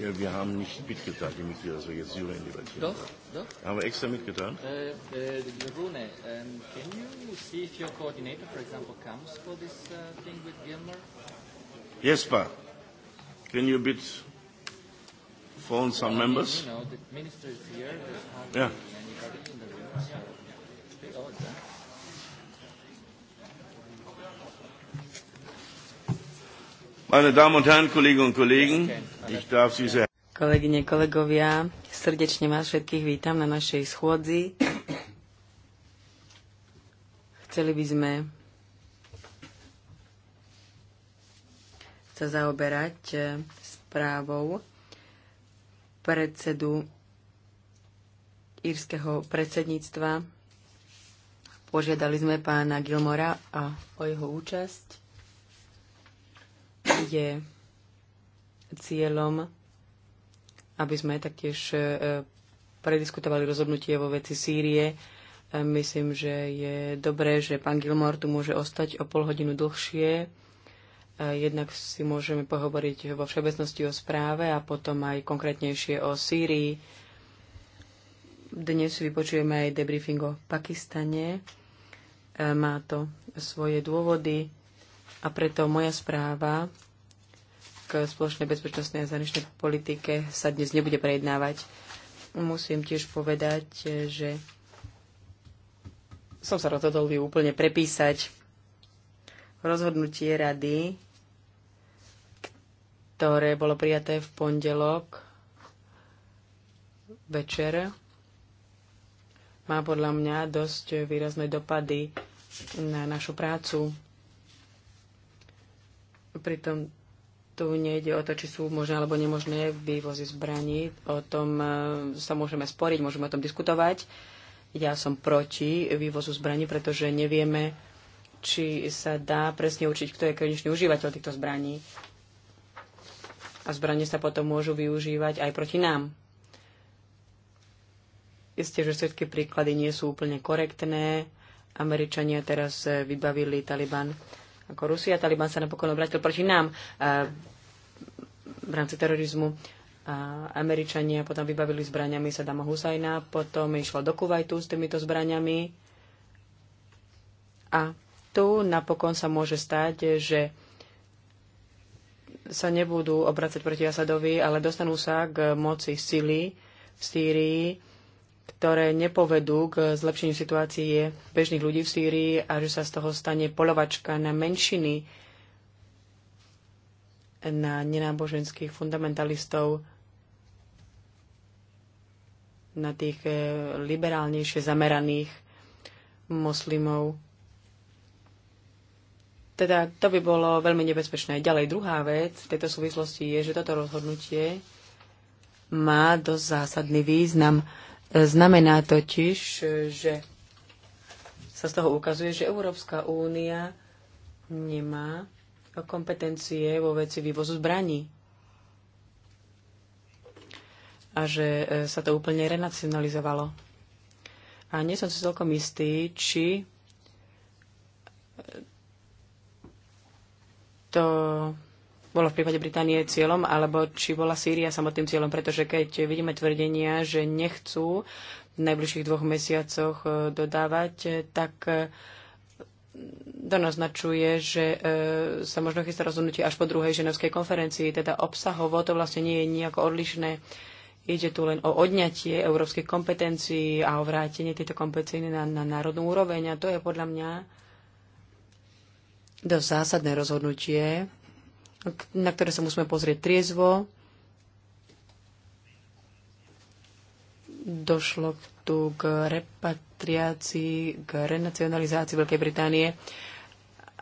Ja, wir haben nicht mitgetan, die Mitglieder, dass wir jetzt Syrien in die debattieren. Doch, doch. Haben wir extra mitgetan? Äh, äh, Rune, um, can you see if your coordinator, for example, comes for this uh, thing with Gilmer? Jesper, can you bit phone some well, members? you know, the minister is here. There's hardly yeah. anybody in the room. So it's a bit odd, huh? Meine Damen und Herren, Kolleginnen und Kollegen, ich darf Sie sehr... Kolegyne, kolegovia, srdečne vás všetkých vítam na našej schôdzi. Chceli by sme sa zaoberať eh, správou predsedu írskeho predsedníctva. Požiadali sme pána Gilmora a o jeho účasť je cieľom, aby sme taktiež e, prediskutovali rozhodnutie vo veci Sýrie. E, myslím, že je dobré, že pán Gilmore tu môže ostať o pol hodinu dlhšie. E, jednak si môžeme pohovoriť vo všeobecnosti o správe a potom aj konkrétnejšie o Sýrii. Dnes vypočujeme aj debriefing o Pakistane. Má to svoje dôvody a preto moja správa k spoločnej bezpečnostnej a zahraničnej politike sa dnes nebude prejednávať. Musím tiež povedať, že som sa rozhodol ju úplne prepísať rozhodnutie rady, ktoré bolo prijaté v pondelok večer, má podľa mňa dosť výrazné dopady na našu prácu. Pritom tu nejde o to, či sú možné alebo nemožné vývozy zbraní. O tom e, sa môžeme sporiť, môžeme o tom diskutovať. Ja som proti vývozu zbraní, pretože nevieme, či sa dá presne učiť, kto je konečný užívateľ týchto zbraní. A zbranie sa potom môžu využívať aj proti nám. Isté, že všetky príklady nie sú úplne korektné. Američania teraz e, vybavili Taliban ako Rusia. Taliban sa napokon obrátil proti nám e, v rámci terorizmu. A e, Američania potom vybavili zbraniami Sadama Husajna, potom išlo do Kuwaitu s týmito zbraniami. A tu napokon sa môže stať, že sa nebudú obracať proti Asadovi, ale dostanú sa k moci sily v Sýrii ktoré nepovedú k zlepšeniu situácie bežných ľudí v Sýrii a že sa z toho stane polovačka na menšiny, na nenáboženských fundamentalistov, na tých eh, liberálnejšie zameraných moslimov. Teda to by bolo veľmi nebezpečné. Ďalej druhá vec v tejto súvislosti je, že toto rozhodnutie má dosť zásadný význam Znamená totiž, že sa z toho ukazuje, že Európska únia nemá kompetencie vo veci vývozu zbraní. A že e, sa to úplne renacionalizovalo. A nie som si celkom istý, či e, to bolo v prípade Británie cieľom, alebo či bola Sýria samotným cieľom, pretože keď vidíme tvrdenia, že nechcú v najbližších dvoch mesiacoch e, dodávať, e, tak e, to naznačuje, že sa možno chystá rozhodnutie až po druhej ženevskej konferencii. Teda obsahovo to vlastne nie je nejako odlišné. Ide tu len o odňatie európskych kompetencií a o vrátenie tejto kompetencie na, na národnú úroveň. A to je podľa mňa dosť zásadné rozhodnutie, na ktoré sa musíme pozrieť triezvo. Došlo tu k repatriácii, k renacionalizácii Veľkej Británie.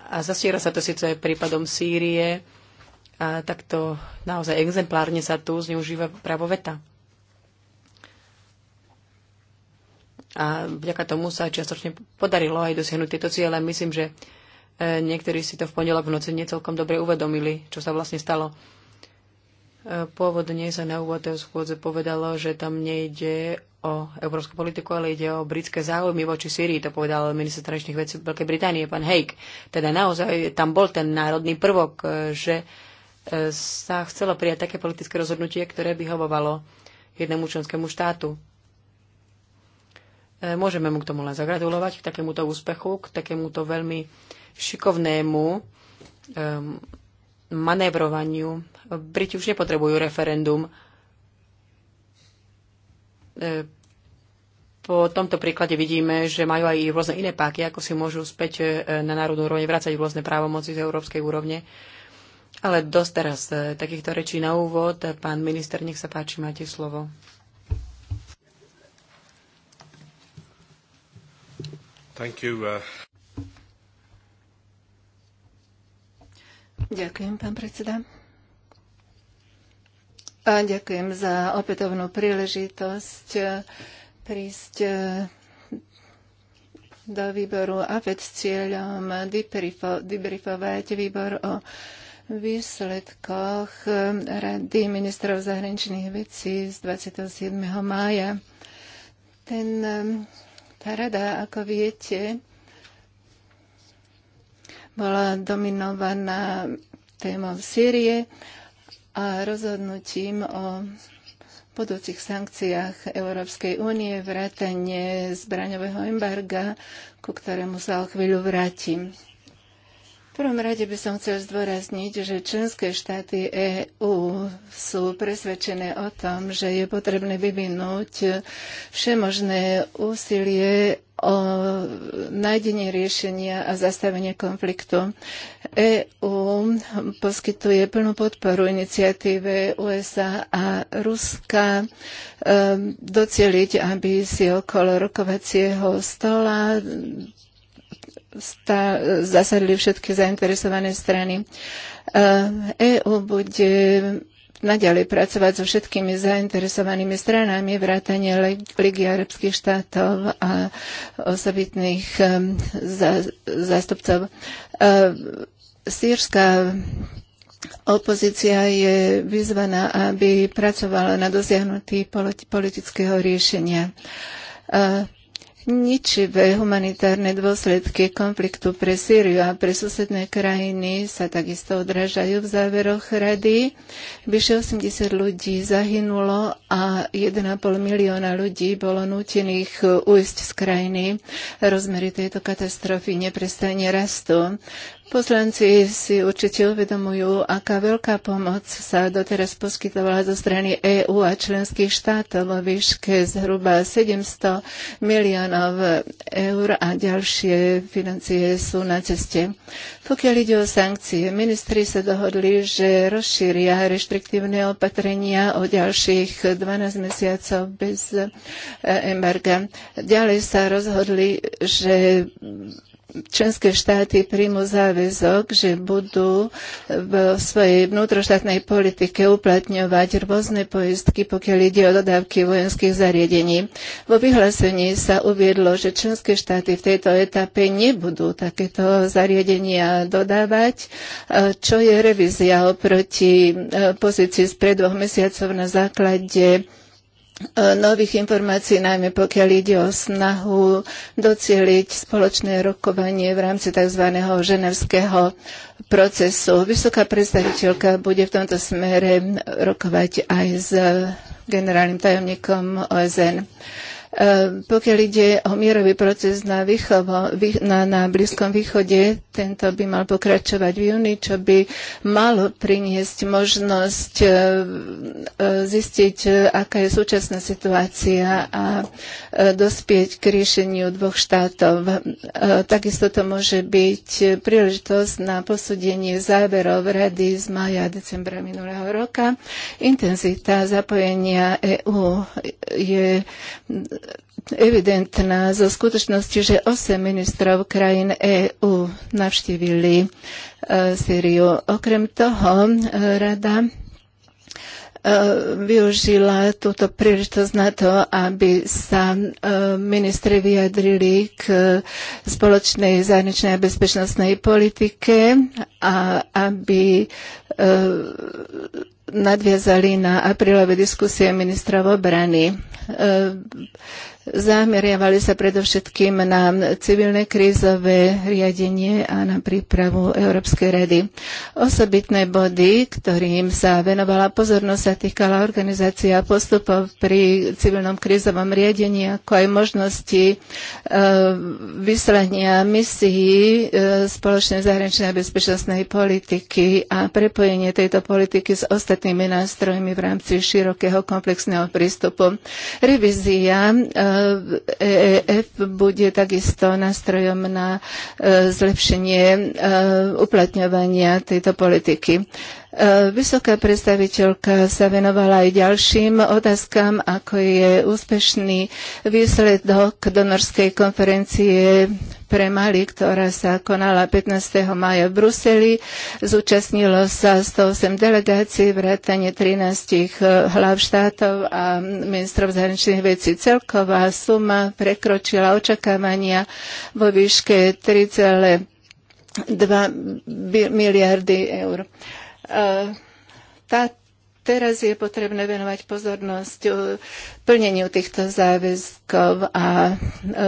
A zastiera sa to síce prípadom Sýrie, a takto naozaj exemplárne sa tu zneužíva právo veta. A vďaka tomu sa čiastočne podarilo aj dosiahnuť tieto cieľe. Myslím, že E, niektorí si to v pondelok v noci necelkom dobre uvedomili, čo sa vlastne stalo. E, pôvodne sa na úvod schôdze povedalo, že tam nejde o európsku politiku, ale ide o britské záujmy voči Syrii. To povedal minister zahraničných vecí Veľkej Británie, pán Hake. Teda naozaj tam bol ten národný prvok, e, že sa chcelo prijať také politické rozhodnutie, ktoré by hovovalo jednému členskému štátu. Môžeme mu k tomu len zagratulovať, k takémuto úspechu, k takémuto veľmi šikovnému um, ehm, manévrovaniu. Briti už nepotrebujú referendum. E, po tomto príklade vidíme, že majú aj rôzne iné páky, ako si môžu späť e, na národnú úroveň vrácať rôzne právomoci z európskej úrovne. Ale dosť teraz e, takýchto rečí na úvod. Pán minister, nech sa páči, máte slovo. Thank you, uh... Ďakujem, pán predseda. A ďakujem za opätovnú príležitosť eh, prísť eh, do výboru AFED s cieľom debriefovať výbor o výsledkoch eh, Rady ministrov zahraničných vecí z 27. mája. Ten, tá rada, ako viete, bola dominovaná témou Sýrie a rozhodnutím o budúcich sankciách Európskej únie vrátanie zbraňového embarga, ku ktorému sa o chvíľu vrátim prvom rade by som chcel zdôrazniť, že členské štáty EÚ sú presvedčené o tom, že je potrebné vyvinúť všemožné úsilie o nájdenie riešenia a zastavenie konfliktu. EÚ poskytuje plnú podporu iniciatíve USA a Ruska ehm, doceliť, aby si okolo rokovacieho stola stá, zasadili všetky zainteresované strany. EÚ bude naďalej pracovať so všetkými zainteresovanými stranami, vrátane Ligy arabských štátov a osobitných um, zástupcov. Sýrska opozícia je vyzvaná, aby pracovala na dosiahnutí politického riešenia ničivé humanitárne dôsledky konfliktu pre Sýriu a pre susedné krajiny sa takisto odrážajú v záveroch rady. Vyše 80 ľudí zahynulo a 1,5 milióna ľudí bolo nutených ujsť z krajiny. Rozmery tejto katastrofy neprestane rastú. Poslanci si určite uvedomujú, aká veľká pomoc sa doteraz poskytovala zo strany EÚ a členských štátov vo výške zhruba 700 miliónov eur a ďalšie financie sú na ceste. Pokiaľ ide o sankcie, ministri sa dohodli, že rozšíria reštriktívne opatrenia o ďalších 12 mesiacov bez eh, embarga. Ďalej sa rozhodli, že členské štáty príjmu záväzok, že budú v svojej vnútroštátnej politike uplatňovať rôzne poistky, pokiaľ ide o dodávky vojenských zariadení. Vo vyhlásení sa uviedlo, že členské štáty v tejto etape nebudú takéto zariadenia dodávať, čo je revízia oproti e, pozícii z pred dvoch mesiacov na základe E, nových informácií, najmä pokiaľ ide o snahu docieliť spoločné rokovanie v rámci tzv. ženevského procesu. Vysoká predstaviteľka bude v tomto smere rokovať aj s generálnym tajomníkom OSN. Eh, pokiaľ ide o mierový proces na, východ, na, na Blízkom východe, tento by mal pokračovať v júni, čo by malo priniesť možnosť eh, eh, zistiť, aká je súčasná situácia a dospieť k riešeniu dvoch štátov. Takisto to môže byť príležitosť na posúdenie záverov rady z maja a decembra minulého roka. Intenzita zapojenia EÚ je evidentná zo skutočnosti, že 8 ministrov krajín EÚ navštívili e, Sýriu. Okrem toho, e, rada e, využila túto príležitosť na to, aby sa ministri vyjadrili k spoločnej zahraničnej a bezpečnostnej politike a aby nadviazali na aprílové diskusie ministra obrany. E, Zameriavali sa predovšetkým na civilné krízové riadenie a na prípravu Európskej rady. Osobitné body, ktorým sa venovala pozornosť, sa týkala organizácia postupov pri civilnom krízovom riadení, ako aj možnosti e, vyslania misií e, spoločnej zahraničnej a bezpečnostnej politiky a prepojenie tejto politiky s ostatnými nástrojmi v rámci širokého komplexného prístupu. Revízia e, EEF bude takisto nástrojom na e, zlepšenie e, uplatňovania tejto politiky. E, vysoká predstaviteľka sa venovala aj ďalším otázkam, ako je úspešný výsledok donorskej konferencie pre Mali, ktorá sa konala 15. maja v Bruseli. Zúčastnilo sa 108 delegácií, vrátane 13 e, hlav štátov a ministrov zahraničných vecí. Celková suma prekročila očakávania vo výške 3,2 miliardy eur. Ehm, tá, teraz je potrebné venovať pozornosť plneniu týchto záväzkov a e,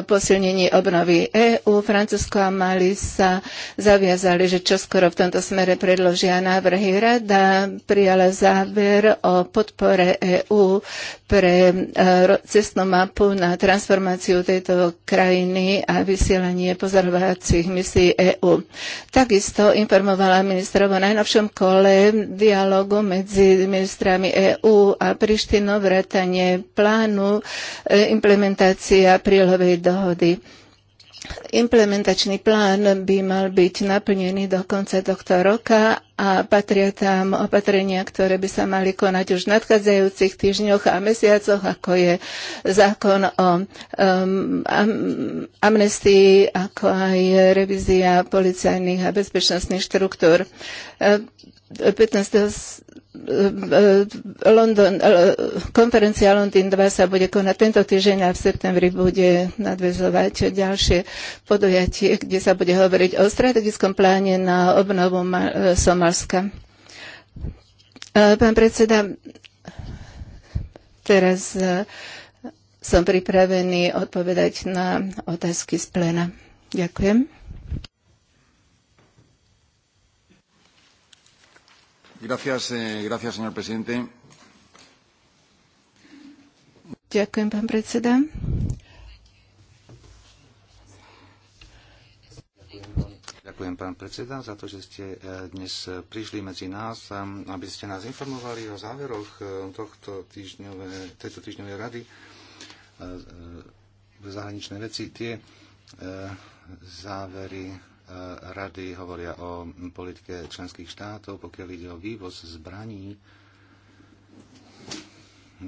posilnení obnovy EÚ. Francúzsko a Mali sa zaviazali, že čoskoro v tomto smere predložia návrhy. Rada prijala záver o podpore EÚ pre e, cestnú mapu na transformáciu tejto krajiny a vysielanie pozorovacích misií EÚ. Takisto informovala ministrov o najnovšom kole dialogu medzi ministrami EÚ a Prištinou vrátanie plánu plánu e, implementácia prílohovej dohody. Implementačný plán by mal byť naplnený do konca tohto roka a patria tam opatrenia, ktoré by sa mali konať už v nadchádzajúcich týždňoch a mesiacoch, ako je zákon o um, am, amnestii, ako aj revízia policajných a bezpečnostných štruktúr. E, 15. E, e, London, e, konferencia Londýn 2 sa bude konať tento týždeň a v septembri bude nadvezovať ďalšie podujatie, kde sa bude hovoriť o strategickom pláne na obnovu Somalska. Pán predseda, teraz som pripravený odpovedať na otázky z plena. Ďakujem. Eh, Ďakujem, pán predseda. Ďakujem, pán predseda, za to, že ste eh, dnes prišli medzi nás, eh, aby ste nás informovali o záveroch tohto týždňové, tejto týždňovej rady v zahraničnej veci. Tie závery Eh, rady hovoria o politike členských štátov, pokiaľ ide o vývoz zbraní.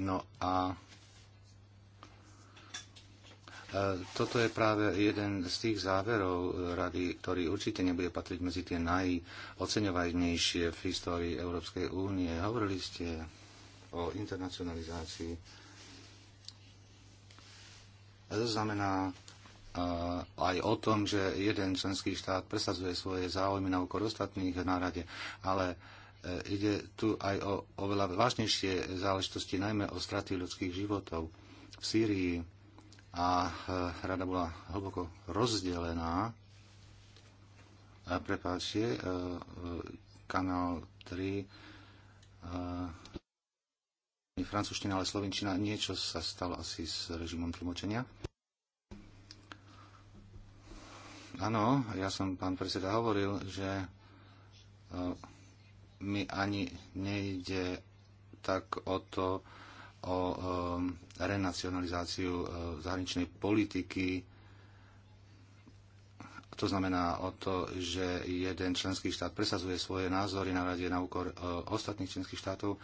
No a eh, toto je práve jeden z tých záverov eh, rady, ktorý určite nebude patriť medzi tie najoceňovanejšie v histórii Európskej únie. Hovorili ste o internacionalizácii. A to znamená aj o tom, že jeden členský štát presadzuje svoje záujmy na úkor ostatných na rade, ale e, ide tu aj o oveľa vážnejšie záležitosti, najmä o straty ľudských životov v Sýrii. A e, rada bola hlboko rozdelená. Prepáčte, e, kanál 3 francúzština, ale slovenčina, niečo sa stalo asi s režimom tlmočenia. Áno, ja som, pán predseda, hovoril, že e, mi ani nejde tak o to, o e, renacionalizáciu e, zahraničnej politiky. To znamená o to, že jeden členský štát presazuje svoje názory na rade na úkor ostatných členských štátov,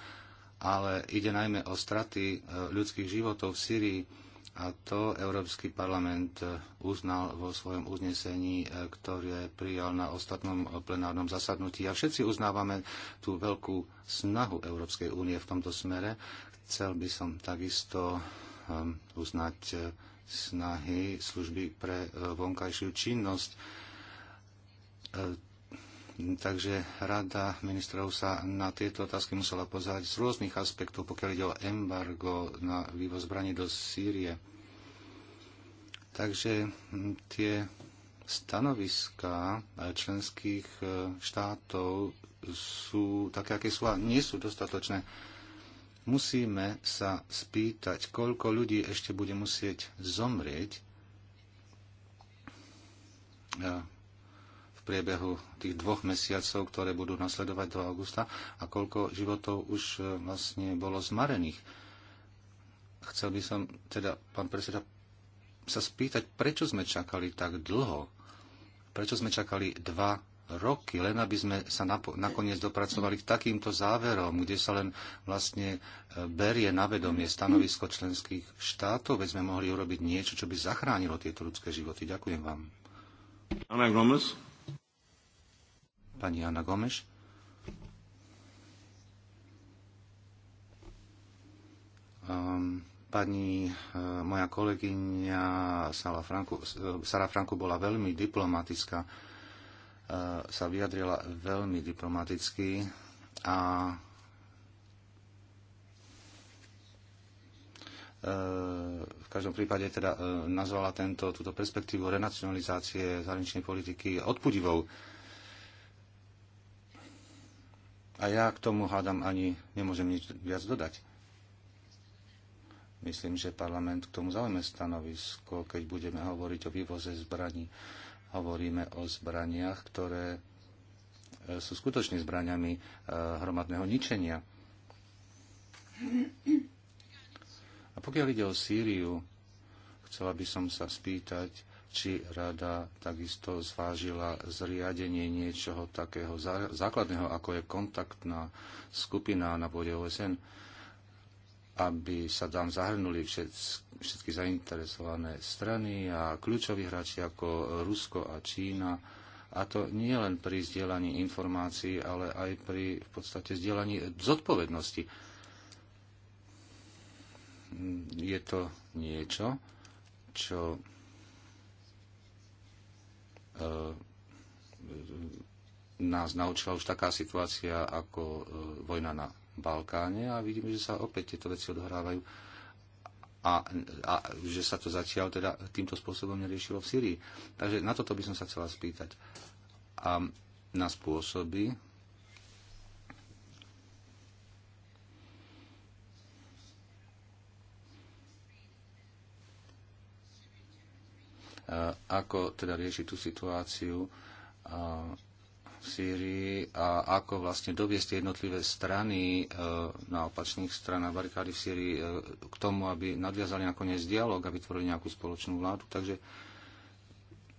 ale ide najmä o straty ľudských životov v Syrii a to Európsky parlament e, uznal vo svojom uznesení, e, ktoré prijal na ostatnom e, plenárnom zasadnutí. A všetci uznávame tú veľkú snahu Európskej únie v tomto smere. Chcel by som takisto uznať snahy služby pre vonkajšiu činnosť Takže Rada ministrov sa na tieto otázky musela pozerať z rôznych aspektov, pokiaľ ide o embargo na vývoz zbraní do Sýrie. Takže tie stanoviská e, členských e, štátov sú také, aké sú a nie sú dostatočné. Musíme sa spýtať, koľko ľudí ešte bude musieť zomrieť e, priebehu tých dvoch mesiacov, ktoré budú nasledovať do augusta a koľko životov už e, vlastne bolo zmarených. Chcel by som teda, pán predseda, sa spýtať, prečo sme čakali tak dlho? Prečo sme čakali dva roky, len aby sme sa nakoniec dopracovali k takýmto záverom, kde sa len vlastne e, berie na vedomie stanovisko členských štátov, veď sme mohli urobiť niečo, čo by zachránilo tieto ľudské životy. Ďakujem vám. Pani Jana Gomeš. Ehm, pani e, moja kolegyňa Sara Franku, e, Sara Franku bola veľmi diplomatická, e, sa vyjadrila veľmi diplomaticky a v každom prípade teda nazvala tento, túto perspektívu renacionalizácie zahraničnej politiky odpudivou a ja k tomu hádam ani nemôžem nič viac dodať. Myslím, že parlament k tomu zaujme stanovisko, keď budeme hovoriť o vývoze zbraní. Hovoríme o zbraniach, ktoré e, sú skutočne zbraniami e, hromadného ničenia. A pokiaľ ide o Sýriu, chcela by som sa spýtať, či rada takisto zvážila zriadenie niečoho takého základného, ako je kontaktná skupina na pôde OSN, aby sa tam zahrnuli všetky zainteresované strany a kľúčoví hráči ako Rusko a Čína. A to nie len pri zdieľaní informácií, ale aj pri v podstate zdieľaní zodpovednosti. Je to niečo, čo E, nás naučila už taká situácia ako e, vojna na Balkáne a vidíme, že sa opäť tieto veci odhrávajú a, a že sa to zatiaľ teda týmto spôsobom neriešilo v Syrii. Takže na toto by som sa chcela spýtať. A na spôsoby, Eh, ako teda riešiť tú situáciu eh, v Sýrii a ako vlastne doviesť jednotlivé strany eh, na opačných stranách barikády v Sýrii k tomu, aby nadviazali nakoniec dialog a vytvorili nejakú spoločnú vládu. Takže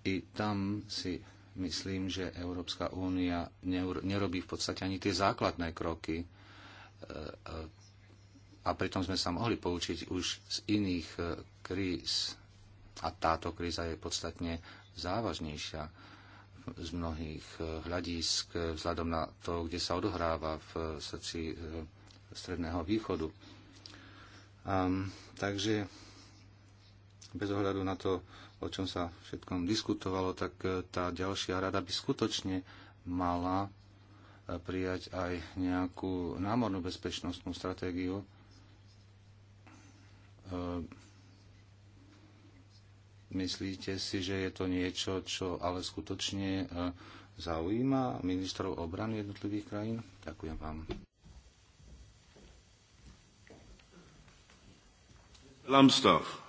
i tam si myslím, že Európska únia nerobí v podstate ani tie základné kroky. A pritom sme sa mohli poučiť už z iných kríz. A táto kríza je podstatne závažnejšia z mnohých eh, hľadísk eh, vzhľadom na to, kde sa odohráva v eh, srdci Stredného východu. Um, takže bez ohľadu na to, o čom sa všetkom diskutovalo, tak tá ďalšia rada by skutočne mala prijať aj nejakú námornú bezpečnostnú stratégiu. Um, Myslíte si, že je to niečo, čo ale skutočne e, zaujíma ministrov obrany jednotlivých krajín? Ďakujem vám. Lambsdorff.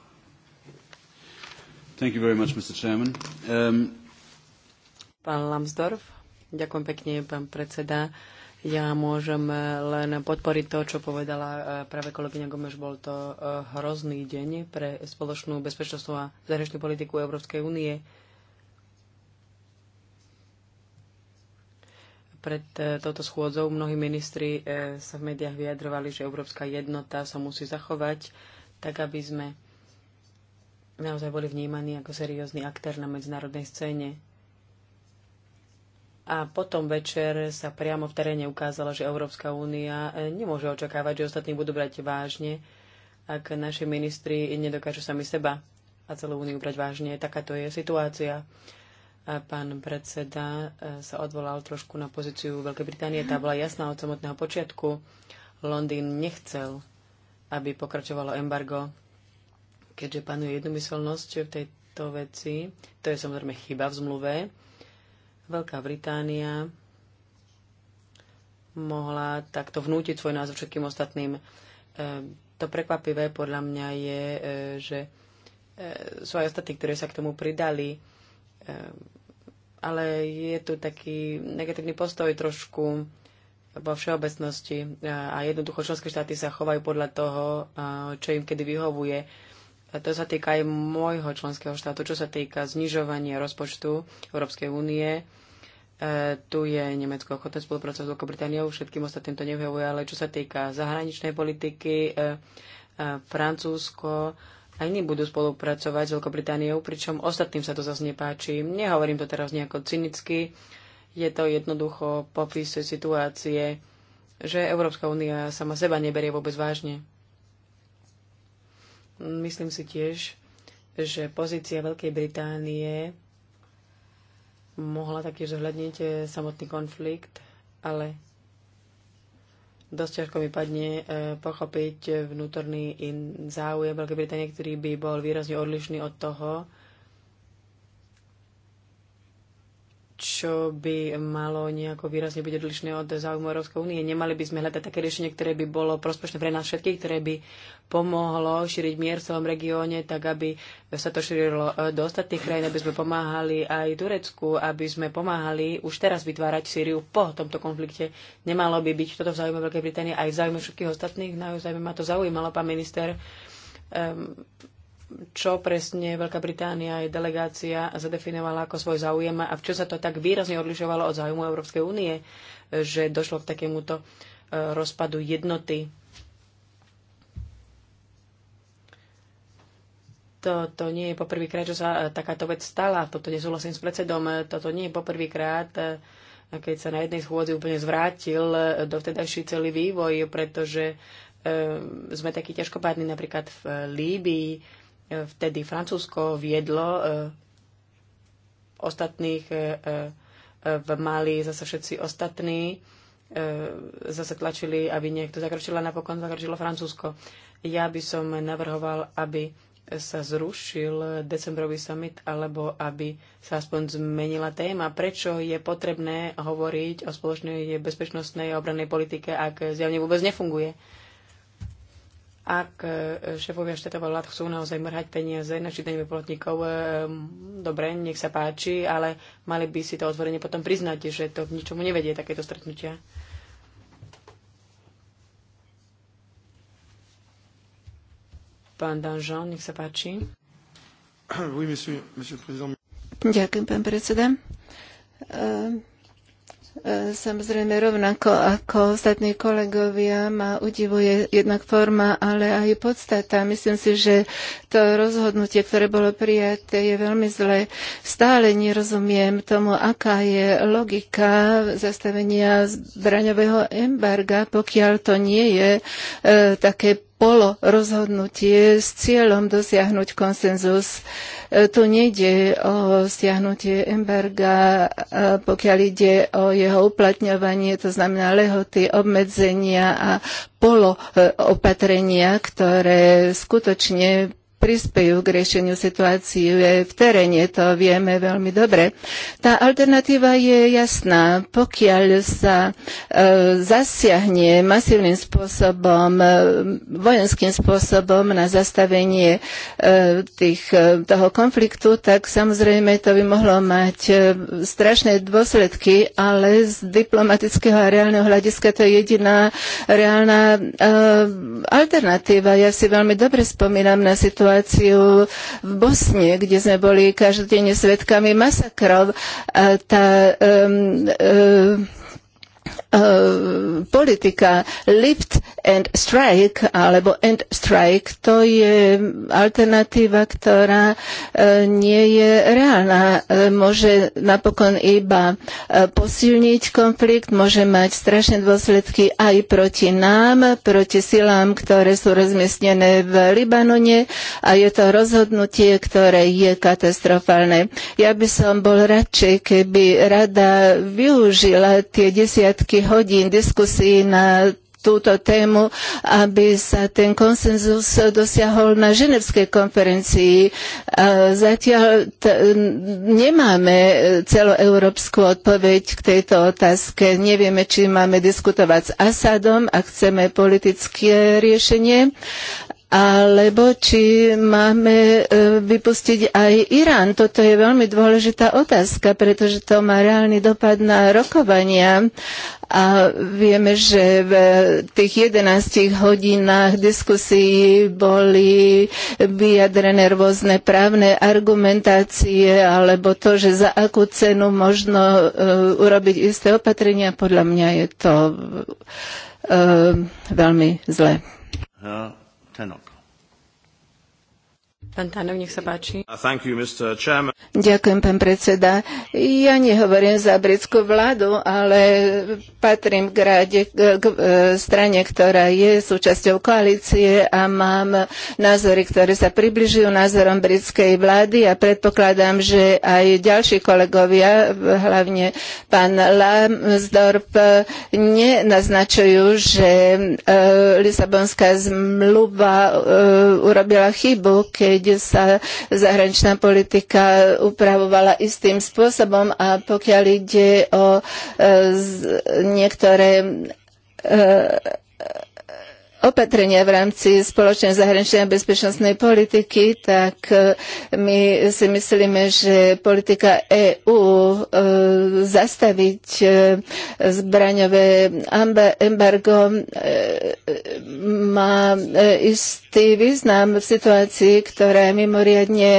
Thank you very much, Mr. Chairman. Um... Pán Lambsdorff, ďakujem pekne, pán predseda. Uh, ja môžem e, len podporiť to, čo povedala e, práve kolegyňa Gomeš. Bol to e, hrozný deň pre spoločnú bezpečnostnú a zahraničnú politiku Európskej únie. Pred touto schôdzou mnohí ministri sa v médiách vyjadrovali, že európska jednota sa musí zachovať, tak aby sme naozaj boli vnímaní ako seriózny aktér na medzinárodnej scéne a potom večer sa priamo v teréne ukázalo, že Európska únia e, nemôže očakávať, že ostatní budú brať vážne, ak naši ministri nedokážu sami seba a celú úniu brať vážne. Takáto je situácia. A pán predseda e, sa odvolal trošku na pozíciu Veľkej Británie. Tá bola jasná od samotného počiatku. Londýn nechcel, aby pokračovalo embargo, keďže panuje jednomyselnosť v tejto veci. To je samozrejme chyba v zmluve Veľká Británia mohla takto vnútiť svoj názor všetkým ostatným. E, to prekvapivé podľa mňa je, e, že e, sú aj ostatní, ktorí sa k tomu pridali, ale je tu taký negatívny postoj trošku vo všeobecnosti a jednoducho členské štáty sa chovajú podľa toho, čo im kedy vyhovuje to sa týka aj môjho členského štátu, čo sa týka znižovania rozpočtu Európskej únie. E, tu je Nemecko ochotné spolupracovať s Veľkou Britániou, všetkým ostatným to nevyhovuje, ale čo sa týka zahraničnej politiky, e, e, Francúzsko a iní budú spolupracovať s Veľkou Britániou, pričom ostatným sa to zase nepáči. Nehovorím to teraz nejako cynicky, je to jednoducho popis situácie, že Európska únia sama seba neberie vôbec vážne. Myslím si tiež, že pozícia Veľkej Británie mohla taktiež zohľadniť eh, samotný konflikt, ale dosť ťažko mi padne eh, pochopiť vnútorný záujem Veľkej Británie, ktorý by bol výrazne odlišný od toho, čo by malo nejako výrazne byť odlišné od záujmu Európskej únie. Nemali by sme hľadať také riešenie, ktoré by bolo prospešné pre nás všetkých, ktoré by pomohlo šíriť mier v celom regióne, tak aby sa to šírilo e, do ostatných krajín, aby sme pomáhali aj Turecku, aby sme pomáhali už teraz vytvárať Sýriu po tomto konflikte. Nemalo by byť toto v záujme Veľkej Británie aj v záujme všetkých ostatných. Naozaj ma to zaujímalo, pán minister. Um, čo presne Veľká Británia aj delegácia zadefinovala ako svoj záujem a v čo sa to tak výrazne odlišovalo od záujmu Európskej únie, že došlo k takémuto e, rozpadu jednoty. To, to nie je poprvýkrát, čo sa e, takáto vec stala. Toto nesúhlasím s predsedom. E, toto nie je poprvýkrát, keď sa na jednej schôdzi úplne zvrátil dovtedajší celý vývoj, pretože sme takí ťažkopádni napríklad v Líbii, Vtedy Francúzsko viedlo e, ostatných e, e, v Mali, zase všetci ostatní zase tlačili, aby niekto zakročil a napokon zakročilo Francúzsko. Ja by som navrhoval, aby sa zrušil decembrový summit, alebo aby sa aspoň zmenila téma. Prečo je potrebné hovoriť o spoločnej bezpečnostnej a obrannej politike, ak zjavne vôbec nefunguje? Ak e, šéfovia štátov vlád chcú naozaj mrhať peniaze na čítanie poplatníkov, e, dobre, nech sa páči, ale mali by si to otvorene potom priznať, že to k ničomu nevedie takéto stretnutia. Pán Danžan, nech sa páči. Ďakujem, pán predseda. Ehm, Samozrejme, rovnako ako ostatní kolegovia ma udivuje jednak forma, ale aj podstata. Myslím si, že to rozhodnutie, ktoré bolo prijaté, je veľmi zlé. Stále nerozumiem tomu, aká je logika zastavenia zbraňového embarga, pokiaľ to nie je e, také polo rozhodnutie s cieľom dosiahnuť konsenzus. E, tu nejde o stiahnutie embarga, e, pokiaľ ide o jeho uplatňovanie, to znamená lehoty, obmedzenia a polo opatrenia, ktoré skutočne prispejú k riešeniu situácie v teréne. To vieme veľmi dobre. Tá alternatíva je jasná. Pokiaľ sa e, zasiahne masívnym spôsobom, e, vojenským spôsobom na zastavenie e, tých, e, toho konfliktu, tak samozrejme to by mohlo mať e, strašné dôsledky, ale z diplomatického a reálneho hľadiska to je jediná reálna e, alternatíva. Ja si veľmi dobre spomínam na situáciu, situáciu v Bosne, kde sme boli každodenne svetkami masakrov. A tá um, um, Eh, politika lift and strike alebo end strike to je alternatíva, ktorá eh, nie je reálna. Eh, môže napokon iba posilniť konflikt, môže mať strašné dôsledky aj proti nám, proti silám, ktoré sú rozmiestnené v Libanone a je to rozhodnutie, ktoré je katastrofálne. Ja by som bol radšej, keby rada využila tie desiatky desiatky hodín diskusí na túto tému, aby sa ten konsenzus dosiahol na ženevskej konferencii. Zatiaľ nemáme celoeurópsku odpoveď k tejto otázke. Nevieme, či máme diskutovať s Asadom a chceme politické riešenie, alebo či máme e, vypustiť aj Irán. Toto je veľmi dôležitá otázka, pretože to má reálny dopad na rokovania a vieme, že v tých 11 hodinách diskusí boli vyjadrené rôzne právne argumentácie alebo to, že za akú cenu možno e, urobiť isté opatrenia. Podľa mňa je to e, veľmi zlé cannot. Pán nech sa páči. Uh, you, Ďakujem, pán predseda. Ja nehovorím za britskú vládu, ale patrím k, k, k e, strane, ktorá je súčasťou koalície a mám názory, ktoré sa približujú názorom britskej vlády a predpokladám, že aj ďalší kolegovia, hlavne pán Lambsdorff, nenaznačujú, že e, Lisabonská zmluva e, urobila chybu, keď kde sa zahraničná politika upravovala istým spôsobom a pokiaľ ide o e, niektoré e, opatrenia v rámci spoločnej zahraničnej a bezpečnostnej politiky, tak e, my si myslíme, že politika EÚ e, zastaviť e, zbraňové embargo má istý význam v situácii, ktorá je mimoriadne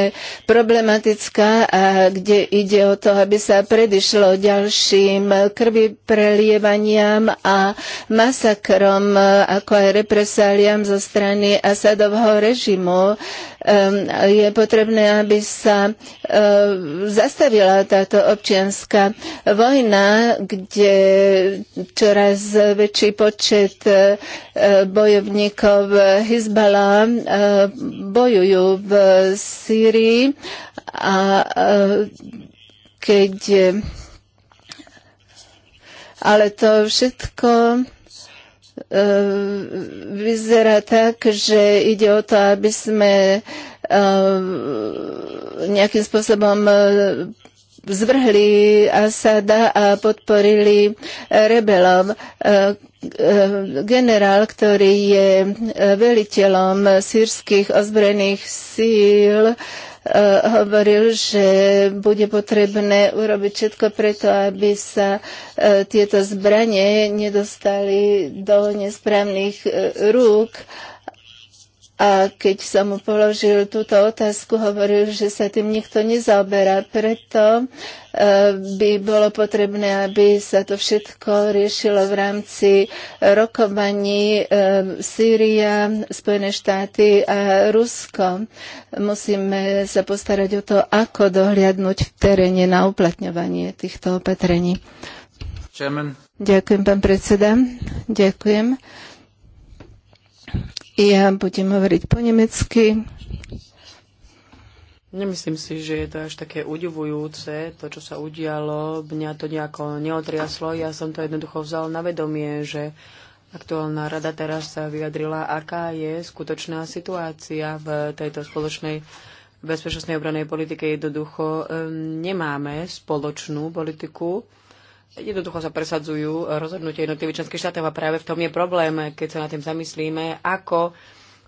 problematická a kde ide o to, aby sa predišlo ďalším krviprelievaniam a masakrom, ako aj represáliám zo strany Asadovho režimu. Je potrebné, aby sa e, zastavila táto občianská vojna, kde čoraz väčší počet e, bojovníkov Hezbala e, bojujú v Sýrii a keď ale to všetko Ehm, vyzerá tak, že ide o to, aby sme ehm, nejakým spôsobom ehm, zvrhli Asada a podporili rebelov. Generál, ktorý je veliteľom sírskych ozbrojených síl, Eh, hovoril, že bude potrebné urobiť všetko preto, aby sa eh, tieto zbranie nedostali do nesprávnych eh, rúk a keď som mu položil túto otázku, hovoril, že sa tým nikto nezaoberá. Preto e, by bolo potrebné, aby sa to všetko riešilo v rámci rokovaní e, Sýria, Spojené štáty a Rusko. Musíme sa postarať o to, ako dohliadnúť v teréne na uplatňovanie týchto opatrení. Ďakujem, pán predseda. Ďakujem. Ja budem hovoriť po nemecky. Nemyslím si, že je to až také udivujúce, to, čo sa udialo. Mňa to nejako neotriaslo. Ja som to jednoducho vzal na vedomie, že aktuálna rada teraz sa vyjadrila, aká je skutočná situácia v tejto spoločnej bezpečnostnej obranej politike. Jednoducho nemáme spoločnú politiku jednoducho sa presadzujú rozhodnutia jednotlivých členských štátov a práve v tom je problém, keď sa na tým zamyslíme, ako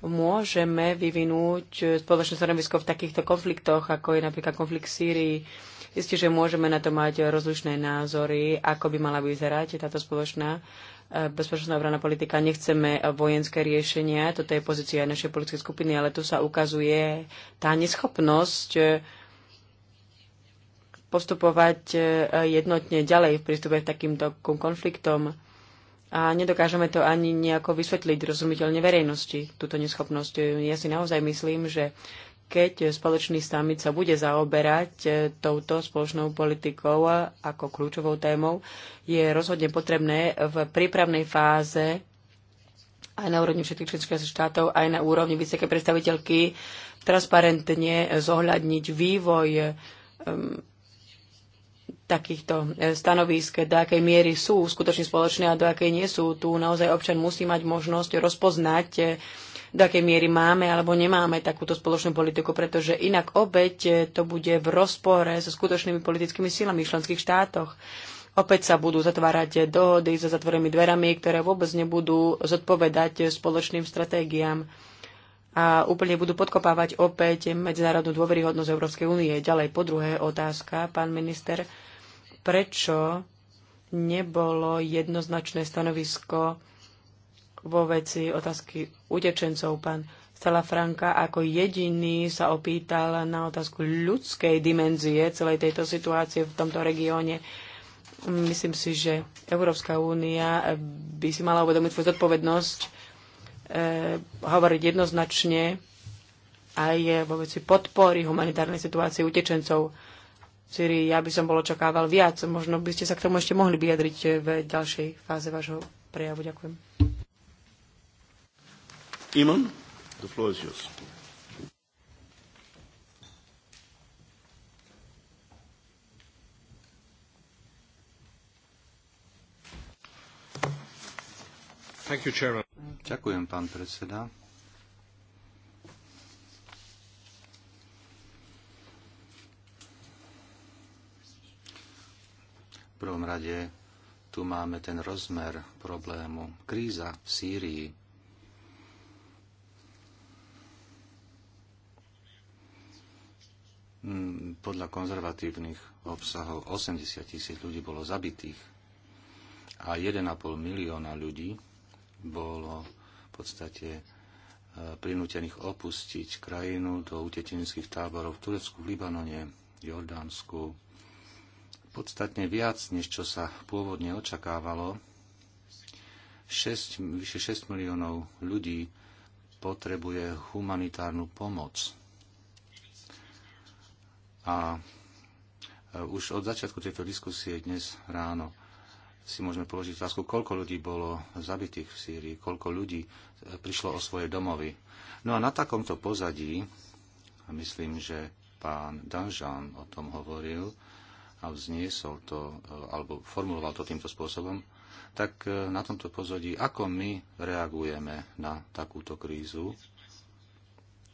môžeme vyvinúť spoločné stanovisko v takýchto konfliktoch, ako je napríklad konflikt v Sýrii. Isté, že môžeme na to mať rozlišné názory, ako by mala vyzerať táto spoločná e, bezpečnostná obranná politika. Nechceme vojenské riešenia, toto je pozícia našej politickej skupiny, ale tu sa ukazuje tá neschopnosť postupovať e, jednotne ďalej v prístupe k takýmto konfliktom a nedokážeme to ani nejako vysvetliť rozumiteľne verejnosti, túto neschopnosť. Ja si naozaj myslím, že keď spoločný summit sa bude zaoberať e, touto spoločnou politikou ako kľúčovou témou, je rozhodne potrebné v prípravnej fáze aj na úrovni všetkých členských štátov, aj na úrovni vysokej predstaviteľky transparentne zohľadniť vývoj um, takýchto e, stanovísk, do akej miery sú skutočne spoločné a do akej nie sú. Tu naozaj občan musí mať možnosť rozpoznať, e, do akej miery máme alebo nemáme takúto spoločnú politiku, pretože inak obeď e, to bude v rozpore so skutočnými politickými silami v členských štátoch. Opäť sa budú zatvárať dohody so zatvorenými dverami, ktoré vôbec nebudú zodpovedať spoločným stratégiám a úplne budú podkopávať opäť medzinárodnú dôveryhodnosť Európskej únie. Ďalej, po druhé otázka, pán minister prečo nebolo jednoznačné stanovisko vo veci otázky utečencov. Pán Salafranka ako jediný sa opýtal na otázku ľudskej dimenzie celej tejto situácie v tomto regióne. Myslím si, že Európska únia by si mala uvedomiť svoju zodpovednosť, e, hovoriť jednoznačne aj vo veci podpory humanitárnej situácie utečencov. Syrii. Ja by som bol očakával viac. Možno by ste sa k tomu ešte mohli vyjadriť eh, v ďalšej fáze vášho prejavu. Ďakujem. Iman, the floor is yours. Thank you, Chairman. Ďakujem, pán predseda. prvom rade tu máme ten rozmer problému. Kríza v Sýrii. Mm, podľa konzervatívnych obsahov 80 tisíc ľudí bolo zabitých a 1,5 milióna ľudí bolo v podstate e, prinútených opustiť krajinu do utečeneckých táborov v Turecku, v Libanone, Jordánsku, podstatne viac, než čo sa pôvodne očakávalo. 6, vyše 6 miliónov ľudí potrebuje humanitárnu pomoc. A e, už od začiatku tejto diskusie dnes ráno si môžeme položiť otázku, koľko ľudí bolo zabitých v Sýrii, koľko ľudí e, prišlo o svoje domovy. No a na takomto pozadí, a myslím, že pán Danžan o tom hovoril, a vzniesol to, e, alebo formuloval to týmto spôsobom, tak e, na tomto pozadí, ako my reagujeme na takúto krízu,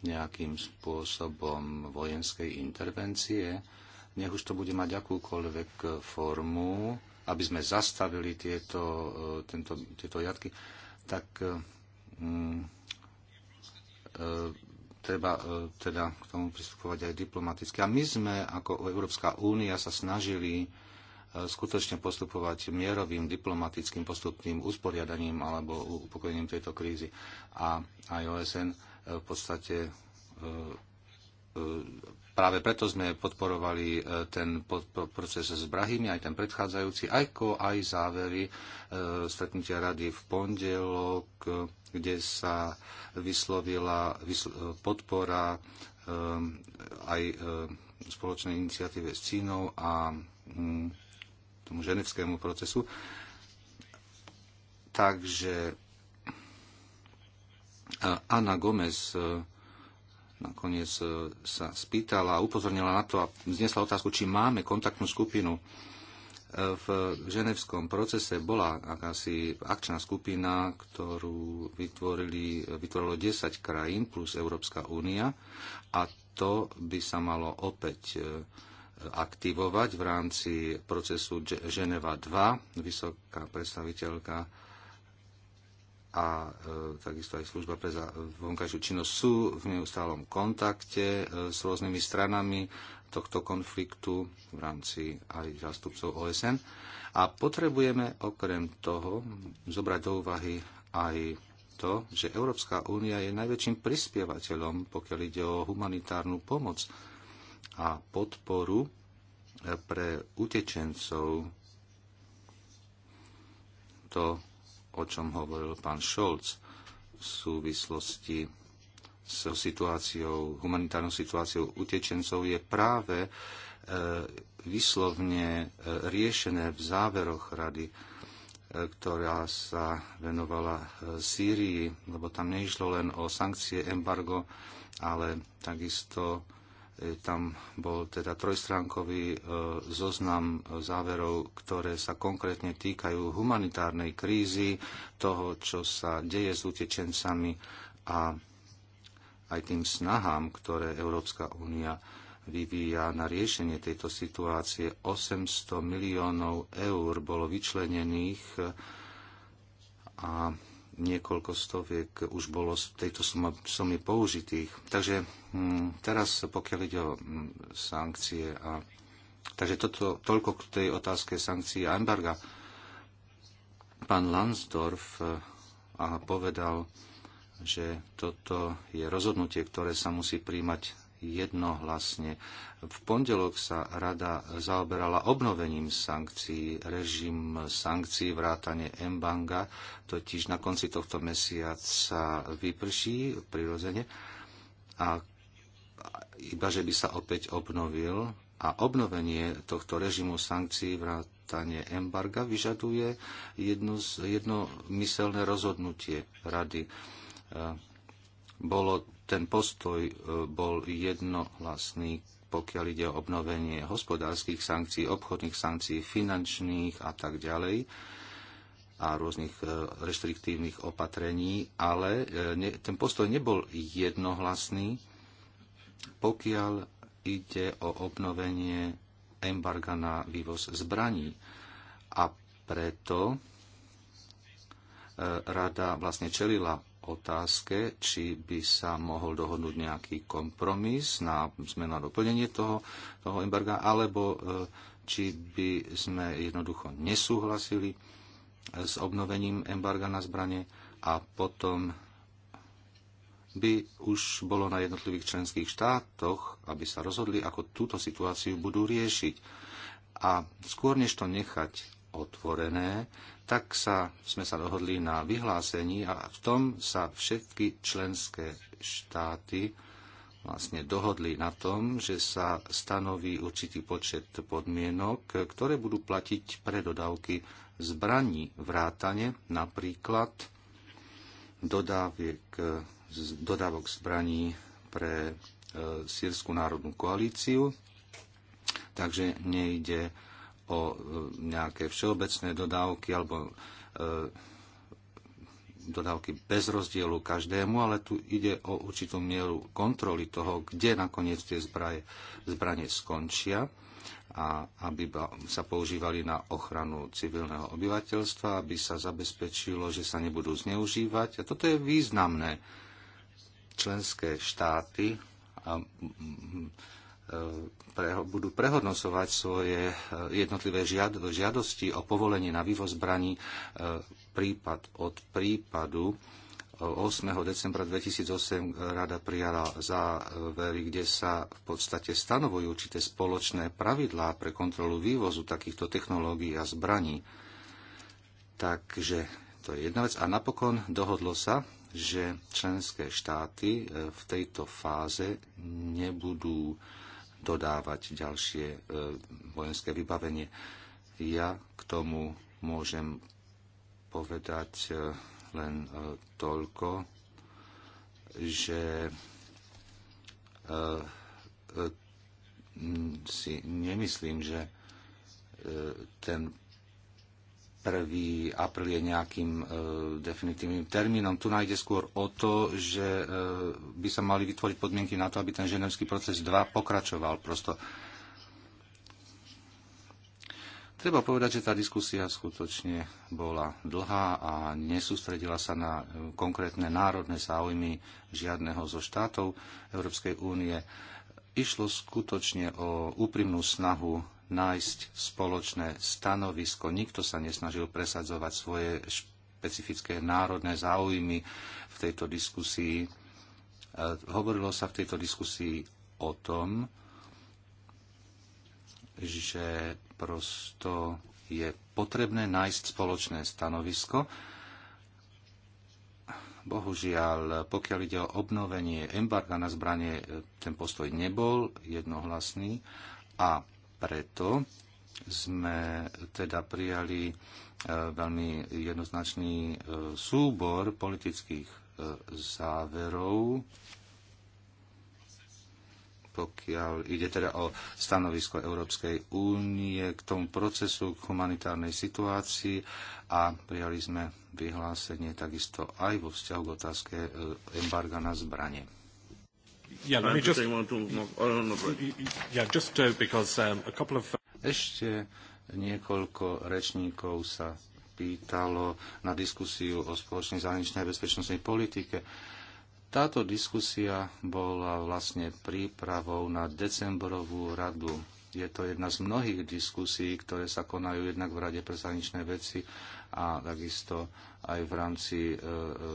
nejakým spôsobom vojenskej intervencie, nech už to bude mať akúkoľvek formu, aby sme zastavili tieto, e, tento, tieto jatky, tak mm, treba e, teda k tomu pristupovať aj diplomaticky. A my sme ako Európska únia sa snažili e, skutočne postupovať mierovým, diplomatickým postupným usporiadaním alebo upokojením tejto krízy. A aj OSN e, v podstate E, práve preto sme podporovali e, ten proces s Brahými, aj ten predchádzajúci, aj ko, aj závery e, stretnutia rady v pondelok, kde sa vyslovila podpora aj spoločnej iniciatíve s Cínou a mm, tomu ženevskému procesu. Takže Anna Gomez nakoniec e, sa spýtala a upozornila na to a znesla otázku, či máme kontaktnú skupinu. E, v ženevskom procese bola akási akčná skupina, ktorú vytvorili, vytvorilo 10 krajín plus Európska únia a to by sa malo opäť e, aktivovať v rámci procesu Ženeva 2. Vysoká predstaviteľka a e, takisto aj služba pre vonkajšiu činnosť sú v neustálom kontakte e, s rôznymi stranami tohto konfliktu v rámci aj zástupcov OSN. A potrebujeme okrem toho zobrať do úvahy aj to, že Európska únia je najväčším prispievateľom, pokiaľ ide o humanitárnu pomoc a podporu e, pre utečencov. To o čom hovoril pán Scholz v súvislosti s situáciou, humanitárnou situáciou utečencov je práve e, vyslovne e, riešené v záveroch rady, e, ktorá sa venovala Sýrii, lebo tam neišlo len o sankcie, embargo, ale takisto tam bol teda trojstránkový e, zoznam záverov, ktoré sa konkrétne týkajú humanitárnej krízy, toho, čo sa deje s utečencami a aj tým snahám, ktoré Európska únia vyvíja na riešenie tejto situácie. 800 miliónov eur bolo vyčlenených a niekoľko stoviek už bolo z tejto sumy použitých. Takže hm, teraz, pokiaľ ide o hm, sankcie a Takže toto, toľko k tej otázke sankcií a embarga. Pán Lansdorf eh, a povedal, že toto je rozhodnutie, ktoré sa musí príjmať jednohlasne. V pondelok sa rada zaoberala obnovením sankcií, režim sankcií vrátane Mbanga, totiž na konci tohto mesiaca vyprší prirodzene a iba že by sa opäť obnovil a obnovenie tohto režimu sankcií vrátane embarga vyžaduje jedno, jednomyselné rozhodnutie rady. Bolo ten postoj e, bol jednohlasný, pokiaľ ide o obnovenie hospodárskych sankcií, obchodných sankcií, finančných a tak ďalej a rôznych e, reštriktívnych opatrení, ale e, ten postoj nebol jednohlasný, pokiaľ ide o obnovenie embarga na vývoz zbraní. A preto rada vlastne čelila otázke, či by sa mohol dohodnúť nejaký kompromis na zmenu a doplnenie toho, toho embarga, alebo e, či by sme jednoducho nesúhlasili s obnovením embarga na zbranie a potom by už bolo na jednotlivých členských štátoch, aby sa rozhodli, ako túto situáciu budú riešiť. A skôr než to nechať otvorené, tak sa, sme sa dohodli na vyhlásení a v tom sa všetky členské štáty vlastne dohodli na tom, že sa stanoví určitý počet podmienok, ktoré budú platiť pre dodávky zbraní vrátane, napríklad dodávok, dodávok zbraní pre e, Sýrsku národnú koalíciu. Takže nejde o e, nejaké všeobecné dodávky alebo e, dodávky bez rozdielu každému, ale tu ide o určitú mieru kontroly toho, kde nakoniec tie zbraje, zbranie skončia a aby sa používali na ochranu civilného obyvateľstva, aby sa zabezpečilo, že sa nebudú zneužívať. A toto je významné. Členské štáty a preho- budú prehodnocovať svoje e, jednotlivé žiad- žiadosti o povolenie na vývoz zbraní e, prípad od prípadu. 8. decembra 2008 rada prijala závery, kde sa v podstate stanovujú určité spoločné pravidlá pre kontrolu vývozu takýchto technológií a zbraní. Takže to je jedna vec. A napokon dohodlo sa, že členské štáty e, v tejto fáze nebudú dodávať ďalšie e, vojenské vybavenie. Ja k tomu môžem povedať e, len e, toľko, že si nemyslím, že ten 1. apríl je nejakým e, definitívnym termínom. Tu nájde skôr o to, že e, by sa mali vytvoriť podmienky na to, aby ten ženevský proces 2 pokračoval. Prosto Treba povedať, že tá diskusia skutočne bola dlhá a nesústredila sa na e, konkrétne národné záujmy žiadneho zo štátov Európskej únie. Išlo skutočne o úprimnú snahu nájsť spoločné stanovisko. Nikto sa nesnažil presadzovať svoje špecifické národné záujmy v tejto diskusii. E, hovorilo sa v tejto diskusii o tom, že prosto je potrebné nájsť spoločné stanovisko. Bohužiaľ, pokiaľ ide o obnovenie embarga na zbranie, ten postoj nebol jednohlasný a preto sme teda prijali e, veľmi jednoznačný e, súbor politických e, záverov, pokiaľ ide teda o stanovisko Európskej únie k tomu procesu, k humanitárnej situácii a prijali sme vyhlásenie takisto aj vo vzťahu k otázke embarga na zbranie. Ešte niekoľko rečníkov sa pýtalo na diskusiu o spoločnej zahraničnej a bezpečnostnej politike. Táto diskusia bola vlastne prípravou na decembrovú radu. Je to jedna z mnohých diskusí, ktoré sa konajú jednak v Rade pre zahraničné veci a takisto aj v rámci e, e,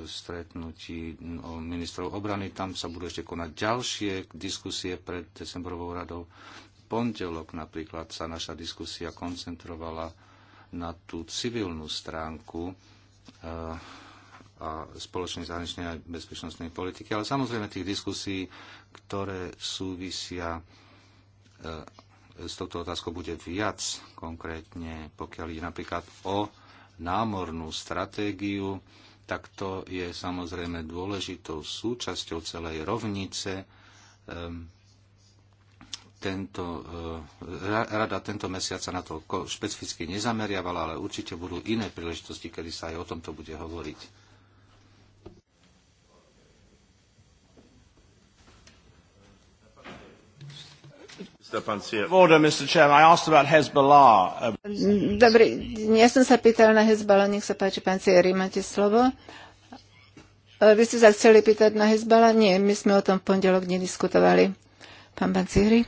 stretnutí ministrov obrany. Tam sa budú ešte konať ďalšie diskusie pred decembrovou radou. V pondelok napríklad sa naša diskusia koncentrovala na tú civilnú stránku e, a spoločnej zahraničnej a bezpečnostnej politiky, ale samozrejme tých diskusí, ktoré súvisia s touto otázkou bude viac konkrétne, pokiaľ ide napríklad o námornú stratégiu, tak to je samozrejme dôležitou súčasťou celej rovnice. Ehm, tento, eh, rada tento mesiac sa na to špecificky nezameriavala, ale určite budú iné príležitosti, kedy sa aj o tomto bude hovoriť. Uh, Dobrý, ja som sa pýtal na Hezbala, nech sa páči, pán Cieri, máte slovo. E, vy ste sa chceli pýtať na Hezbala? Nie, my sme o tom v pondelok nediskutovali. Pán Pancieri.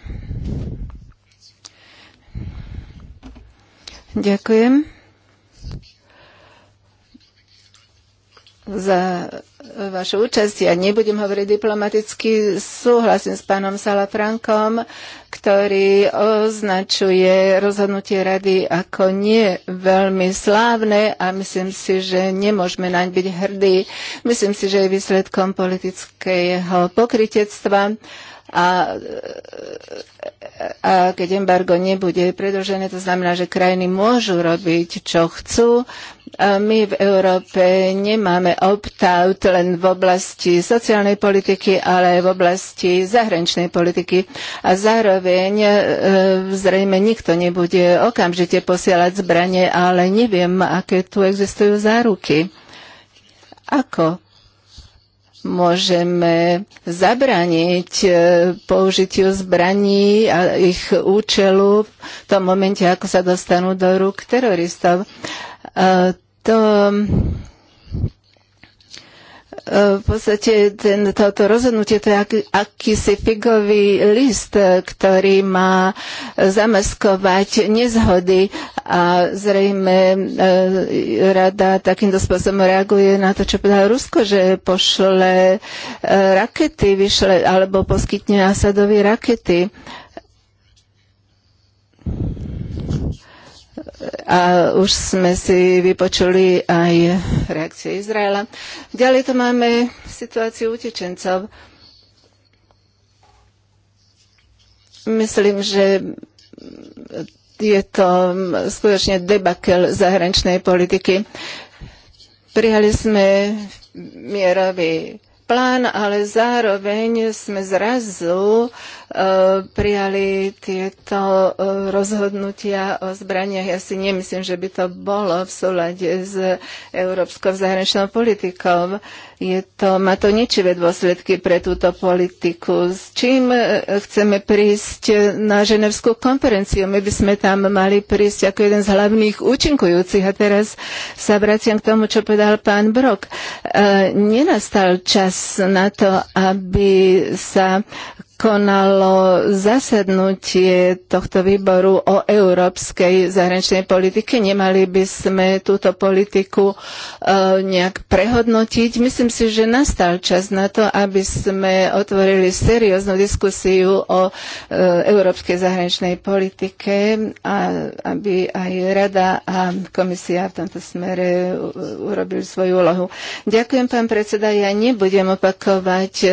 Ďakujem za vašu účasť. Ja nebudem hovoriť diplomaticky, súhlasím s pánom Salafrankom, ktorý označuje rozhodnutie rady ako nie veľmi slávne a myslím si, že nemôžeme naň byť hrdí. Myslím si, že je výsledkom politického pokritectva a, a keď embargo nebude predlžené, to znamená, že krajiny môžu robiť, čo chcú, my v Európe nemáme opt-out len v oblasti sociálnej politiky, ale aj v oblasti zahraničnej politiky. A zároveň e, zrejme nikto nebude okamžite posielať zbranie, ale neviem, aké tu existujú záruky. Ako môžeme zabraniť e, použitiu zbraní a ich účelu v tom momente, ako sa dostanú do rúk teroristov. E, to um, v podstate ten, toto rozhodnutie to je ak, akýsi figový list, ktorý má zamaskovať nezhody a zrejme e, rada takýmto spôsobom reaguje na to, čo povedal Rusko, že pošle e, rakety, vyšle, alebo poskytne Asadovi rakety a už sme si vypočuli aj reakcie Izraela. Ďalej tu máme situáciu utečencov. Myslím, že je to skutočne debakel zahraničnej politiky. Prijali sme mierový plán, ale zároveň sme zrazu Eh, prijali tieto eh, rozhodnutia o zbraniach. Ja si nemyslím, že by to bolo v súlade s európskou zahraničnou politikou. Je to, má to ničivé dôsledky pre túto politiku. S čím eh, chceme prísť na ženevskú konferenciu? My by sme tam mali prísť ako jeden z hlavných účinkujúcich. A teraz sa vraciam k tomu, čo povedal pán Brok. Nenastal čas na to, aby sa konalo zasadnutie tohto výboru o európskej zahraničnej politike. Nemali by sme túto politiku e, nejak prehodnotiť. Myslím si, že nastal čas na to, aby sme otvorili serióznu diskusiu o e, európskej zahraničnej politike a aby aj Rada a komisia v tomto smere urobili svoju úlohu. Ďakujem, pán predseda. Ja nebudem opakovať e,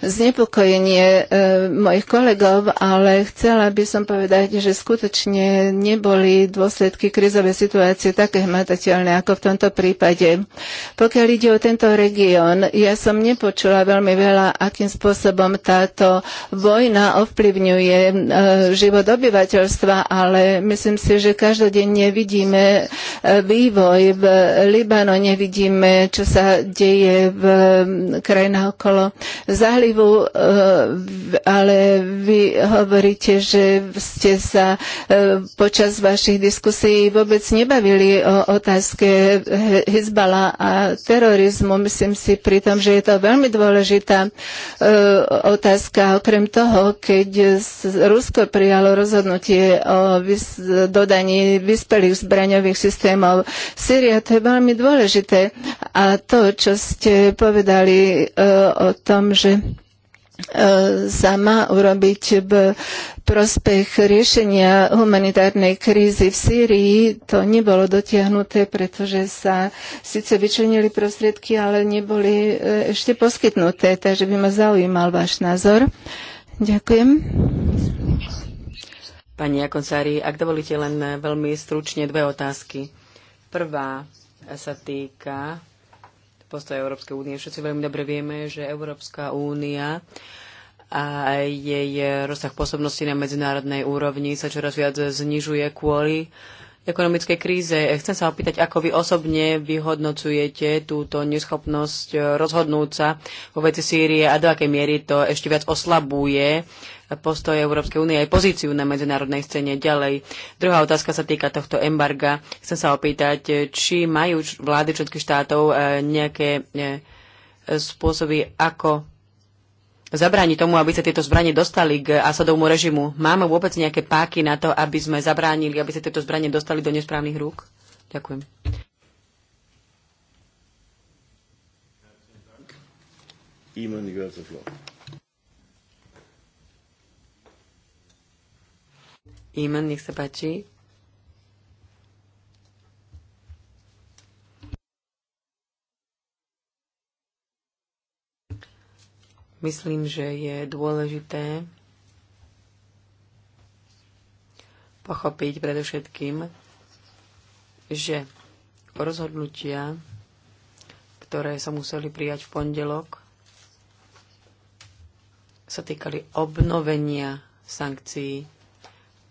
znepokojenie E, mojich kolegov, ale chcela by som povedať, že skutočne neboli dôsledky krizovej situácie také hmatateľné ako v tomto prípade. Pokiaľ ide o tento región, ja som nepočula veľmi veľa, akým spôsobom táto vojna ovplyvňuje e, život obyvateľstva, ale myslím si, že každodenne vidíme e, vývoj v Libanone, vidíme, čo sa deje v krajinách okolo zálivu ale vy hovoríte, že ste sa e, počas vašich diskusí vôbec nebavili o otázke Hezbala a terorizmu. Myslím si pritom, že je to veľmi dôležitá e, otázka. Okrem toho, keď Rusko prijalo rozhodnutie o dodaní vyspelých zbraňových systémov Syria, to je veľmi dôležité. A to, čo ste povedali e, o tom, že E, sa má urobiť v prospech riešenia humanitárnej krízy v Sýrii. To nebolo dotiahnuté, pretože sa síce vyčlenili prostriedky, ale neboli e, ešte poskytnuté, takže by ma zaujímal váš názor. Ďakujem. Pani Jakoncári, ak dovolíte len veľmi stručne dve otázky. Prvá sa týka postoj Európskej únie. Všetci veľmi dobre vieme, že Európska únia a jej rozsah pôsobnosti na medzinárodnej úrovni sa čoraz viac znižuje kvôli uh, ekonomickej kríze. Chcem sa opýtať, ako vy osobne vyhodnocujete túto neschopnosť rozhodnúť sa vo veci Sýrie a do akej miery to ešte viac oslabuje postoj Európskej únie aj pozíciu na medzinárodnej scéne ďalej. Druhá otázka sa týka tohto embarga. Chcem sa opýtať, či majú vlády členských štátov eh, nejaké eh, spôsoby, ako zabrániť tomu, aby sa tieto zbranie dostali k Asadovmu režimu. Máme vôbec nejaké páky na to, aby sme zabránili, aby sa tieto zbranie dostali do nesprávnych rúk? Ďakujem. Iman, nech sa páči. Myslím, že je dôležité pochopiť predovšetkým, že rozhodnutia, ktoré sa museli prijať v pondelok, sa týkali obnovenia sankcií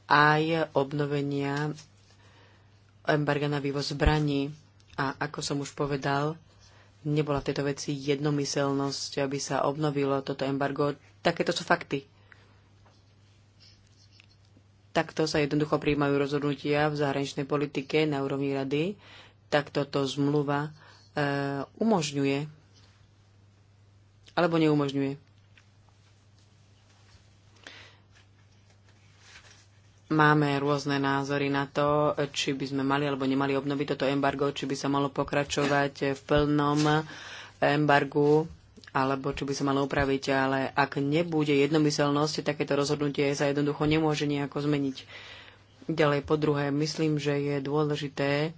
aj obnovenia embarga na vývoz zbraní. A ako som už povedal, nebola v tejto veci jednomyselnosť, aby sa obnovilo toto embargo. Takéto sú fakty. Takto sa jednoducho príjmajú rozhodnutia v zahraničnej politike na úrovni rady. Takto to zmluva e, umožňuje alebo neumožňuje. Máme rôzne názory na to, či by sme mali alebo nemali obnoviť toto embargo, či by sa malo pokračovať v plnom embargu, alebo či by sa malo upraviť, ale ak nebude jednomyselnosť, takéto rozhodnutie sa jednoducho nemôže nejako zmeniť. Ďalej po druhé, myslím, že je dôležité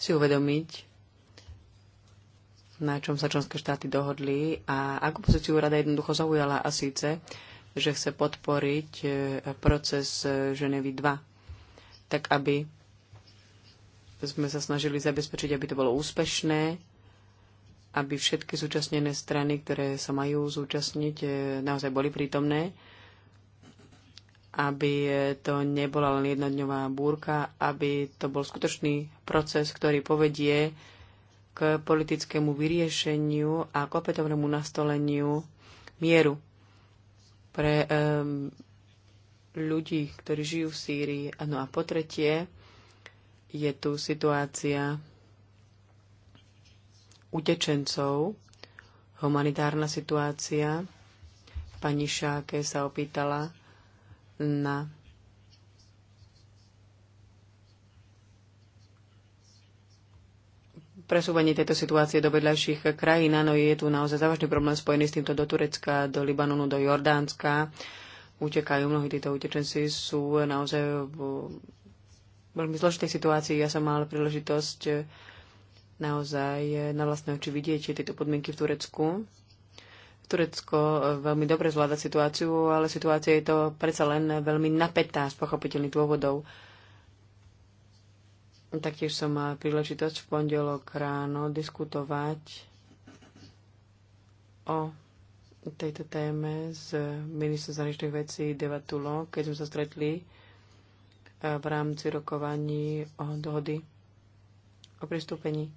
si uvedomiť, na čom sa členské štáty dohodli a akú pozíciu rada jednoducho zaujala a síce, že chce podporiť e, proces e, Ženevy 2, tak aby sme sa snažili zabezpečiť, aby to bolo úspešné, aby všetky zúčastnené strany, ktoré sa majú zúčastniť, e, naozaj boli prítomné, aby to nebola len jednodňová búrka, aby to bol skutočný proces, ktorý povedie k politickému vyriešeniu a k opätovnému nastoleniu mieru pre um, ľudí, ktorí žijú v Sýrii. No a po tretie je tu situácia utečencov, humanitárna situácia. Pani Šáke sa opýtala na presúvanie tejto situácie do vedľajších krajín. Áno, je tu naozaj závažný problém spojený s týmto do Turecka, do Libanonu, do Jordánska. Utekajú mnohí títo utečenci, sú naozaj v veľmi zložitej situácii. Ja som mal príležitosť naozaj na vlastné oči vidieť tieto podmienky v Turecku. Turecko e, veľmi dobre zvláda situáciu, ale situácia je to predsa len veľmi napätá z pochopiteľných dôvodov. Taktiež som mal príležitosť v pondelok ráno diskutovať o tejto téme s ministrom zahraničných vecí Devatulo, keď sme sa stretli eh, v rámci rokovaní o dohody o pristúpení.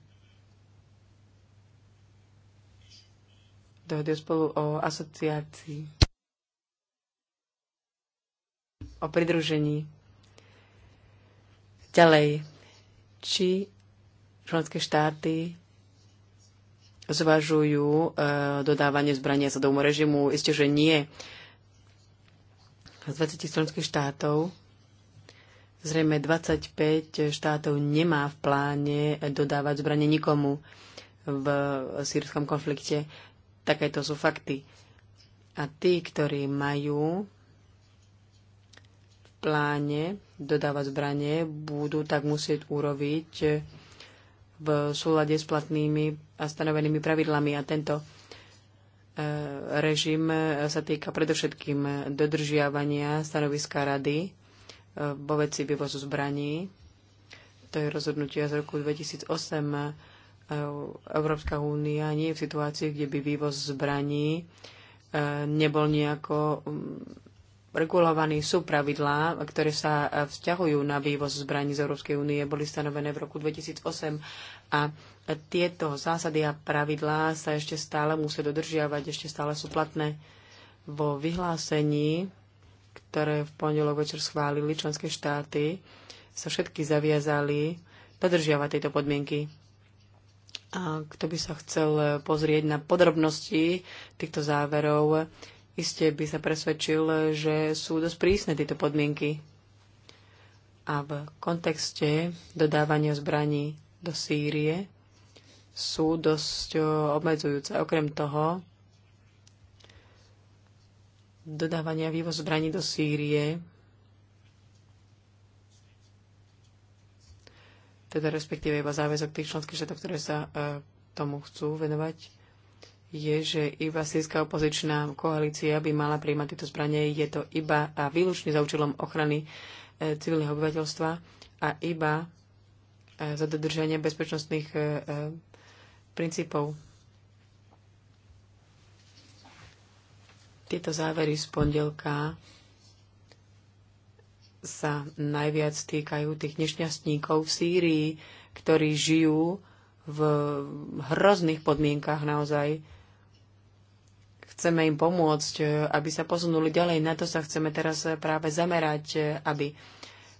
Dohody spolu o asociácii, o pridružení. Ďalej, či členské štáty zvažujú e, dodávanie zbrania domu režimu. Isté, že nie. Z 20 členských štátov zrejme 25 štátov nemá v pláne dodávať zbranie nikomu v sírskom konflikte. Takéto sú fakty. A tí, ktorí majú pláne dodávať zbranie, budú tak musieť urobiť v súlade s platnými a stanovenými pravidlami. A tento e, režim e, sa týka predovšetkým dodržiavania stanoviska rady e, vo veci vývozu zbraní. To je rozhodnutie z roku 2008. Európska únia nie je v situácii, kde by vývoz zbraní nebol nejako regulovaní sú pravidlá, ktoré sa e, vzťahujú na vývoz zbraní z Európskej únie, boli stanovené v roku 2008 a tieto zásady a pravidlá sa ešte stále musia dodržiavať, ešte stále sú platné. Vo vyhlásení, ktoré v pondelok večer schválili členské štáty, sa všetky zaviazali dodržiavať tieto podmienky. A kto by sa chcel pozrieť na podrobnosti týchto záverov, iste by sa presvedčil, že sú dosť prísne tieto podmienky. A v kontexte dodávania zbraní do Sýrie sú dosť obmedzujúce. Okrem toho, dodávania vývoz zbraní do Sýrie, teda respektíve iba záväzok tých členských štátov, ktoré sa e, tomu chcú venovať, je, že iba sírska opozičná koalícia by mala príjmať tieto zbranie. Je to iba a výlučne za účelom ochrany e, civilného obyvateľstva a iba e, za dodržanie bezpečnostných e, princípov. Tieto závery z pondelka sa najviac týkajú tých nešťastníkov v Sýrii, ktorí žijú v hrozných podmienkach naozaj Chceme im pomôcť, e, aby sa posunuli ďalej. Na to sa chceme teraz e, práve zamerať, e, aby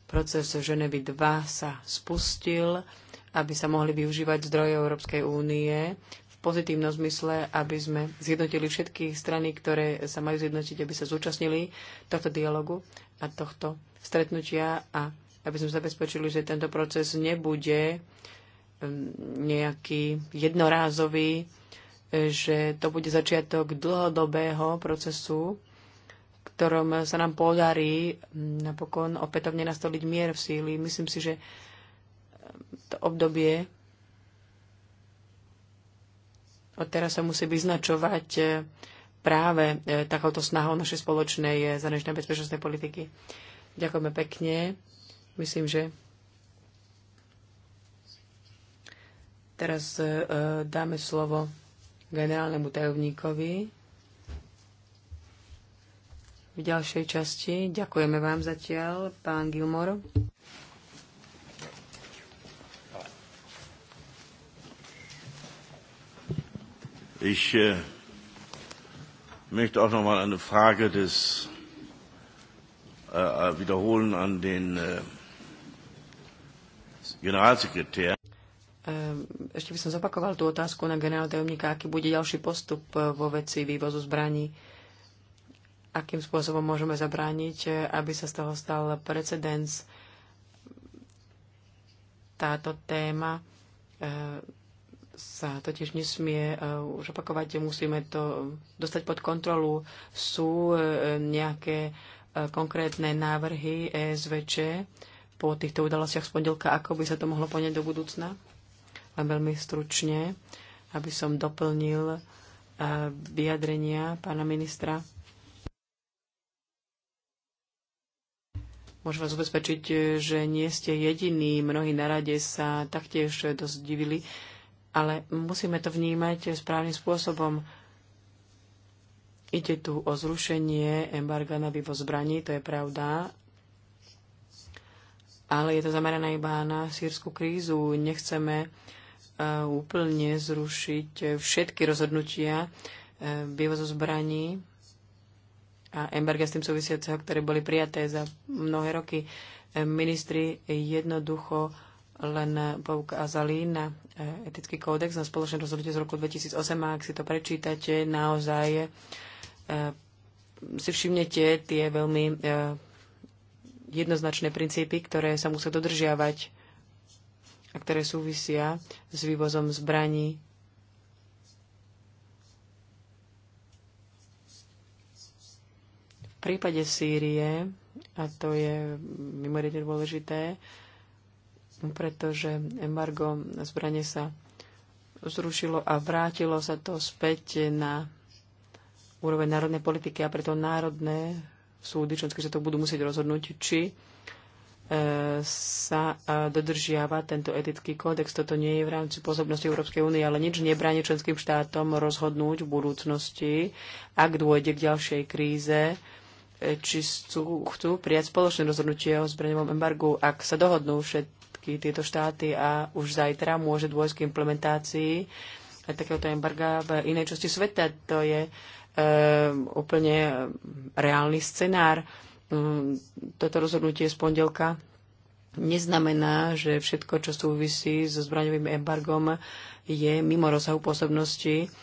proces Ženevy 2 sa spustil, aby sa mohli využívať zdroje Európskej únie v pozitívnom zmysle, aby sme zjednotili všetky strany, ktoré sa majú zjednotiť, aby sa zúčastnili tohto dialogu a tohto stretnutia a aby sme zabezpečili, že tento proces nebude mm, nejaký jednorázový, že to bude začiatok dlhodobého procesu, v ktorom sa nám podarí napokon opätovne nastoliť mier v síli. Myslím si, že to obdobie od teraz sa musí vyznačovať e, práve e, takouto snahou našej spoločnej e, zahraničnej bezpečnostnej politiky. Ďakujeme pekne. Myslím, že teraz dáme slovo generálnemu tajovníkovi. V ďalšej časti ďakujeme vám zatiaľ, pán Gilmor. Ich äh, möchte auch noch mal eine Frage des äh, äh wiederholen an den äh, Generalsekretär. Ehm, ešte by som zopakoval tú otázku na generál tajomníka, aký bude ďalší postup e, vo veci vývozu zbraní. Akým spôsobom môžeme zabrániť, e, aby sa z toho stal precedens. Táto téma e, sa totiž nesmie už opakovať, musíme to dostať pod kontrolu. Sú nejaké konkrétne návrhy ESVČ po týchto udalostiach z pondelka, ako by sa to mohlo poňať do budúcna? len veľmi stručne, aby som doplnil eh, vyjadrenia pána ministra. Môžem vás ubezpečiť, že nie ste jediní. Mnohí na rade sa taktiež dosť divili, ale musíme to vnímať správnym spôsobom. Ide tu o zrušenie embarga na vývoz zbraní, to je pravda, ale je to zamerané iba na sírskú krízu. Nechceme úplne zrušiť všetky rozhodnutia e, bývo zo zbraní a embarga s tým súvisiaceho, ktoré boli prijaté za mnohé roky. E, ministri jednoducho len poukázali na e, etický kódex, na spoločné rozhodnutie z roku 2008 a ak si to prečítate, naozaj si všimnete tie veľmi jednoznačné princípy, ktoré sa musia dodržiavať a ktoré súvisia s vývozom zbraní. V prípade Sýrie, a to je mimoriadne dôležité, pretože embargo na zbranie sa zrušilo a vrátilo sa to späť na úroveň národnej politiky a preto národné súdy sa to budú musieť rozhodnúť, či sa e, dodržiava tento etický kódex. Toto nie je v rámci pôsobnosti Európskej únie, ale nič nebráni členským štátom rozhodnúť v budúcnosti, ak dôjde k ďalšej kríze, e, či chcú, chcú prijať spoločné rozhodnutie o zbraňovom embargu. Ak sa dohodnú všetky tieto štáty a už zajtra môže dôjsť k implementácii e, takéhoto embarga v inej časti sveta, to je e, úplne reálny scenár. E, Mm, toto rozhodnutie z pondelka neznamená, že všetko, čo súvisí so zbraňovým embargom, je mimo rozsahu pôsobnosti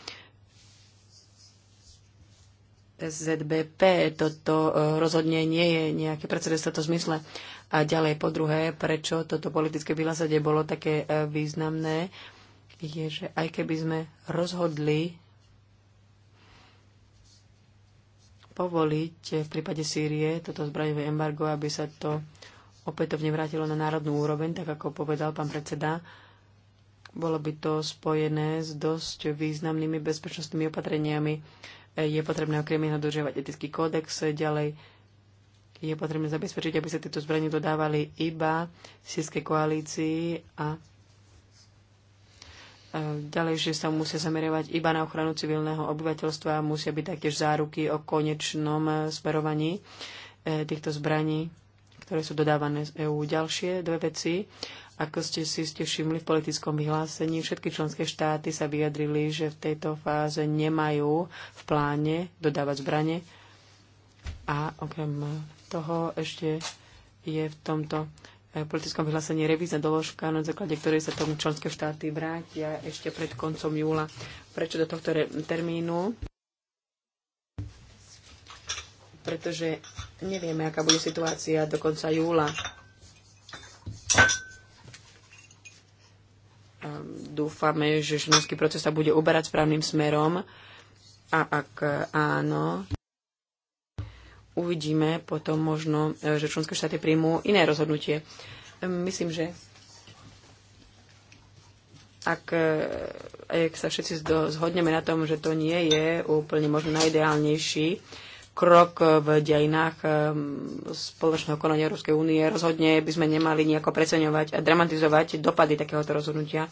ZBP. Toto e, rozhodne nie je nejaké precedens v tomto zmysle. A ďalej po druhé, prečo toto politické vyhlásenie bolo také e, významné, je, že aj keby sme rozhodli povoliť v prípade Sýrie toto zbraňové embargo, aby sa to opätovne vrátilo na národnú úroveň, tak ako povedal pán predseda. Bolo by to spojené s dosť významnými bezpečnostnými opatreniami. Je potrebné okrem iného dodržiavať etický kódex, ďalej je potrebné zabezpečiť, aby sa tieto zbranie dodávali iba v sírskej koalícii a Ďalej, že sa musia zameriavať iba na ochranu civilného obyvateľstva a musia byť taktiež záruky o konečnom eh, smerovaní eh, týchto zbraní, ktoré sú dodávané z EÚ. Ďalšie dve veci. Ako ste si ste všimli v politickom vyhlásení, všetky členské štáty sa vyjadrili, že v tejto fáze nemajú v pláne dodávať zbranie. A okrem toho ešte je v tomto E, politickom vyhlásení revízna doložka, na základe ktorej sa tomu členské štáty vrátia ešte pred koncom júla. Prečo do tohto termínu? Pretože nevieme, aká bude situácia do konca júla. Dúfame, že ženský proces sa bude uberať správnym smerom a ak áno, uvidíme potom možno, e, že členské štáty príjmú iné rozhodnutie. E, myslím, že ak, e, ak sa všetci zhodneme na tom, že to nie je úplne možno najideálnejší krok v dejinách spoločného konania Európskej únie, rozhodne by sme nemali nejako preceňovať a dramatizovať dopady takéhoto rozhodnutia.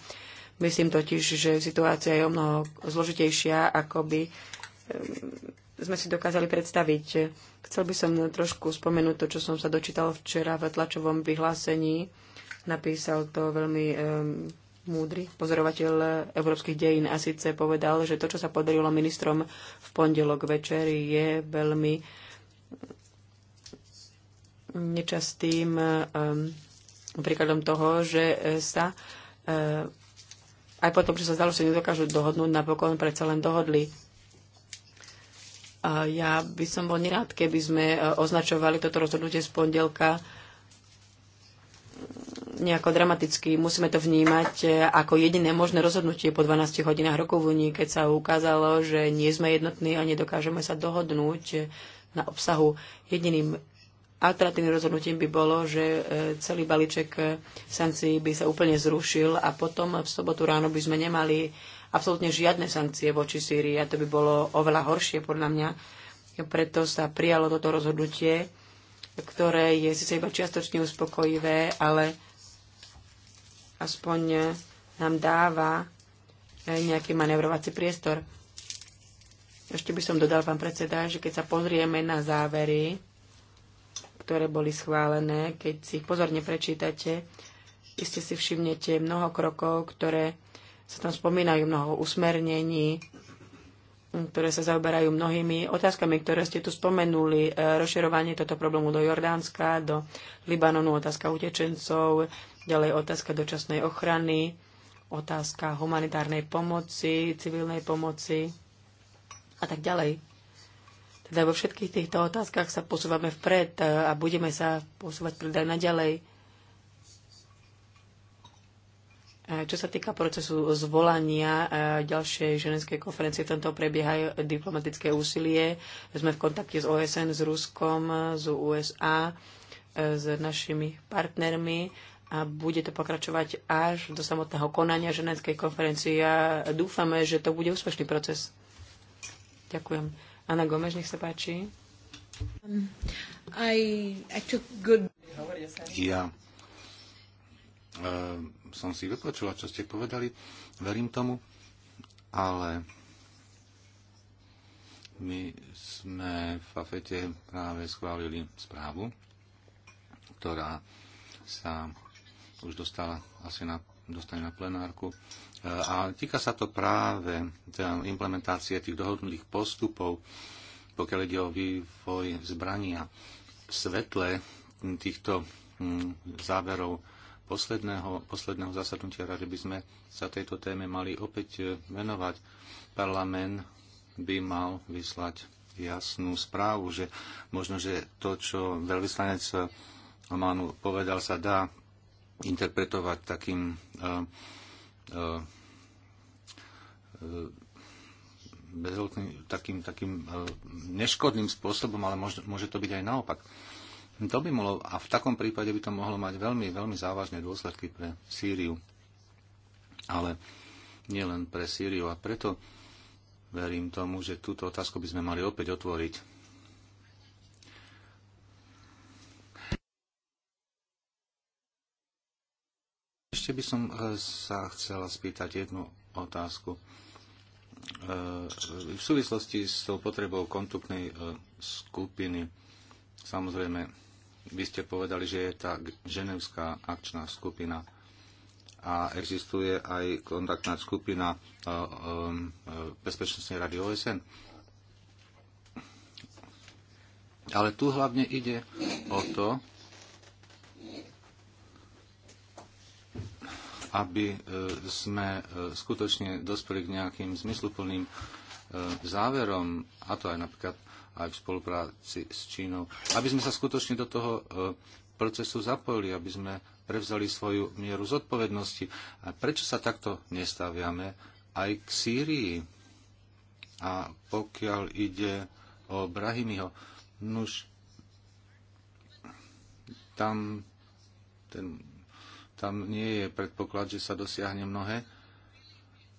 Myslím totiž, že situácia je o mnoho zložitejšia, ako by sme si dokázali predstaviť. Chcel by som trošku spomenúť to, čo som sa dočítal včera v tlačovom vyhlásení. Napísal to veľmi um, múdry pozorovateľ európskych dejín a síce povedal, že to, čo sa podarilo ministrom v pondelok večer, je veľmi nečastým um, príkladom toho, že e, sa uh, aj potom, že sa zdalo, že nedokážu dohodnúť, napokon predsa len dohodli ja by som bol nerád, keby sme e, označovali toto rozhodnutie z pondelka nejako dramaticky. Musíme to vnímať e, ako jediné možné rozhodnutie po 12 hodinách Unii, keď sa ukázalo, že nie sme jednotní a nedokážeme sa dohodnúť e, na obsahu. Jediným alternatívnym rozhodnutím by bolo, že celý balíček sankcií by sa úplne zrušil a potom v sobotu ráno by sme nemali absolútne žiadne sankcie voči Sýrii a to by bolo oveľa horšie podľa mňa. Preto sa prijalo toto rozhodnutie, ktoré je síce iba čiastočne uspokojivé, ale aspoň eh, nám dáva eh, nejaký manevrovací priestor. Ešte by som dodal, pán predseda, že keď sa pozrieme na závery, ktoré boli schválené, keď si ich pozorne prečítate, iste si všimnete mnoho krokov, ktoré sa tam spomínajú mnoho usmernení, ktoré sa zaoberajú mnohými otázkami, ktoré ste tu spomenuli. E, rozširovanie tohto problému do Jordánska, do Libanonu, otázka utečencov, ďalej otázka dočasnej ochrany, otázka humanitárnej pomoci, civilnej pomoci a tak ďalej. Teda vo všetkých týchto otázkach sa posúvame vpred e, a budeme sa posúvať vpred aj naďalej. Čo sa týka procesu zvolania e, ďalšej ženskej konferencie, tento prebieha diplomatické úsilie. Sme v kontakte s OSN, s Ruskom, z USA, e, s našimi partnermi a bude to pokračovať až do samotného konania ženskej konferencie. A dúfame, že to bude úspešný proces. Ďakujem. Anna Gomeš, nech sa páči. Um, I, I took good... Ja e, som si vypočula, čo ste povedali, verím tomu, ale my sme v fafete práve schválili správu, ktorá sa už dostala asi na, dostane na plenárku. A týka sa to práve teda implementácie tých dohodnutých postupov, pokiaľ ide o vývoj zbrania v svetle týchto mm, záverov posledného, posledného zasadnutia rady by sme sa tejto téme mali opäť e, venovať. Parlament by mal vyslať jasnú správu, že možno, že to, čo veľvyslanec e, Ománu povedal, sa dá interpretovať takým uh, uh, takým, takým, uh, neškodným spôsobom, ale môže, môže to byť aj naopak. To by mohlo a v takom prípade by to mohlo mať veľmi, veľmi závažné dôsledky pre Sýriu. Ale nielen pre Sýriu a preto verím tomu, že túto otázku by sme mali opäť otvoriť. Ešte by som eh, sa chcela spýtať jednu otázku. Eh, v súvislosti s tou potrebou kontaktnej eh, skupiny, samozrejme, vy ste povedali, že je tá ženevská akčná skupina a existuje aj kontaktná skupina e, e, Bezpečnostnej rady OSN. Ale tu hlavne ide o to, aby e, sme skutočne dospeli k nejakým zmysluplným záverom, a to aj napríklad aj v spolupráci s Čínou, aby sme sa skutočne do toho e, procesu zapojili, aby sme prevzali svoju mieru zodpovednosti. A prečo sa takto nestaviame aj k Sýrii? A pokiaľ ide o Brahimiho, nuž tam, ten, tam nie je predpoklad, že sa dosiahne mnohé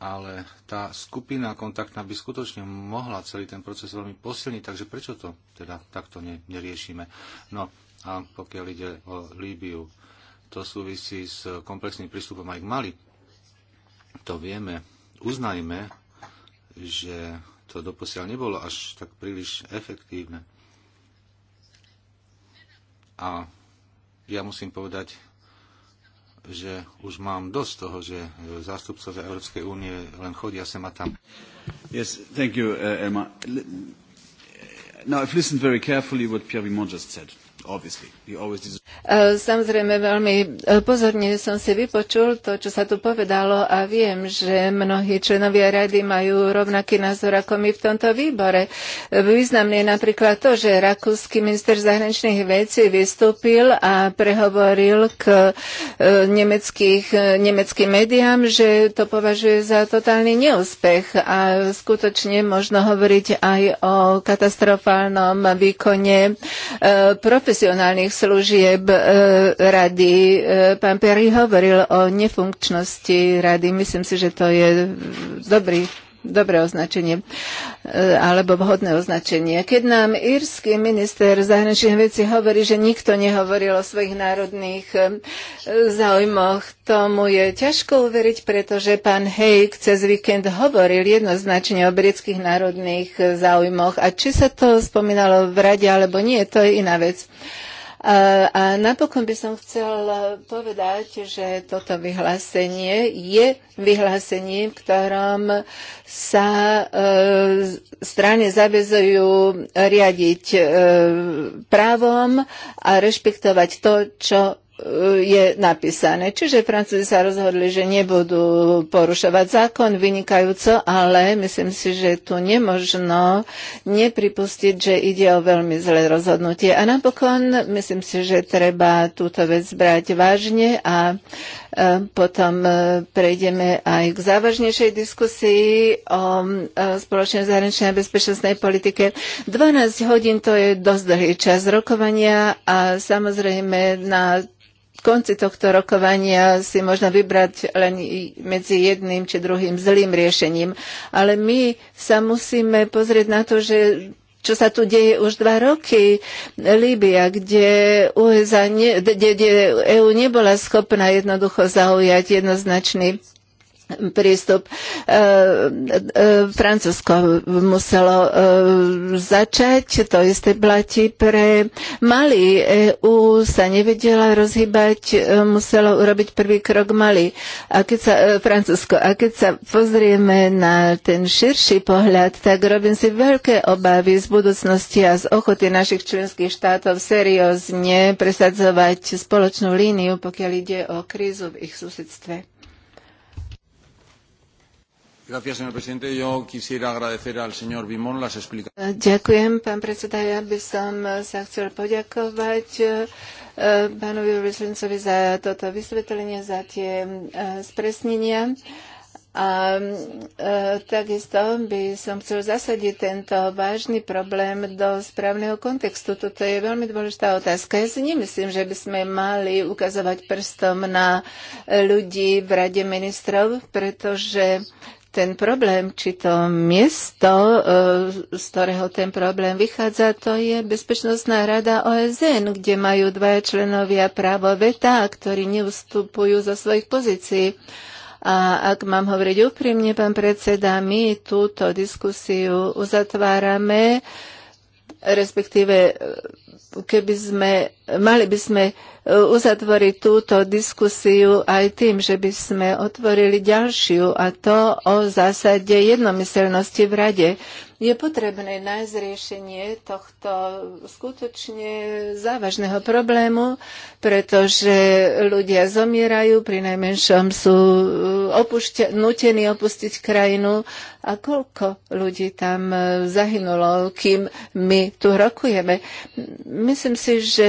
ale tá skupina kontaktná by skutočne mohla celý ten proces veľmi posilniť, takže prečo to teda takto ne, neriešime? No a pokiaľ ide o Líbiu, to súvisí s komplexným prístupom aj k Mali. To vieme. Uznajme, že to doposiaľ nebolo až tak príliš efektívne. A ja musím povedať, že už mám dosť toho, že zástupcovia Európskej únie len chodia sem a tam. Yes, thank you, uh, Elmar. Now, I've listened very carefully what Pierre Vimon just said. E, samozrejme, veľmi e, pozorne som si vypočul to, čo sa tu povedalo a viem, že mnohí členovia rady majú rovnaký názor ako my v tomto výbore. E, významné je napríklad to, že rakúsky minister zahraničných vecí vystúpil a prehovoril k nemeckých, nemeckým médiám, že to považuje za totálny neúspech a skutočne možno hovoriť aj o katastrofálnom výkone profesionálnych profesionálnych služieb e, rady. E, pán Perry hovoril o nefunkčnosti rady. Myslím si, že to je dobrý dobré označenie eh, alebo vhodné označenie. Keď nám írsky minister zahraničných vecí hovorí, že nikto nehovoril o svojich národných eh, záujmoch, tomu je ťažko uveriť, pretože pán Hejk cez víkend hovoril jednoznačne o britských národných eh, záujmoch a či sa to spomínalo v rade alebo nie, to je iná vec. Uh, a napokon by som chcel povedať, že toto vyhlásenie je vyhlásením, v ktorom sa e, strany zavezujú riadiť e, právom a rešpektovať to, čo je napísané. Čiže Francúzi sa rozhodli, že nebudú porušovať zákon vynikajúco, ale myslím si, že tu nemožno nepripustiť, že ide o veľmi zlé rozhodnutie. A napokon myslím si, že treba túto vec brať vážne a e, potom e, prejdeme aj k závažnejšej diskusii o e, spoločnej zahraničnej a bezpečnostnej politike. 12 hodín to je dosť dlhý čas rokovania a samozrejme na konci tohto rokovania si možno vybrať len medzi jedným či druhým zlým riešením. Ale my sa musíme pozrieť na to, že čo sa tu deje už dva roky. Líbia, kde, USA ne, kde, kde EU nebola schopná jednoducho zaujať jednoznačný prístup. E, e, Francúzsko muselo e, začať, to isté platí pre Mali. EU sa nevedela rozhýbať, muselo urobiť prvý krok Mali. A keď sa, Francúzsko. A keď sa pozrieme na ten širší pohľad, tak robím si veľké obavy z budúcnosti a z ochoty našich členských štátov seriózne presadzovať spoločnú líniu, pokiaľ ide o krízu v ich susedstve. Eh, ďakujem, pán predseda. Ja by som eh, sa chcel poďakovať eh, pánovi Ryslincovi za toto vysvetlenie, za tie spresnenia. A takisto by som chcel zasadiť tento vážny problém do správneho kontextu. Toto je veľmi dôležitá otázka. Ja si nemyslím, že by sme mali ukazovať prstom na ľudí v Rade ministrov, pretože ten problém, či to miesto, e, z ktorého ten problém vychádza, to je Bezpečnostná rada OSN, kde majú dva členovia právo veta, ktorí neustupujú zo svojich pozícií. A ak mám hovoriť úprimne, pán predseda, my túto diskusiu uzatvárame respektíve e, keby sme, mali by sme e, uzatvoriť túto diskusiu aj tým, že by sme otvorili ďalšiu a to o zásade jednomyselnosti v rade. Je potrebné nájsť riešenie tohto skutočne závažného problému, pretože ľudia zomierajú, pri najmenšom sú e, opušťa- nutení opustiť krajinu a koľko ľudí tam e, zahynulo, kým my tu rokujeme. Myslím si, že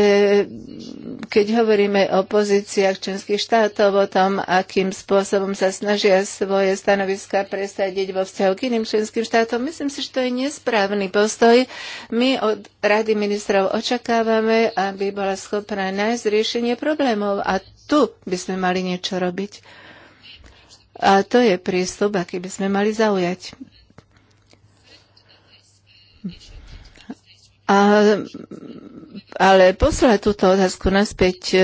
keď hovoríme o pozíciách členských štátov, o tom, akým spôsobom sa snažia svoje stanoviska presadiť vo vzťahu k iným členským štátom, myslím si, že to je nesprávny postoj. My od Rady ministrov očakávame, aby bola schopná nájsť riešenie problémov a tu by sme mali niečo robiť. A to je prístup, aký by sme mali zaujať. A, ale poslať túto otázku naspäť e,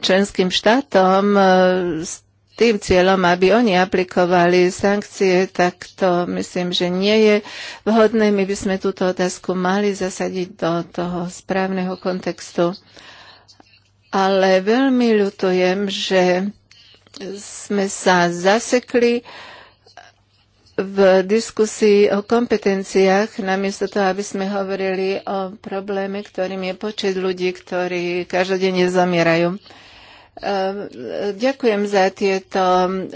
členským štátom e, s tým cieľom, aby oni aplikovali sankcie, tak to myslím, že nie je vhodné. My by sme túto otázku mali zasadiť do toho správneho kontextu. Ale veľmi ľutujem, že sme sa zasekli v diskusii o kompetenciách, namiesto toho, aby sme hovorili o probléme, ktorým je počet ľudí, ktorí každodenne zamierajú. Ehm, ďakujem za tieto ehm,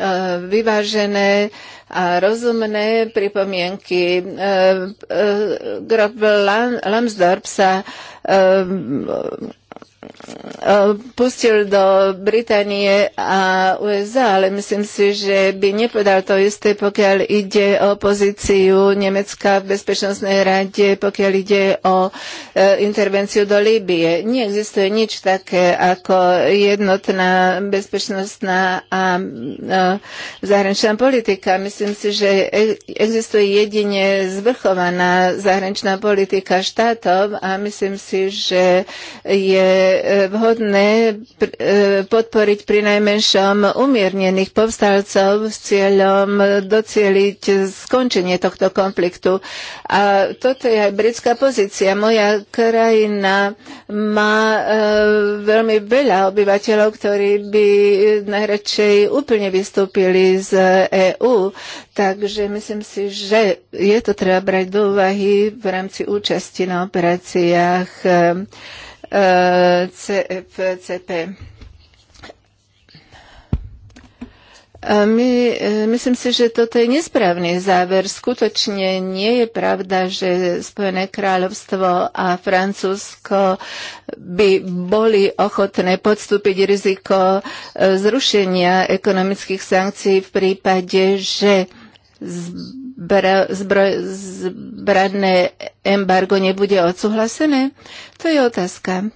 vyvážené a rozumné pripomienky. Ehm, Grob Lambsdorff sa E, pustil do Británie a USA, ale myslím si, že by nepodal to isté, pokiaľ ide o pozíciu Nemecka v Bezpečnostnej rade, pokiaľ ide o e, intervenciu do Líbie. Neexistuje nič také ako jednotná bezpečnostná a e, zahraničná politika. Myslím si, že existuje jedine zvrchovaná zahraničná politika štátov a myslím si, že je vhodné e, podporiť pri najmenšom umiernených povstalcov s cieľom docieliť skončenie tohto konfliktu. A toto je aj britská pozícia. Moja krajina má e, veľmi veľa obyvateľov, ktorí by najradšej úplne vystúpili z EÚ. Takže myslím si, že je to treba brať do úvahy v rámci účasti na operáciách e, CP. A my, e, myslím si, že toto je nesprávny záver. Skutočne nie je pravda, že Spojené kráľovstvo a Francúzsko by boli ochotné podstúpiť riziko e, zrušenia ekonomických sankcií v prípade, že zbra, zbra, zbranné embargo nebude odsúhlasené? To je otázka.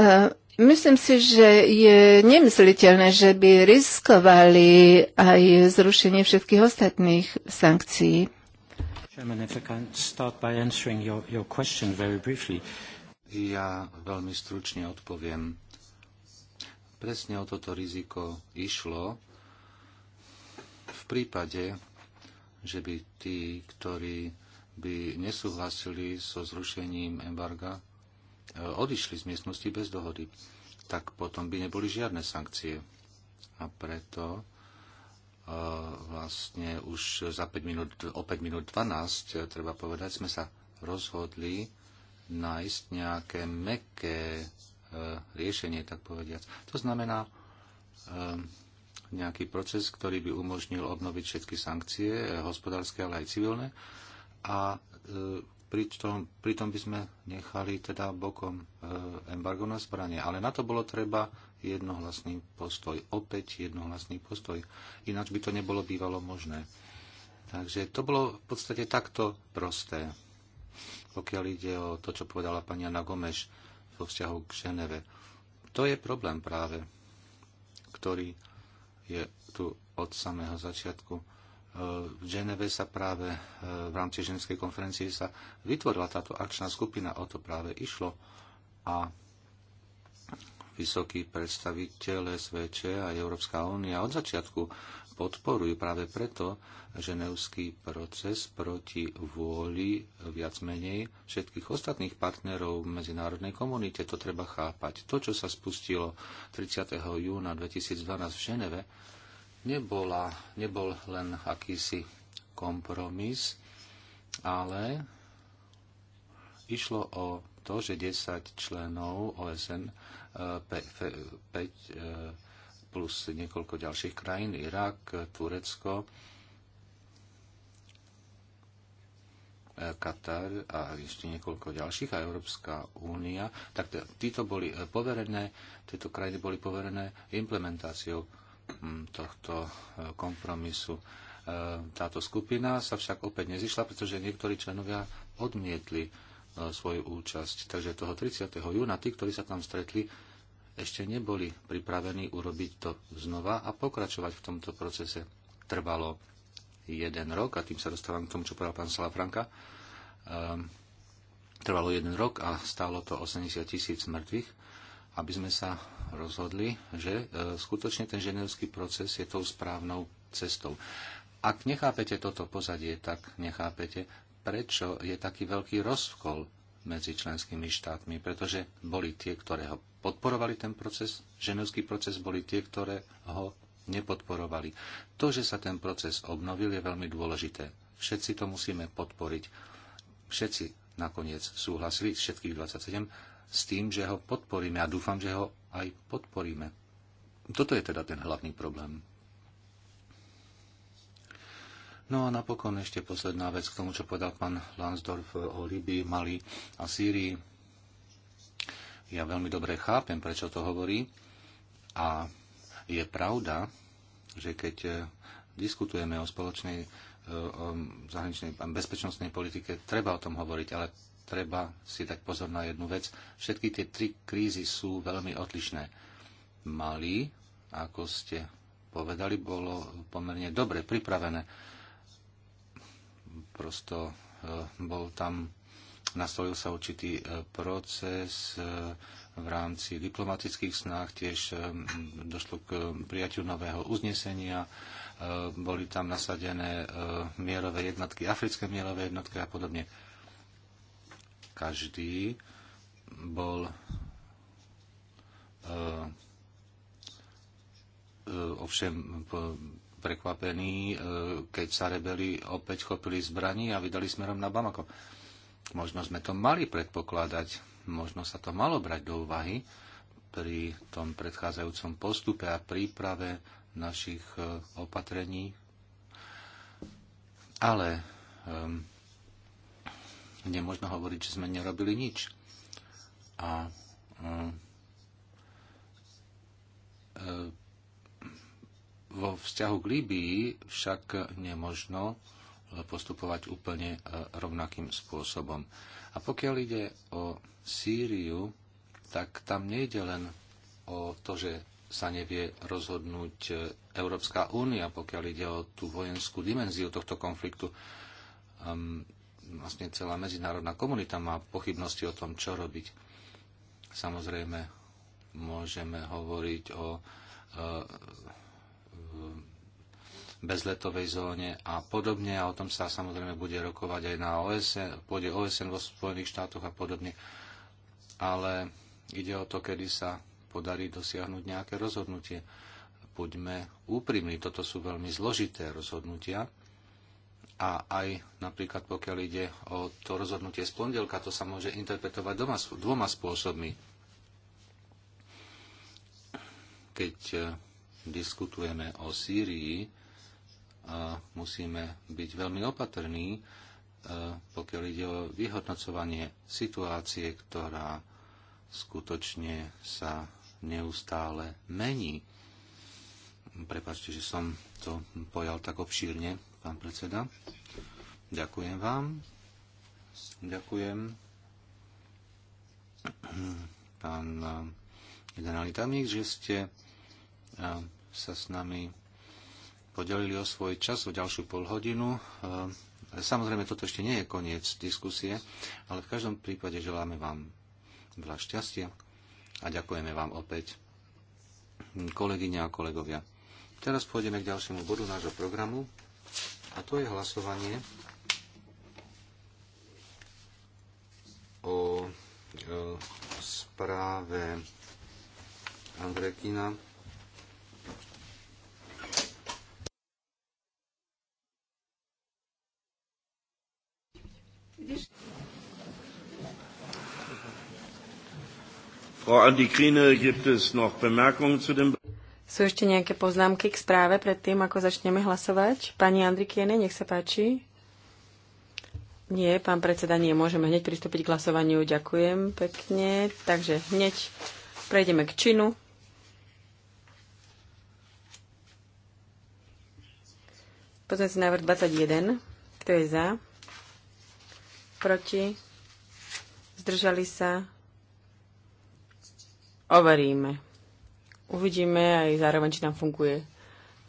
A myslím si, že je nemysliteľné, že by riskovali aj zrušenie všetkých ostatných sankcií. Ja veľmi stručne odpoviem. Presne o toto riziko išlo prípade, že by tí, ktorí by nesúhlasili so zrušením embarga, e, odišli z miestnosti bez dohody, tak potom by neboli žiadne sankcie. A preto e, vlastne už za 5 minút, o 5 minút 12, e, treba povedať, sme sa rozhodli nájsť nejaké meké riešenie, tak povediac. To znamená, nejaký proces, ktorý by umožnil obnoviť všetky sankcie, hospodárske, ale aj civilné. A e, pritom, pritom by sme nechali teda bokom e, embargo na zbranie. Ale na to bolo treba jednohlasný postoj. Opäť jednohlasný postoj. Ináč by to nebolo bývalo možné. Takže to bolo v podstate takto prosté, pokiaľ ide o to, čo povedala pani Anna Gomeš vo vzťahu k Ženeve. To je problém práve, ktorý je tu od samého začiatku. E, v Geneve sa práve e, v rámci ženskej konferencie sa vytvorila táto akčná skupina, o to práve išlo. A vysokí predstaviteľ SVČ a Európska únia od začiatku podporujú práve preto ženevský proces proti vôli viac menej všetkých ostatných partnerov v medzinárodnej komunite. To treba chápať. To, čo sa spustilo 30. júna 2012 v Ženeve, nebola, nebol len akýsi kompromis, ale išlo o to, že 10 členov OSN 5, 5 plus niekoľko ďalších krajín, Irak, Turecko, Katar a ešte niekoľko ďalších a Európska únia, tak títo boli eh, poverené, tieto krajiny boli poverené implementáciou hm, tohto eh, kompromisu. Eh, táto skupina sa však opäť nezišla, pretože niektorí členovia odmietli svoju účasť. Takže toho 30. júna tí, ktorí sa tam stretli, ešte neboli pripravení urobiť to znova a pokračovať v tomto procese. Trvalo jeden rok, a tým sa dostávam k tomu, čo povedal pán Salafranka, um, trvalo jeden rok a stálo to 80 tisíc mŕtvych, aby sme sa rozhodli, že e, skutočne ten ženevský proces je tou správnou cestou. Ak nechápete toto pozadie, tak nechápete, prečo je taký veľký rozkol medzi členskými štátmi, pretože boli tie, ktoré ho podporovali ten proces, ženovský proces boli tie, ktoré ho nepodporovali. To, že sa ten proces obnovil, je veľmi dôležité. Všetci to musíme podporiť. Všetci nakoniec súhlasili, všetkých 27, s tým, že ho podporíme a dúfam, že ho aj podporíme. Toto je teda ten hlavný problém. No a napokon ešte posledná vec k tomu, čo povedal pán Lansdorf o Libii, Mali a Sýrii ja veľmi dobre chápem, prečo to hovorí. A je pravda, že keď e, diskutujeme o spoločnej e, o zahraničnej bezpečnostnej politike, treba o tom hovoriť, ale treba si dať pozor na jednu vec. Všetky tie tri krízy sú veľmi odlišné. Mali, ako ste povedali, bolo pomerne dobre pripravené. Prosto e, bol tam nastolil sa určitý e, proces e, v rámci diplomatických snách, tiež e, došlo k prijatiu nového uznesenia, boli tam nasadené mierové jednotky, africké mierové jednotky a podobne. Každý bol ovšem prekvapený, keď sa rebeli opäť chopili zbraní a vydali smerom na Bamako. Možno sme to mali predpokladať, možno sa to malo brať do úvahy pri tom predchádzajúcom postupe a príprave našich e, opatrení. Ale um, nemôžno hovoriť, že sme nerobili nič. A um, vo vzťahu k Líbii však nemožno postupovať úplne e, rovnakým spôsobom. A pokiaľ ide o Sýriu, tak tam nejde len o to, že sa nevie rozhodnúť e, Európska únia, pokiaľ ide o tú vojenskú dimenziu tohto konfliktu. vlastne celá medzinárodná komunita má pochybnosti o tom, čo robiť. Samozrejme, môžeme hovoriť o e, bezletovej zóne a podobne. A o tom sa samozrejme bude rokovať aj na OSN, pôde OSN vo Spojených štátoch a podobne. Ale ide o to, kedy sa podarí dosiahnuť nejaké rozhodnutie. Buďme úprimní, toto sú veľmi zložité rozhodnutia. A aj napríklad pokiaľ ide o to rozhodnutie z pondelka, to sa môže interpretovať doma, dvoma spôsobmi. Keď eh, diskutujeme o Sýrii, musíme byť veľmi opatrní, e, pokiaľ ide o vyhodnocovanie situácie, ktorá skutočne sa neustále mení. Prepačte, že som to pojal tak obšírne, pán predseda. Ďakujem vám. Ďakujem. Pán generálny tamník, že ste e, sa s nami podelili o svoj čas, o ďalšiu polhodinu. E, samozrejme, toto ešte nie je koniec diskusie, ale v každom prípade želáme vám veľa šťastia a ďakujeme vám opäť, kolegyne a kolegovia. Teraz pôjdeme k ďalšiemu bodu nášho programu a to je hlasovanie o e, správe Andrekina Vidíš? Frau Andikrine, gibt es noch Bemerkungen zu dem... Sú ešte nejaké poznámky k správe pred tým, ako začneme hlasovať? Pani Andrikiene, nech sa páči. Nie, pán predseda, nie. Môžeme hneď pristúpiť k hlasovaniu. Ďakujem pekne. Takže hneď prejdeme k činu. si návrh 21. Kto je za? proti, zdržali sa, overíme. Uvidíme aj zároveň, či nám funguje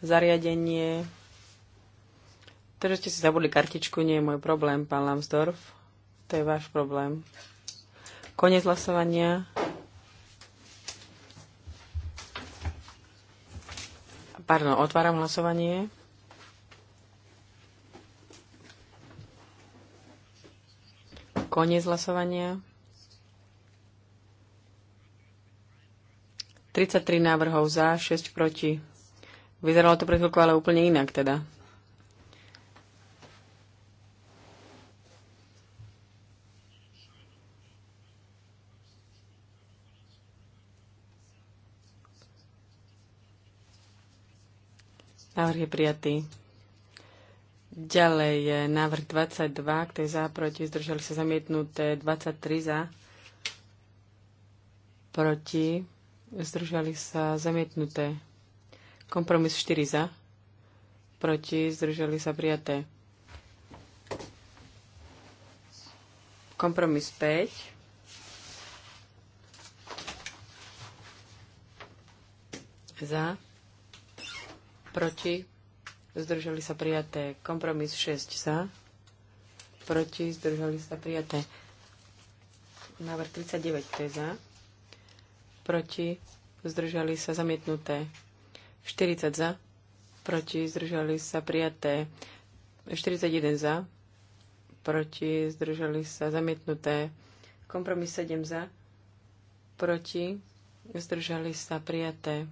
zariadenie. To, že ste si zabudli kartičku, nie je môj problém, pán Lambsdorff. To je váš problém. Konec hlasovania. Pardon, otváram hlasovanie. Koniec hlasovania. 33 návrhov za, 6 proti. Vyzeralo to pre chvíľku, ale úplne inak teda. Návrh je prijatý. Ďalej je návrh 22, kto je za, proti, zdržali sa zamietnuté, 23 za, proti, zdržali sa zamietnuté. Kompromis 4 za, proti, zdržali sa prijaté. Kompromis 5. Za, proti, zdržali sa prijaté. Kompromis 6 za, proti, zdržali sa prijaté. Návrh 39, to je za, proti, zdržali sa zamietnuté. 40 za, proti, zdržali sa prijaté. 41 za, proti, zdržali sa zamietnuté. Kompromis 7 za, proti, zdržali sa prijaté.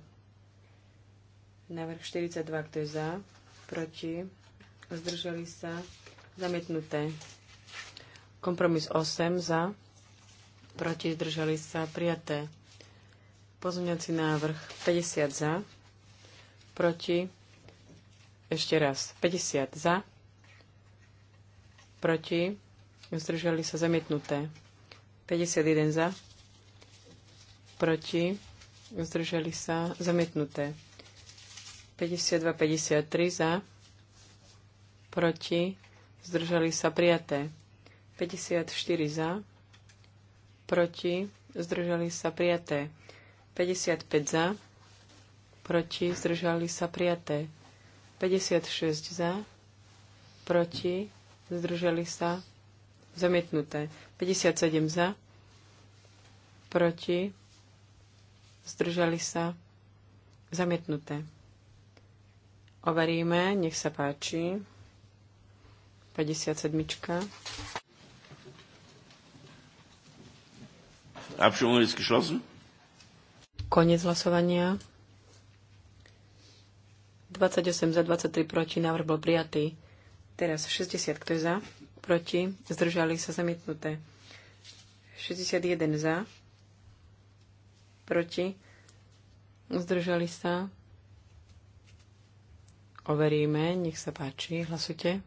Návrh 42, kto je za, proti, zdržali sa, zamietnuté. Kompromis 8 za, proti, zdržali sa, prijaté. Pozmeňovací návrh 50 za, proti, ešte raz, 50 za, proti, zdržali sa, zamietnuté. 51 za, proti, zdržali sa, zamietnuté. 52-53 za, proti, zdržali sa prijaté. 54 za, proti, zdržali sa prijaté. 55 za, proti, zdržali sa prijaté. 56 za, proti, zdržali sa zamietnuté. 57 za, proti, zdržali sa zamietnuté. Overíme, nech sa páči. 57. Abstimmung ist geschlossen. Konec hlasovania. 28 za, 23 proti, návrh bol prijatý. Teraz 60, kto je za? Proti, zdržali sa zamietnuté. 61 za, proti, zdržali sa overíme. Nech sa páči, hlasujte.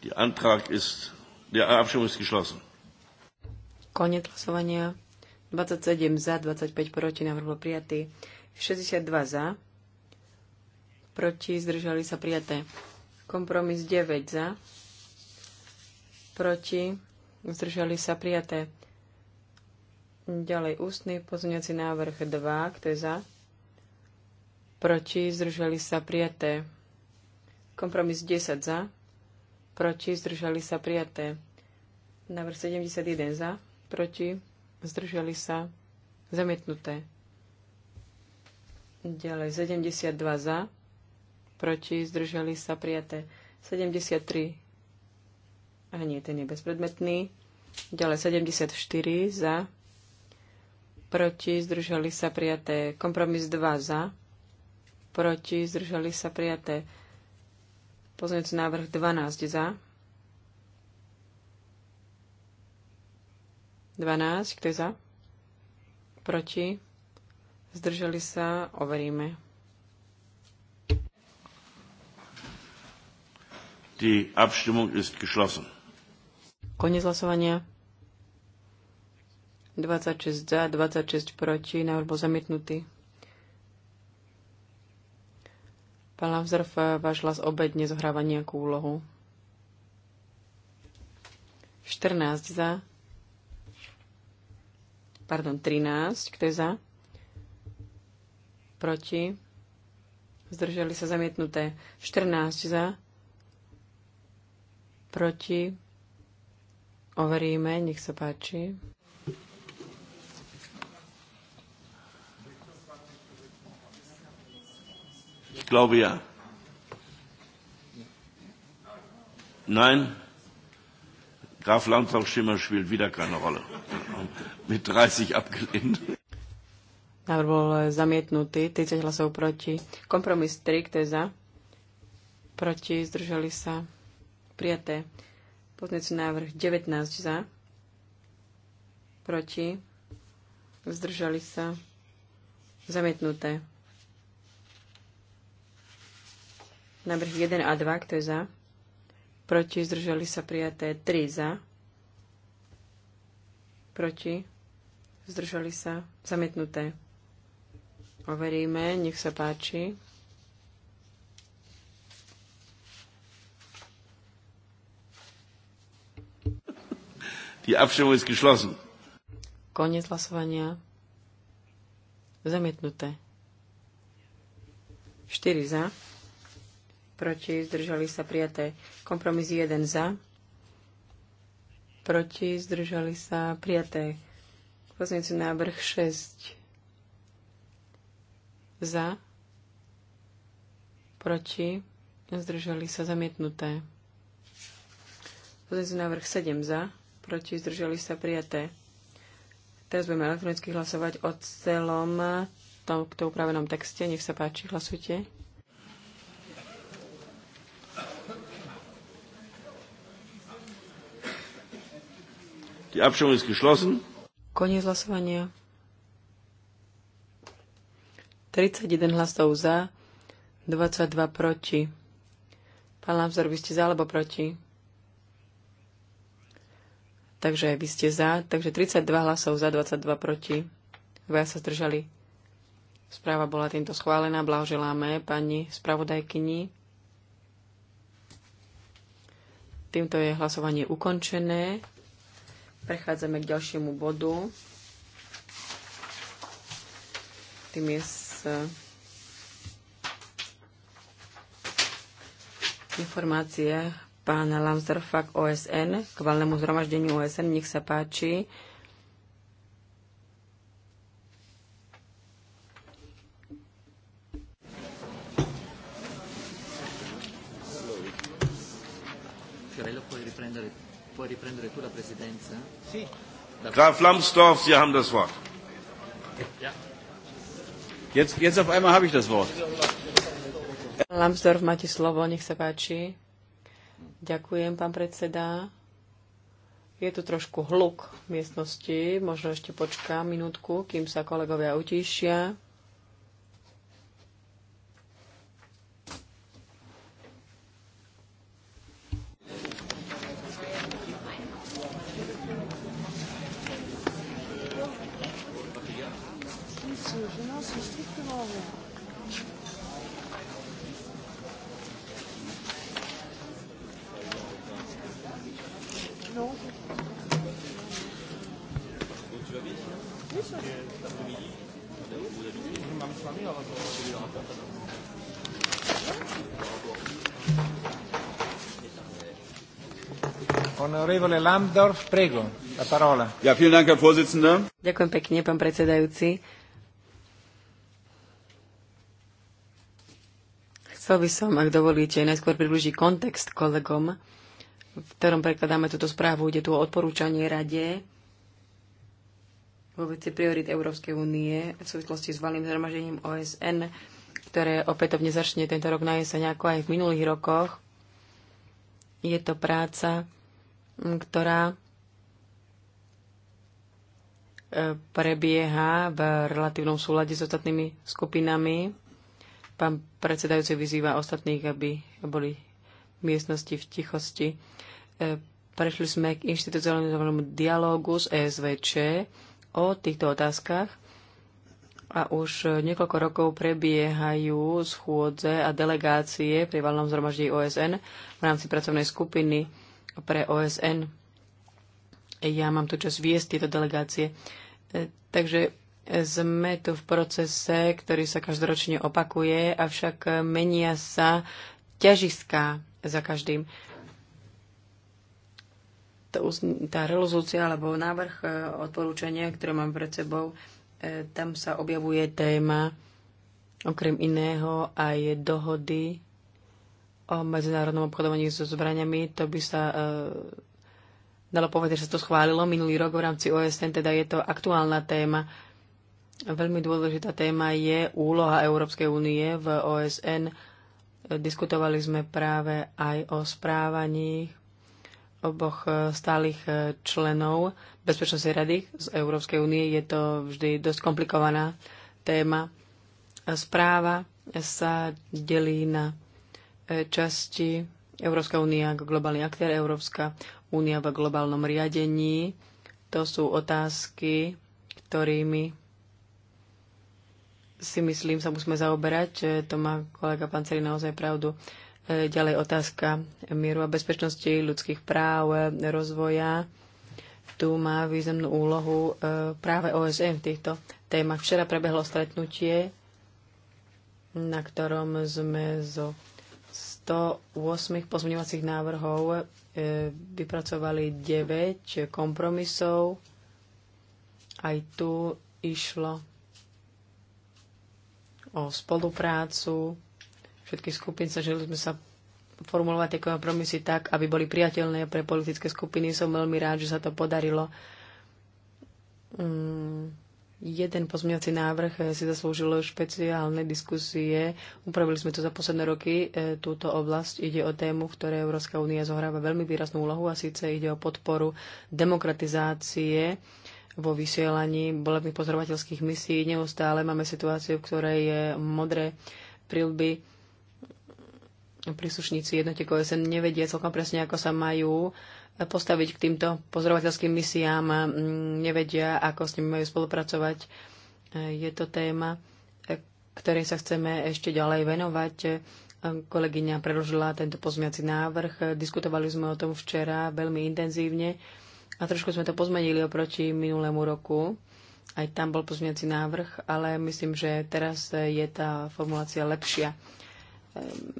Die Antrag ist, die Abstimmung ist geschlossen. Konec hlasovania. 27 za, 25 proti, návrh bol prijatý. 62 za, proti, zdržali sa prijaté. Kompromis 9 za, proti, zdržali sa prijaté. Ďalej ústny pozmeňovací návrh 2, kto je za? proti, zdržali sa prijaté. Kompromis 10 za, proti, zdržali sa prijaté. Návrh 71 za, proti, zdržali sa zamietnuté. Ďalej 72 za, proti, zdržali sa prijaté. 73. A nie, ten je bezpredmetný. Ďalej 74 za, proti, zdržali sa prijaté. Kompromis 2 za, proti, zdržali sa prijaté. Pozrieť návrh 12 za. 12, kto je za? Proti? Zdržali sa, overíme. Die Abstimmung ist geschlossen. Konec hlasovania. 26 za, 26 proti, návrh bol zamietnutý. Pán Lavzorf, váš hlas opäť nezohráva nejakú úlohu. 14 za. Pardon, 13. Kto je za? Proti. Zdržali sa zamietnuté. 14 za. Proti. Overíme, nech sa páči. glaube ja. Nein? Graf Landau Schimmer spielt wieder keine Rolle. Mit 30 abgelehnt. Návrh bol eh, zamietnutý, 30 hlasov proti. Kompromis 3, kto je za? Proti, zdržali sa. Prijaté. Pozneci návrh 19 za. Proti, zdržali sa. Zamietnuté. Návrh 1 a 2, kto je za? Proti, zdržali sa prijaté 3 za. Proti, zdržali sa zamietnuté. Overíme, nech sa páči. Die Abstimmung ist geschlossen. Koniec hlasovania. Zamietnuté. 4 za proti, zdržali sa prijaté. Kompromis 1 za, proti, zdržali sa prijaté. Pozniecu návrh 6 za, proti, zdržali sa zamietnuté. Pozniecu návrh 7 za, proti, zdržali sa prijaté. Teraz budeme elektronicky hlasovať o celom tomto upravenom texte. Nech sa páči, hlasujte. Die Abstimmung ist geschlossen. Koniec hlasovania. 31 hlasov za, 22 proti. Pán Lamsdor, vy ste za alebo proti? Takže vy ste za, takže 32 hlasov za, 22 proti. Dvaja sa zdržali. Správa bola týmto schválená. Blahoželáme pani spravodajkyni. Týmto je hlasovanie ukončené. Prechádzame k ďalšiemu bodu. Tým je s eh, informácie pána Lamsdorfa k OSN, k valnému zhromaždeniu OSN. Nech sa páči. Fiorello puoi riprendere puoi riprendere tu la presidenza? Sì. Graf Lambsdorff, Sie haben das Wort. Ja. Jetzt, jetzt auf einmal habe ich das Wort. Lambsdorff, máte slovo, nech sa páči. Ďakujem, pán predseda. Je tu trošku hluk v miestnosti, možno ešte počkám minútku, kým sa kolegovia utíšia. Lambdorf, prego, la parola. Ja, vielen Dank, Herr Vorsitzender. Ďakujem pekne, pán predsedajúci. Chcel by som, ak dovolíte, najskôr približiť kontext kolegom, v ktorom prekladáme túto správu. Ide tu o odporúčanie rade vo veci priorit Európskej únie v súvislosti s valným zhromažením OSN, ktoré opätovne začne tento rok na jeseň, ako aj v minulých rokoch. Je to práca ktorá e, prebieha v relatívnom súlade s ostatnými skupinami. Pán predsedajúci vyzýva ostatných, aby boli v miestnosti v tichosti. E, prešli sme k inštitucionálnemu dialógu s ESVČ o týchto otázkach a už niekoľko rokov prebiehajú schôdze a delegácie pri valnom zhromaždení OSN v rámci pracovnej skupiny pre OSN. Ja mám tu čas viesť tieto delegácie. E, takže e, sme tu v procese, ktorý sa každoročne opakuje, avšak e, menia sa ťažiská za každým. Tá rezolúcia alebo návrh odporúčania, ktoré mám pred sebou, tam sa objavuje téma okrem iného aj dohody o medzinárodnom obchodovaní so zbraniami, to by sa e, dalo povedať, že sa to schválilo minulý rok v rámci OSN, teda je to aktuálna téma. Veľmi dôležitá téma je úloha Európskej únie v OSN. Diskutovali sme práve aj o správaní oboch e, stálych e, členov Bezpečnostnej rady z Európskej únie. Je to vždy dosť komplikovaná téma. Správa sa delí na časti Európska únia ako globálny aktér, Európska únia v globálnom riadení. To sú otázky, ktorými si myslím, sa musíme zaoberať. To má kolega Panceri naozaj pravdu. Ďalej otázka mieru a bezpečnosti, ľudských práv, rozvoja. Tu má významnú úlohu e, práve OSN v týchto témach. Včera prebehlo stretnutie, na ktorom sme so 108 pozmeňovacích návrhov e, vypracovali 9 kompromisov. Aj tu išlo o spoluprácu všetkých skupín. Snažili sme sa formulovať tie kompromisy tak, aby boli priateľné pre politické skupiny. Som veľmi rád, že sa to podarilo. Mm Jeden pozmeňovací návrh eh, si zaslúžil špeciálne diskusie. Upravili sme to za posledné roky. Eh, túto oblasť ide o tému, v ktorej Európska únia zohráva veľmi výraznú úlohu a síce ide o podporu demokratizácie vo vysielaní bolebných pozorovateľských misií. Neustále máme situáciu, v ktorej je modré prilby príslušníci jednotiek OSN nevedia celkom presne, ako sa majú postaviť k týmto pozorovateľským misiám, nevedia, ako s nimi majú spolupracovať. Je to téma, ktorej sa chceme ešte ďalej venovať. Kolegyňa predložila tento pozmiaci návrh. Diskutovali sme o tom včera veľmi intenzívne a trošku sme to pozmenili oproti minulému roku. Aj tam bol pozmiaci návrh, ale myslím, že teraz je tá formulácia lepšia. Ehm,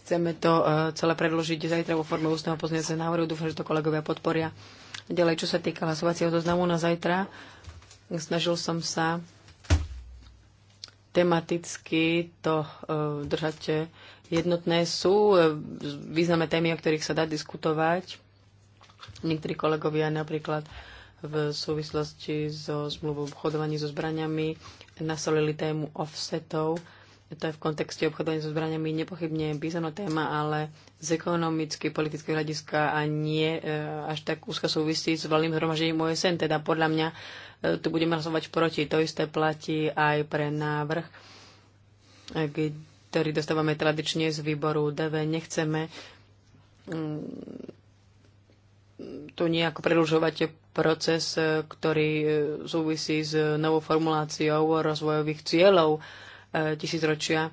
chceme to e, celé predložiť zajtra vo forme ústneho pozniacieho návrhu. Dúfam, že to kolegovia podporia. Ďalej, čo sa týka hlasovacieho zoznamu na zajtra, snažil som sa tematicky to e, držať jednotné. Sú e, významné témy, o ktorých sa dá diskutovať. Niektorí kolegovia napríklad v súvislosti so zmluvou obchodovaní so zbraniami nasolili tému offsetov to je v kontexte obchodovania so zbraniami nepochybne písaná téma, ale z ekonomicky, politického hľadiska a nie e, až tak úzka súvisí s veľným zhromaždením OSN. Teda podľa mňa e, tu budeme hlasovať proti. To isté platí aj pre návrh, e, ktorý dostávame tradične z výboru DV. Nechceme mm, tu nejako predlžovať proces, e, ktorý e, súvisí s novou formuláciou rozvojových cieľov Eh, tisícročia.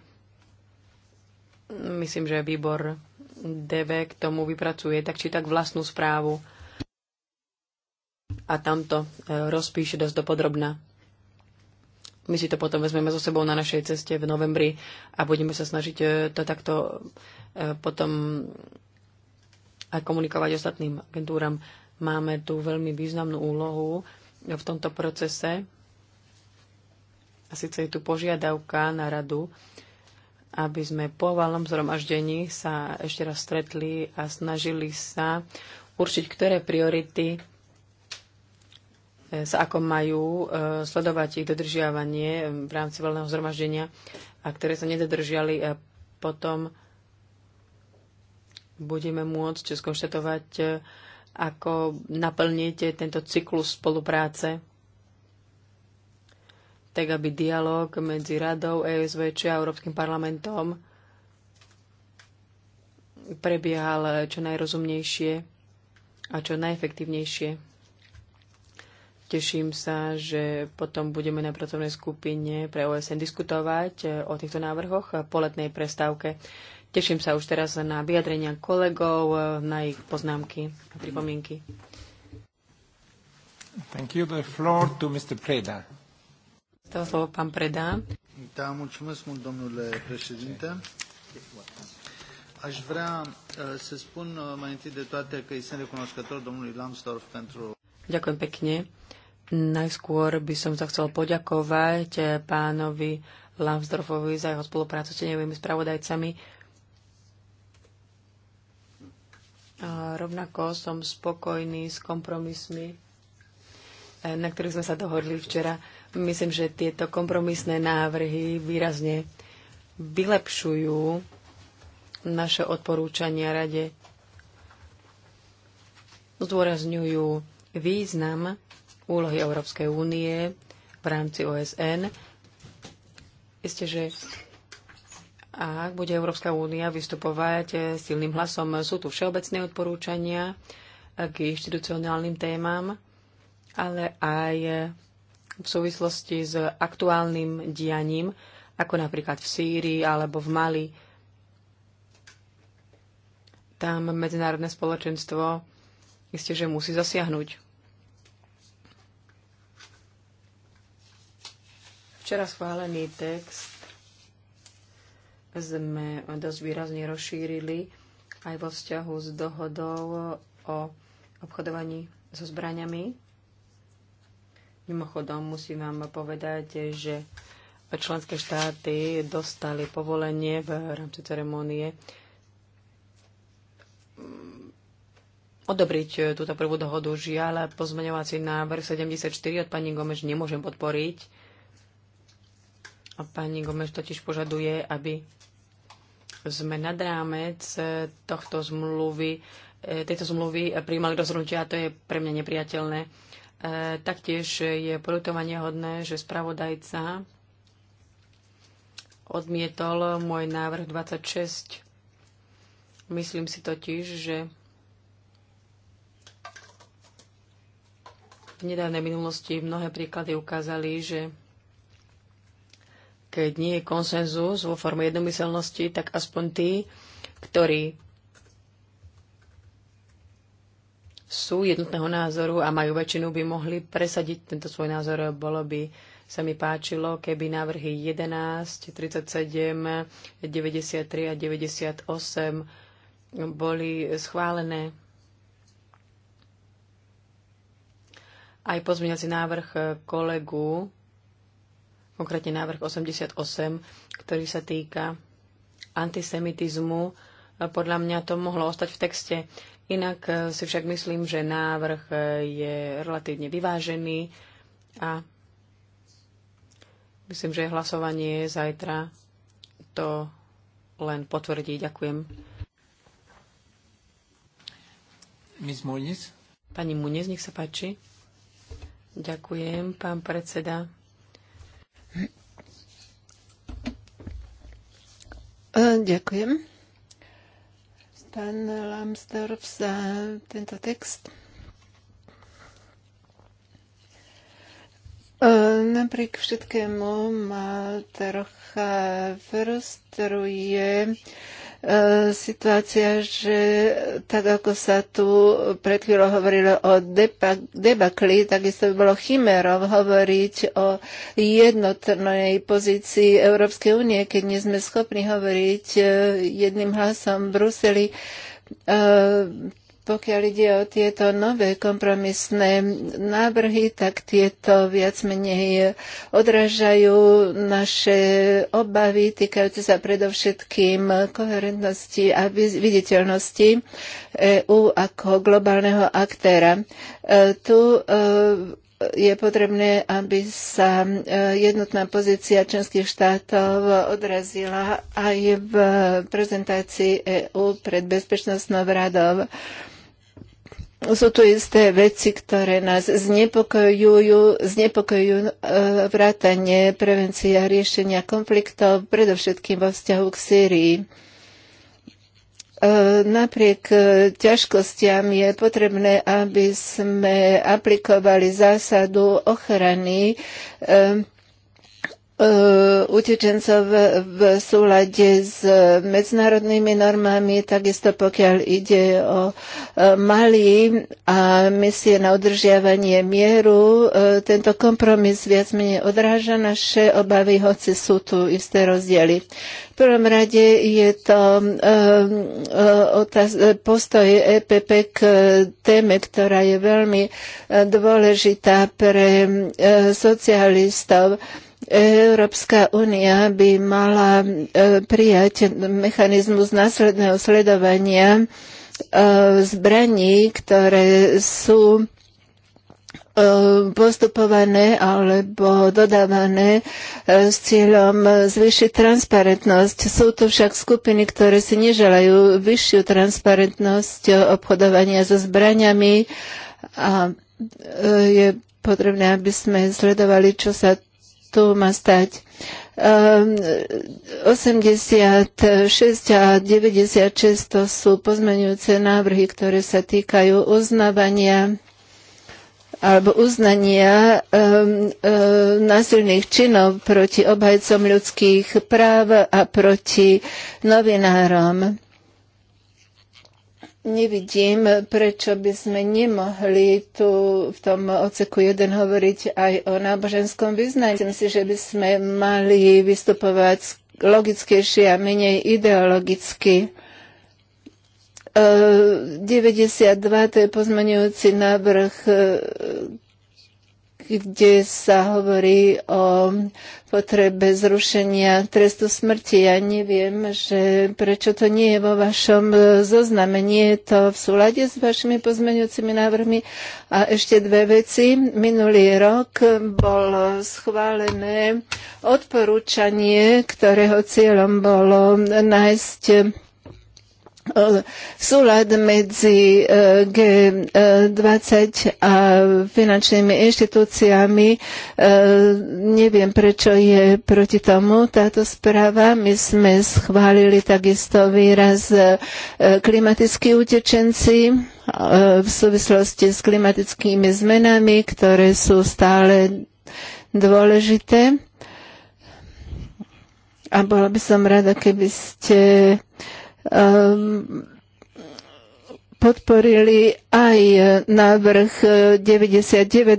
Myslím, že výbor DV k tomu vypracuje tak či tak vlastnú správu a tamto eh, rozpíše dosť dopodrobná. My si to potom vezmeme so sebou na našej ceste v novembri a budeme sa snažiť eh, to takto potom aj komunikovať ostatným agentúram. Máme tu veľmi významnú úlohu v tomto procese a síce je tu požiadavka na radu, aby sme po valnom zhromaždení sa ešte raz stretli a snažili sa určiť, ktoré priority e, sa ako majú e, sledovať ich dodržiavanie e, v rámci voľného zhromaždenia a ktoré sa nedodržiali, a potom budeme môcť skonštatovať, ako naplníte tento cyklus spolupráce tak aby dialog medzi radou e či a Európskym parlamentom prebiehal čo najrozumnejšie a čo najefektívnejšie. Teším sa, že potom budeme na pracovnej skupine pre OSN diskutovať e, o týchto návrhoch po letnej prestávke. Teším sa už teraz na vyjadrenia kolegov, e, na ich poznámky a pripomienky. Thank you. The floor to Mr. Preda slovo pán Predá. Da, mulțumesc mult, domnule președinte. Aș vrea uh, să spun uh, mai întâi de toate că îi sunt recunoscător domnului Lambsdorff pentru... Ďakujem pekne. Najskôr by som sa chcel poďakovať eh, pánovi Lambsdorffovi za jeho spoluprácu s tenevými spravodajcami. A rovnako som spokojný s kompromismi, na ktorých sme sa dohodli včera. Myslím, že tieto kompromisné návrhy výrazne vylepšujú naše odporúčania rade. Zdôrazňujú význam úlohy Európskej únie v rámci OSN. Isté, že ak bude Európska únia vystupovať silným hlasom, sú tu všeobecné odporúčania k inštitucionálnym témam, ale aj v súvislosti s aktuálnym dianím, ako napríklad v Sýrii alebo v Mali. Tam medzinárodné spoločenstvo isté, že musí zasiahnuť. Včera schválený text sme dosť výrazne rozšírili aj vo vzťahu s dohodou o obchodovaní so zbraniami. Mimochodom, musím vám povedať, že členské štáty dostali povolenie v rámci ceremonie mm, odobriť túto prvú dohodu. Žiaľ, pozmeňovací návrh 74 od pani Gomeš nemôžem podporiť. A pani Gomeš totiž požaduje, aby sme nad rámec tohto zmluvy, e, tejto zmluvy e, príjmali rozhodnutia a to je pre mňa nepriateľné Taktiež je polutovanie hodné, že spravodajca odmietol môj návrh 26. Myslím si totiž, že v nedávnej minulosti mnohé príklady ukázali, že keď nie je konsenzus vo forme jednomyselnosti, tak aspoň tí, ktorí sú jednotného názoru a majú väčšinu, by mohli presadiť tento svoj názor. Bolo by sa mi páčilo, keby návrhy 11, 37, 93 a 98 boli schválené. Aj pozmeňací návrh kolegu, konkrétne návrh 88, ktorý sa týka antisemitizmu, podľa mňa to mohlo ostať v texte. Inak e, si však myslím, že návrh e, je relatívne vyvážený a myslím, že hlasovanie zajtra to len potvrdí. Ďakujem. Ms. Muniz? Pani Muniz, nech sa páči. Ďakujem, pán predseda. E, ďakujem pán Lambsdorff za tento text. E, napriek všetkému ma trocha frustruje E, situácia, že tak ako sa tu pred chvíľou hovorilo o debakli, takisto by bolo chimerov hovoriť o jednotnej pozícii Európskej únie, keď nie sme schopní hovoriť e, jedným hlasom v Bruseli e, pokiaľ ide o tieto nové kompromisné návrhy, tak tieto viac menej odrážajú naše obavy týkajúce sa predovšetkým koherentnosti a viditeľnosti EU ako globálneho aktéra. E, tu e, je potrebné, aby sa e, jednotná pozícia členských štátov odrazila aj v prezentácii EÚ pred bezpečnostnou radou sú tu isté veci, ktoré nás znepokojujú, znepokojujú e, vrátanie prevencie a riešenia konfliktov, predovšetkým vo vzťahu k Syrii. E, napriek e, ťažkostiam je potrebné, aby sme aplikovali zásadu ochrany Uh, utečencov v súlade s medzinárodnými normami, takisto pokiaľ ide o uh, Mali a misie na udržiavanie mieru. Uh, tento kompromis viac menej odráža naše obavy, hoci sú tu isté rozdiely. V prvom rade je to um, postoj EPP k téme, ktorá je veľmi dôležitá pre socialistov. Európska únia by mala e, prijať mechanizmus následného sledovania e, zbraní, ktoré sú e, postupované alebo dodávané s cieľom zvýšiť transparentnosť. Sú to však skupiny, ktoré si neželajú vyššiu transparentnosť obchodovania so zbraniami a je potrebné, aby sme sledovali, čo sa tu má stať. 86 ehm, a 96 to sú pozmenujúce návrhy, ktoré sa týkajú uznávania alebo uznania um, um, násilných činov proti obhajcom ľudských práv a proti novinárom nevidím, prečo by sme nemohli tu v tom oceku 1 hovoriť aj o náboženskom vyznaní. Myslím si, že by sme mali vystupovať logickejšie a menej ideologicky. 92, eh, to je pozmaňujúci návrh eh, kde sa hovorí o potrebe zrušenia trestu smrti. Ja neviem, že prečo to nie je vo vašom zozname. Nie je to v súlade s vašimi pozmeňujúcimi návrhmi. A ešte dve veci. Minulý rok bolo schválené odporúčanie, ktorého cieľom bolo nájsť súlad medzi e, G20 a finančnými inštitúciami. E, neviem, prečo je proti tomu táto správa. My sme schválili takisto výraz e, klimatickí utečenci v súvislosti s klimatickými zmenami, ktoré sú stále dôležité. A bola by som rada, keby ste uh, um, podporili aj návrh 99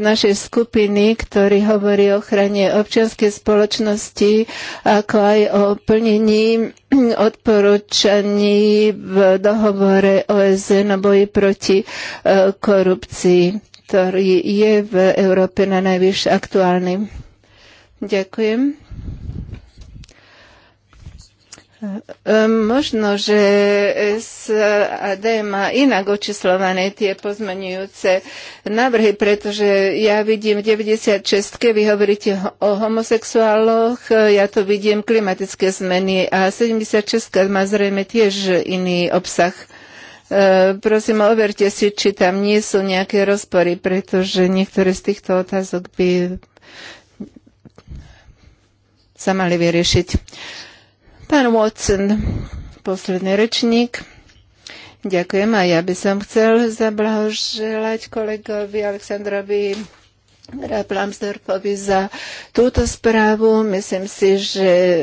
našej skupiny, ktorý hovorí o ochrane občianskej spoločnosti, ako aj o plnení odporúčaní v dohovore OSN o boji proti e, korupcii, ktorý je v Európe na najvyššie aktuálny. Ďakujem. Možno, že SAD má inak očislované tie pozmenujúce návrhy, pretože ja vidím v 96. vy hovoríte o homosexuáloch, ja to vidím klimatické zmeny a 76. má zrejme tiež iný obsah. E, prosím, overte si, či tam nie sú nejaké rozpory, pretože niektoré z týchto otázok by sa mali vyriešiť. Pán Watson, posledný rečník. Ďakujem a ja by som chcel zablahoželať kolegovi Aleksandrovi Andrea Plamsdorfovi za túto správu. Myslím si, že e,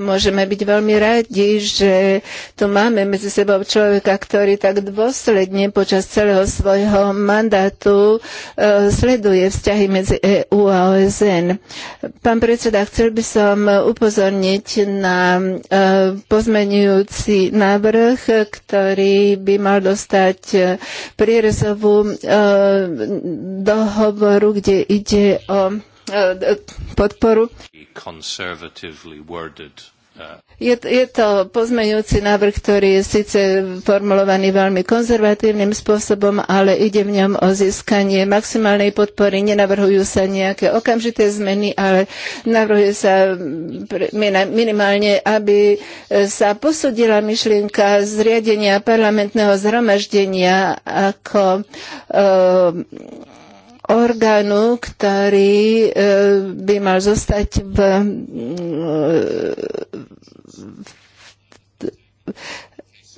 môžeme byť veľmi radi, že tu máme medzi sebou človeka, ktorý tak dôsledne počas celého svojho mandátu e, sleduje vzťahy medzi EU a OSN. Pán predseda, chcel by som upozorniť na e, pozmenujúci návrh, ktorý by mal dostať prierezovú dohovor podporu, kde ide o podporu. Uh, je, je to pozmeňujúci návrh, ktorý je síce formulovaný veľmi konzervatívnym spôsobom, ale ide v ňom o získanie maximálnej podpory. Nenavrhujú sa nejaké okamžité zmeny, ale navrhuje sa minimálne, aby sa posudila myšlienka zriadenia parlamentného zhromaždenia ako e, orgánu, ktorý e, by mal zostať v, e, v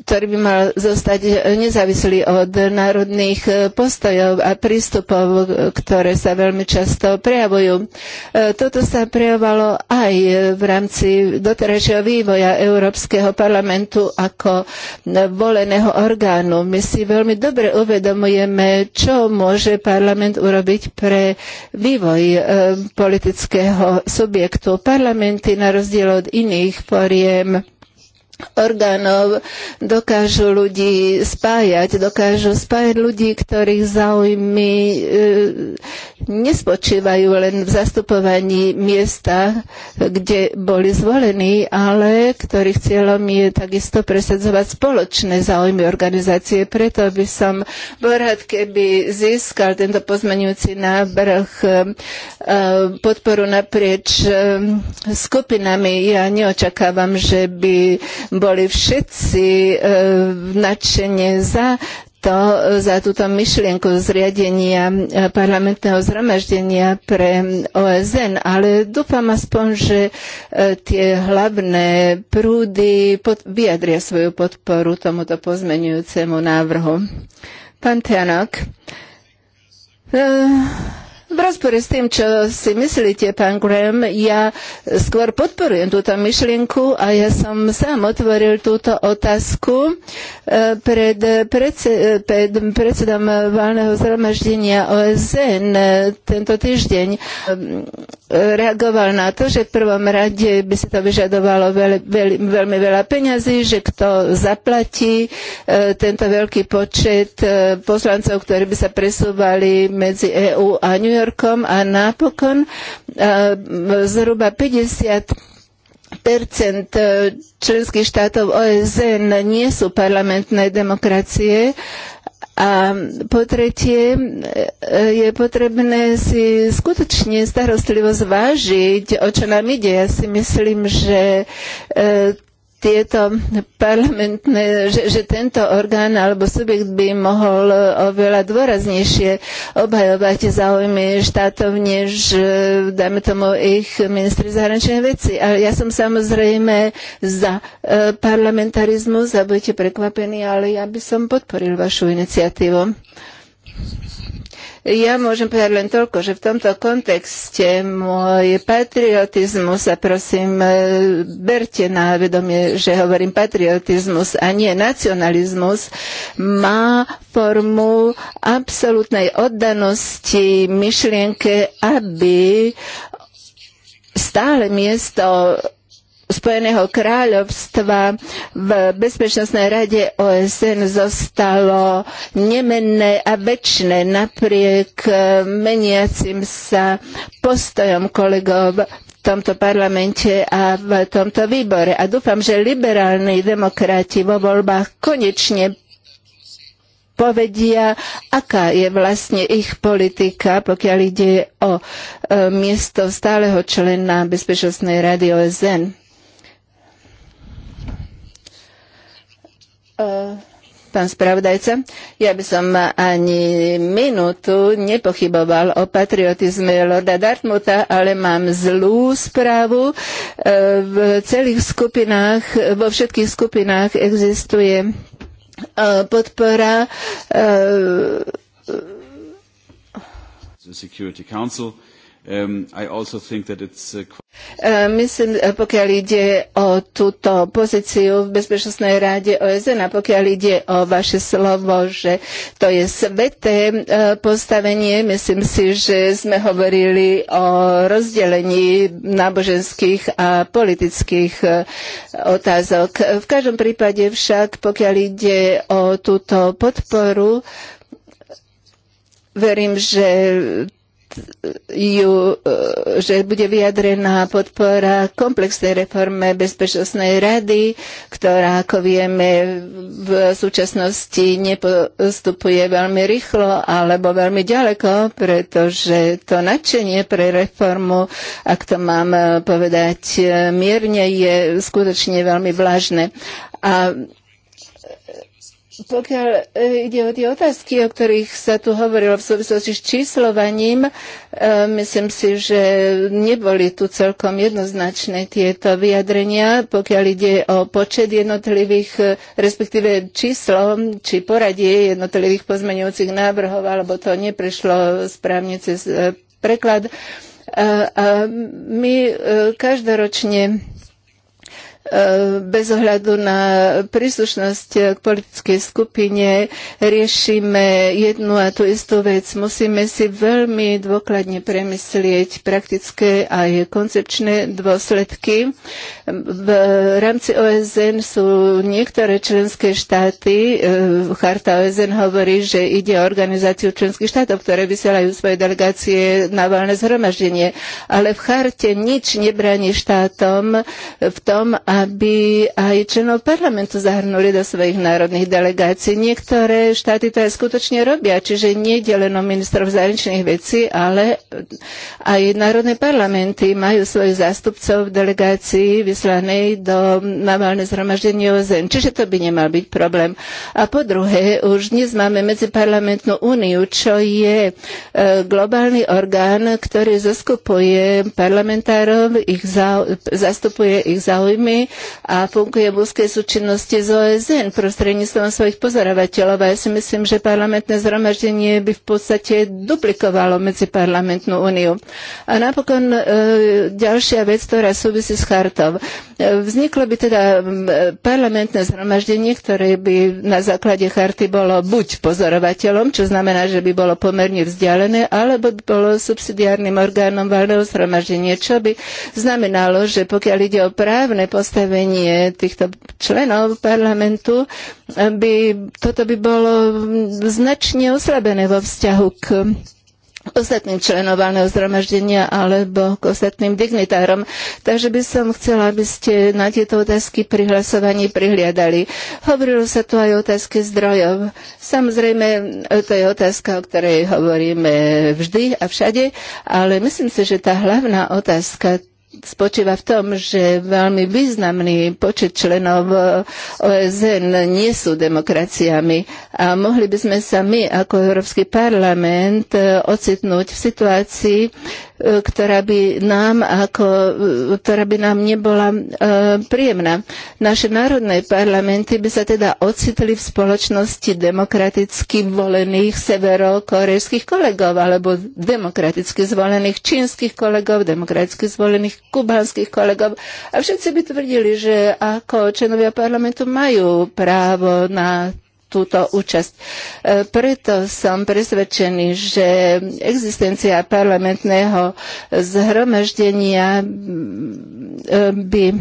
ktorý by mal zostať nezávislý od národných eh, postojov a prístupov, eh, ktoré sa veľmi často prejavujú. Eh, toto sa prejavovalo aj v rámci doterajšieho vývoja Európskeho parlamentu ako voleného orgánu. My si veľmi dobre uvedomujeme, čo môže parlament urobiť pre vývoj politického subjektu. Parlamenty na rozdiel od iných poriem orgánov dokážu ľudí spájať, dokážu spájať ľudí, ktorých záujmy e, nespočívajú len v zastupovaní miesta, kde boli zvolení, ale ktorých cieľom je takisto presadzovať spoločné záujmy organizácie. Preto by som bol rád, keby získal tento pozmenujúci návrh e, e, podporu naprieč e, skupinami. Ja neočakávam, že by boli všetci e, nadšene za to, za túto myšlienku zriadenia e, parlamentného zhromaždenia pre OSN, ale dúfam aspoň, že e, tie hlavné prúdy pod, vyjadria svoju podporu tomuto pozmenujúcemu návrhu. Pán Tianok, v rozpore s tým, čo si myslíte, pán Graham, ja skôr podporujem túto myšlienku a ja som sám otvoril túto otázku e, pred, predse, pred predsedom valného zhromaždenia OSN e, tento týždeň. E, reagoval na to, že v prvom rade by si to vyžadovalo veľ, veľ, veľmi veľa peňazí, že kto zaplatí tento veľký počet poslancov, ktorí by sa presúvali medzi EÚ a New York, Yorkom a napokon e, zhruba 50 percent e, členských štátov OSN nie sú parlamentné demokracie. A po tretie, e, je potrebné si skutočne starostlivo zvážiť, o čo nám ide. Ja si myslím, že tieto parlamentné, že, že tento orgán alebo subjekt by mohol oveľa dôraznejšie obhajovať záujmy štátov, než e, dajme tomu ich ministri zahraničnej veci. Ale ja som samozrejme za e, parlamentarizmus a budete prekvapení, ale ja by som podporil vašu iniciatívu. Ja môžem povedať len toľko, že v tomto kontexte môj patriotizmus a prosím, e, berte na vedomie, že hovorím patriotizmus a nie nacionalizmus, má formu absolútnej oddanosti myšlienke, aby stále miesto Spojeného kráľovstva v Bezpečnostnej rade OSN zostalo nemenné a väčšné napriek meniacim sa postojom kolegov v tomto parlamente a v tomto výbore. A dúfam, že liberálni demokrati vo voľbách konečne povedia, aká je vlastne ich politika, pokiaľ ide o e, miesto stáleho člena Bezpečnostnej rady OSN. Pán spravodajca, ja by som ani minútu nepochyboval o patriotizme Lorda Dartmouta, ale mám zlú správu. E, v celých skupinách, vo všetkých skupinách existuje e, podpora e, Security Council Um, uh, uh, myslím, uh, pokiaľ ide o túto pozíciu v Bezpečnostnej ráde OSN a pokiaľ ide o vaše slovo, že to je sveté postavenie, myslím si, že sme hovorili o rozdelení náboženských a politických otázok. V každom prípade však, pokiaľ ide o túto podporu, verím, že ju, eh, že bude vyjadrená podpora komplexnej reforme Bezpečnostnej rady, ktorá, ako vieme, v súčasnosti nepostupuje veľmi rýchlo alebo veľmi ďaleko, pretože to nadšenie pre reformu, ak to mám eh, povedať eh, mierne, je skutočne veľmi vlážne. A pokiaľ e, ide o tie otázky, o ktorých sa tu hovorilo v súvislosti s číslovaním, e, myslím si, že neboli tu celkom jednoznačné tieto vyjadrenia, pokiaľ ide o počet jednotlivých, e, respektíve číslo, či poradie jednotlivých pozmeňujúcich návrhov, alebo to neprešlo správne cez preklad. A my každoročne E, bez ohľadu na príslušnosť k politickej skupine riešime jednu a tú istú vec. Musíme si veľmi dôkladne premyslieť praktické aj koncepčné dôsledky. V rámci OSN sú niektoré členské štáty, e, charta OSN hovorí, že ide o organizáciu členských štátov, ktoré vysielajú svoje delegácie na voľné zhromaždenie, ale v charte nič nebráni štátom v tom, a aby aj členov parlamentu zahrnuli do svojich národných delegácií. Niektoré štáty to aj skutočne robia, čiže nie je len o ministrov zahraničných vecí, ale aj národné parlamenty majú svojich zástupcov v delegácii vyslanej do navalné zhromaždenie OZN. Čiže to by nemal byť problém. A po druhé, už dnes máme medziparlamentnú úniu, čo je e, globálny orgán, ktorý zaskupuje parlamentárov, ich zastupuje ich záujmy a funguje v úzkej súčinnosti z OSN prostredníctvom svojich pozorovateľov. A ja si myslím, že parlamentné zhromaždenie by v podstate duplikovalo medziparlamentnú úniu. A napokon e, ďalšia vec, ktorá súvisí s chartou. E, vzniklo by teda parlamentné zhromaždenie, ktoré by na základe charty bolo buď pozorovateľom, čo znamená, že by bolo pomerne vzdialené, alebo by bolo subsidiárnym orgánom valného zhromaždenia, čo by znamenalo, že pokiaľ ide o právne postavenie, postavenie týchto členov parlamentu by, toto by bolo značne oslabené vo vzťahu k ostatným členom valného zhromaždenia alebo k ostatným dignitárom. Takže by som chcela, aby ste na tieto otázky pri hlasovaní prihliadali. Hovorilo sa tu aj o otázke zdrojov. Samozrejme, to je otázka, o ktorej hovoríme vždy a všade, ale myslím si, že tá hlavná otázka spočíva v tom, že veľmi významný počet členov OSN nie sú demokraciami a mohli by sme sa my ako Európsky parlament e, ocitnúť v situácii, e, ktorá by nám, ako, e, ktorá by nám nebola e, príjemná. Naše národné parlamenty by sa teda ocitli v spoločnosti demokraticky volených severokorejských kolegov alebo demokraticky zvolených čínskych kolegov, demokraticky zvolených kubánskych kolegov. A všetci by tvrdili, že ako členovia parlamentu majú právo na túto účasť. E, preto som presvedčený, že existencia parlamentného zhromaždenia mm, e, by e,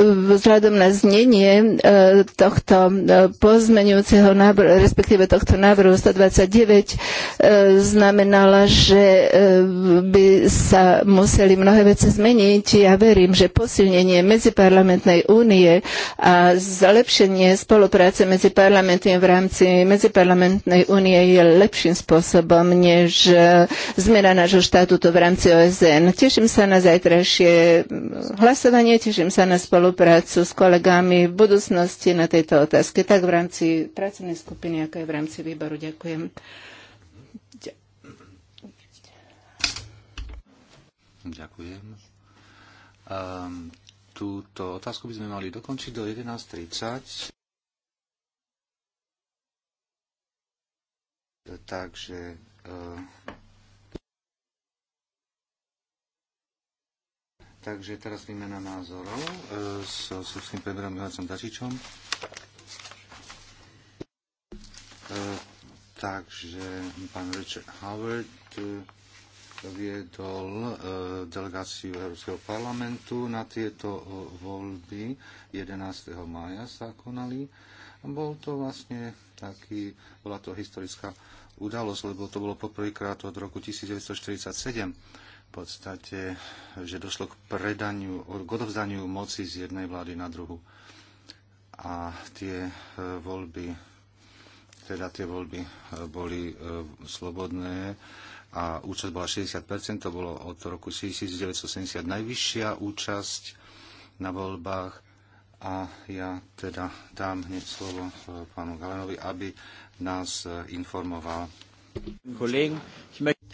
vzhľadom na znenie e, tohto e, pozmenujúceho návrhu, respektíve tohto návrhu 129 e, znamenala, že by sa museli mnohé veci zmeniť. Ja verím, že posilnenie medziparlamentnej únie a zlepšenie spolupráce medzi parlamentmi v rámci medziparlamentnej únie je lepším spôsobom, než zmena nášho to v rámci OSN. Teším sa na zajtrajšie hlasovanie, teším sa na spolupráce spoluprácu s kolegami v budúcnosti na tejto otázke, tak v rámci pracovnej skupiny, ako aj v rámci výboru. Ďakujem. Ďakujem. Um, túto otázku by sme mali dokončiť do 11.30. Takže uh, Takže teraz výmena názorov s e, so srbským premiérom Milancom Dačičom. E, takže pán Richard Howard e, viedol delegáciu Európskeho parlamentu na tieto voľby 11. mája sa konali. Bol to vlastne taký, bola to historická udalosť, lebo to bolo poprvýkrát od roku 1947 podstate, že došlo k predaniu, k odovzdaniu moci z jednej vlády na druhu. A tie e, voľby, teda tie voľby e, boli e, slobodné a účasť bola 60%, to bolo od roku 1970 najvyššia účasť na voľbách a ja teda dám hneď slovo pánu Galenovi, aby nás informoval. Kolegen,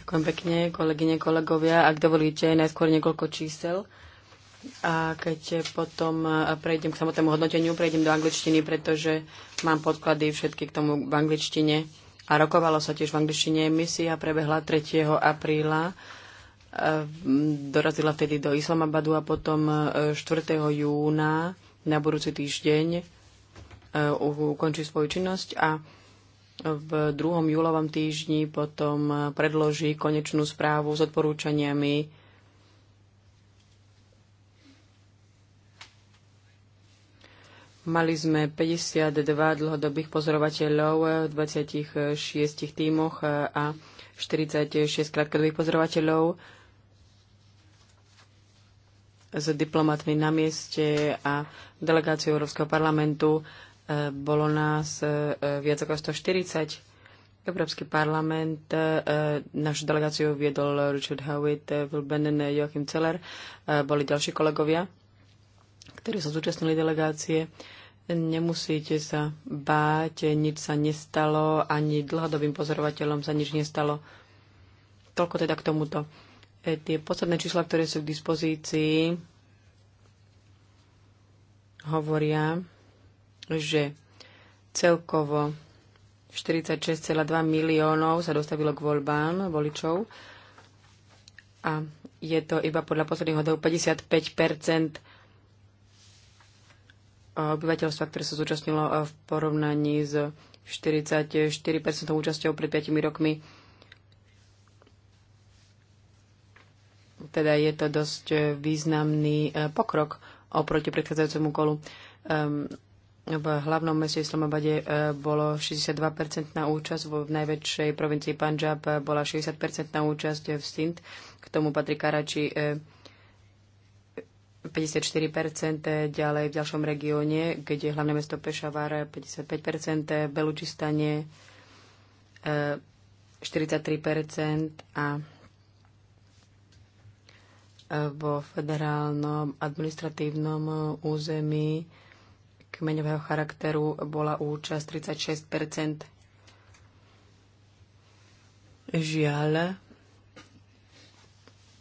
Ďakujem pekne, kolegyne, kolegovia. Ak dovolíte, najskôr niekoľko čísel. A keď potom eh, prejdem k samotnému hodnoteniu, prejdem do angličtiny, pretože mám podklady všetky k tomu v angličtine. A rokovalo sa tiež v angličtine. Misia prebehla 3. apríla. Eh, dorazila vtedy do Islamabadu a potom 4. Eh, júna na budúci týždeň ukončí svoju činnosť a v druhom júlovom týždni potom predloží konečnú správu s odporúčaniami Mali sme 52 dlhodobých pozorovateľov v 26 tímoch a 46 krátkodobých pozorovateľov s diplomatmi na mieste a delegáciou Európskeho parlamentu E, bolo nás e, e, viac ako 140. Európsky parlament, našu delegáciu viedol Richard Howitt, Will Bennen, Joachim Celer, boli ďalší kolegovia, ktorí sa zúčastnili delegácie. Nemusíte sa báť, nič sa nestalo, ani dlhodobým pozorovateľom sa nič nestalo. Toľko teda k tomuto. E, tie posledné čísla, ktoré sú k dispozícii, hovoria, že celkovo 46,2 miliónov sa dostavilo k voľbám voličov a je to iba podľa posledných hodov 55 obyvateľstva, ktoré sa zúčastnilo eh, v porovnaní s 44% účasťou pred 5 rokmi. Teda je to dosť eh, významný eh, pokrok oproti predchádzajúcemu kolu. Ehm, v hlavnom meste Islamabade e, bolo 62-percentná účasť, v najväčšej provincii Punjab e, bola 60-percentná účasť e, v Sindh, k tomu patrí Karači 54%, ďalej v ďalšom regióne, kde je hlavné mesto Pešavar 55%, Belučistane 43% a vo federálnom administratívnom území kmeňového charakteru bola účasť 36 Žiaľ,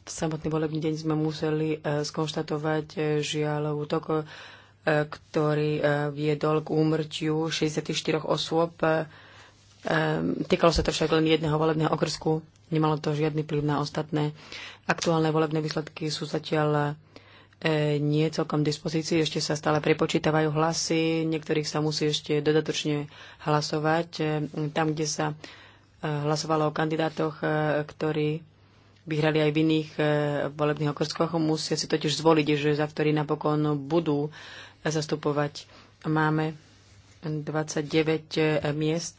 v samotný volebný deň sme museli e, skonštatovať e, žiaľ útok, e, ktorý viedol k úmrtiu 64 osôb. Týkalo sa to však len jedného volebného okrsku, nemalo to žiadny vplyv na ostatné. Aktuálne volebné výsledky sú zatiaľ E, nie je celkom dispozícii, ešte sa stále prepočítavajú hlasy, niektorých sa musí ešte dodatočne hlasovať. E, tam, kde sa e, hlasovalo o kandidátoch, ktorí vyhrali aj v iných volebných okrskoch, musia si totiž zvoliť, že za ktorý napokon budú zastupovať. Máme 29 miest,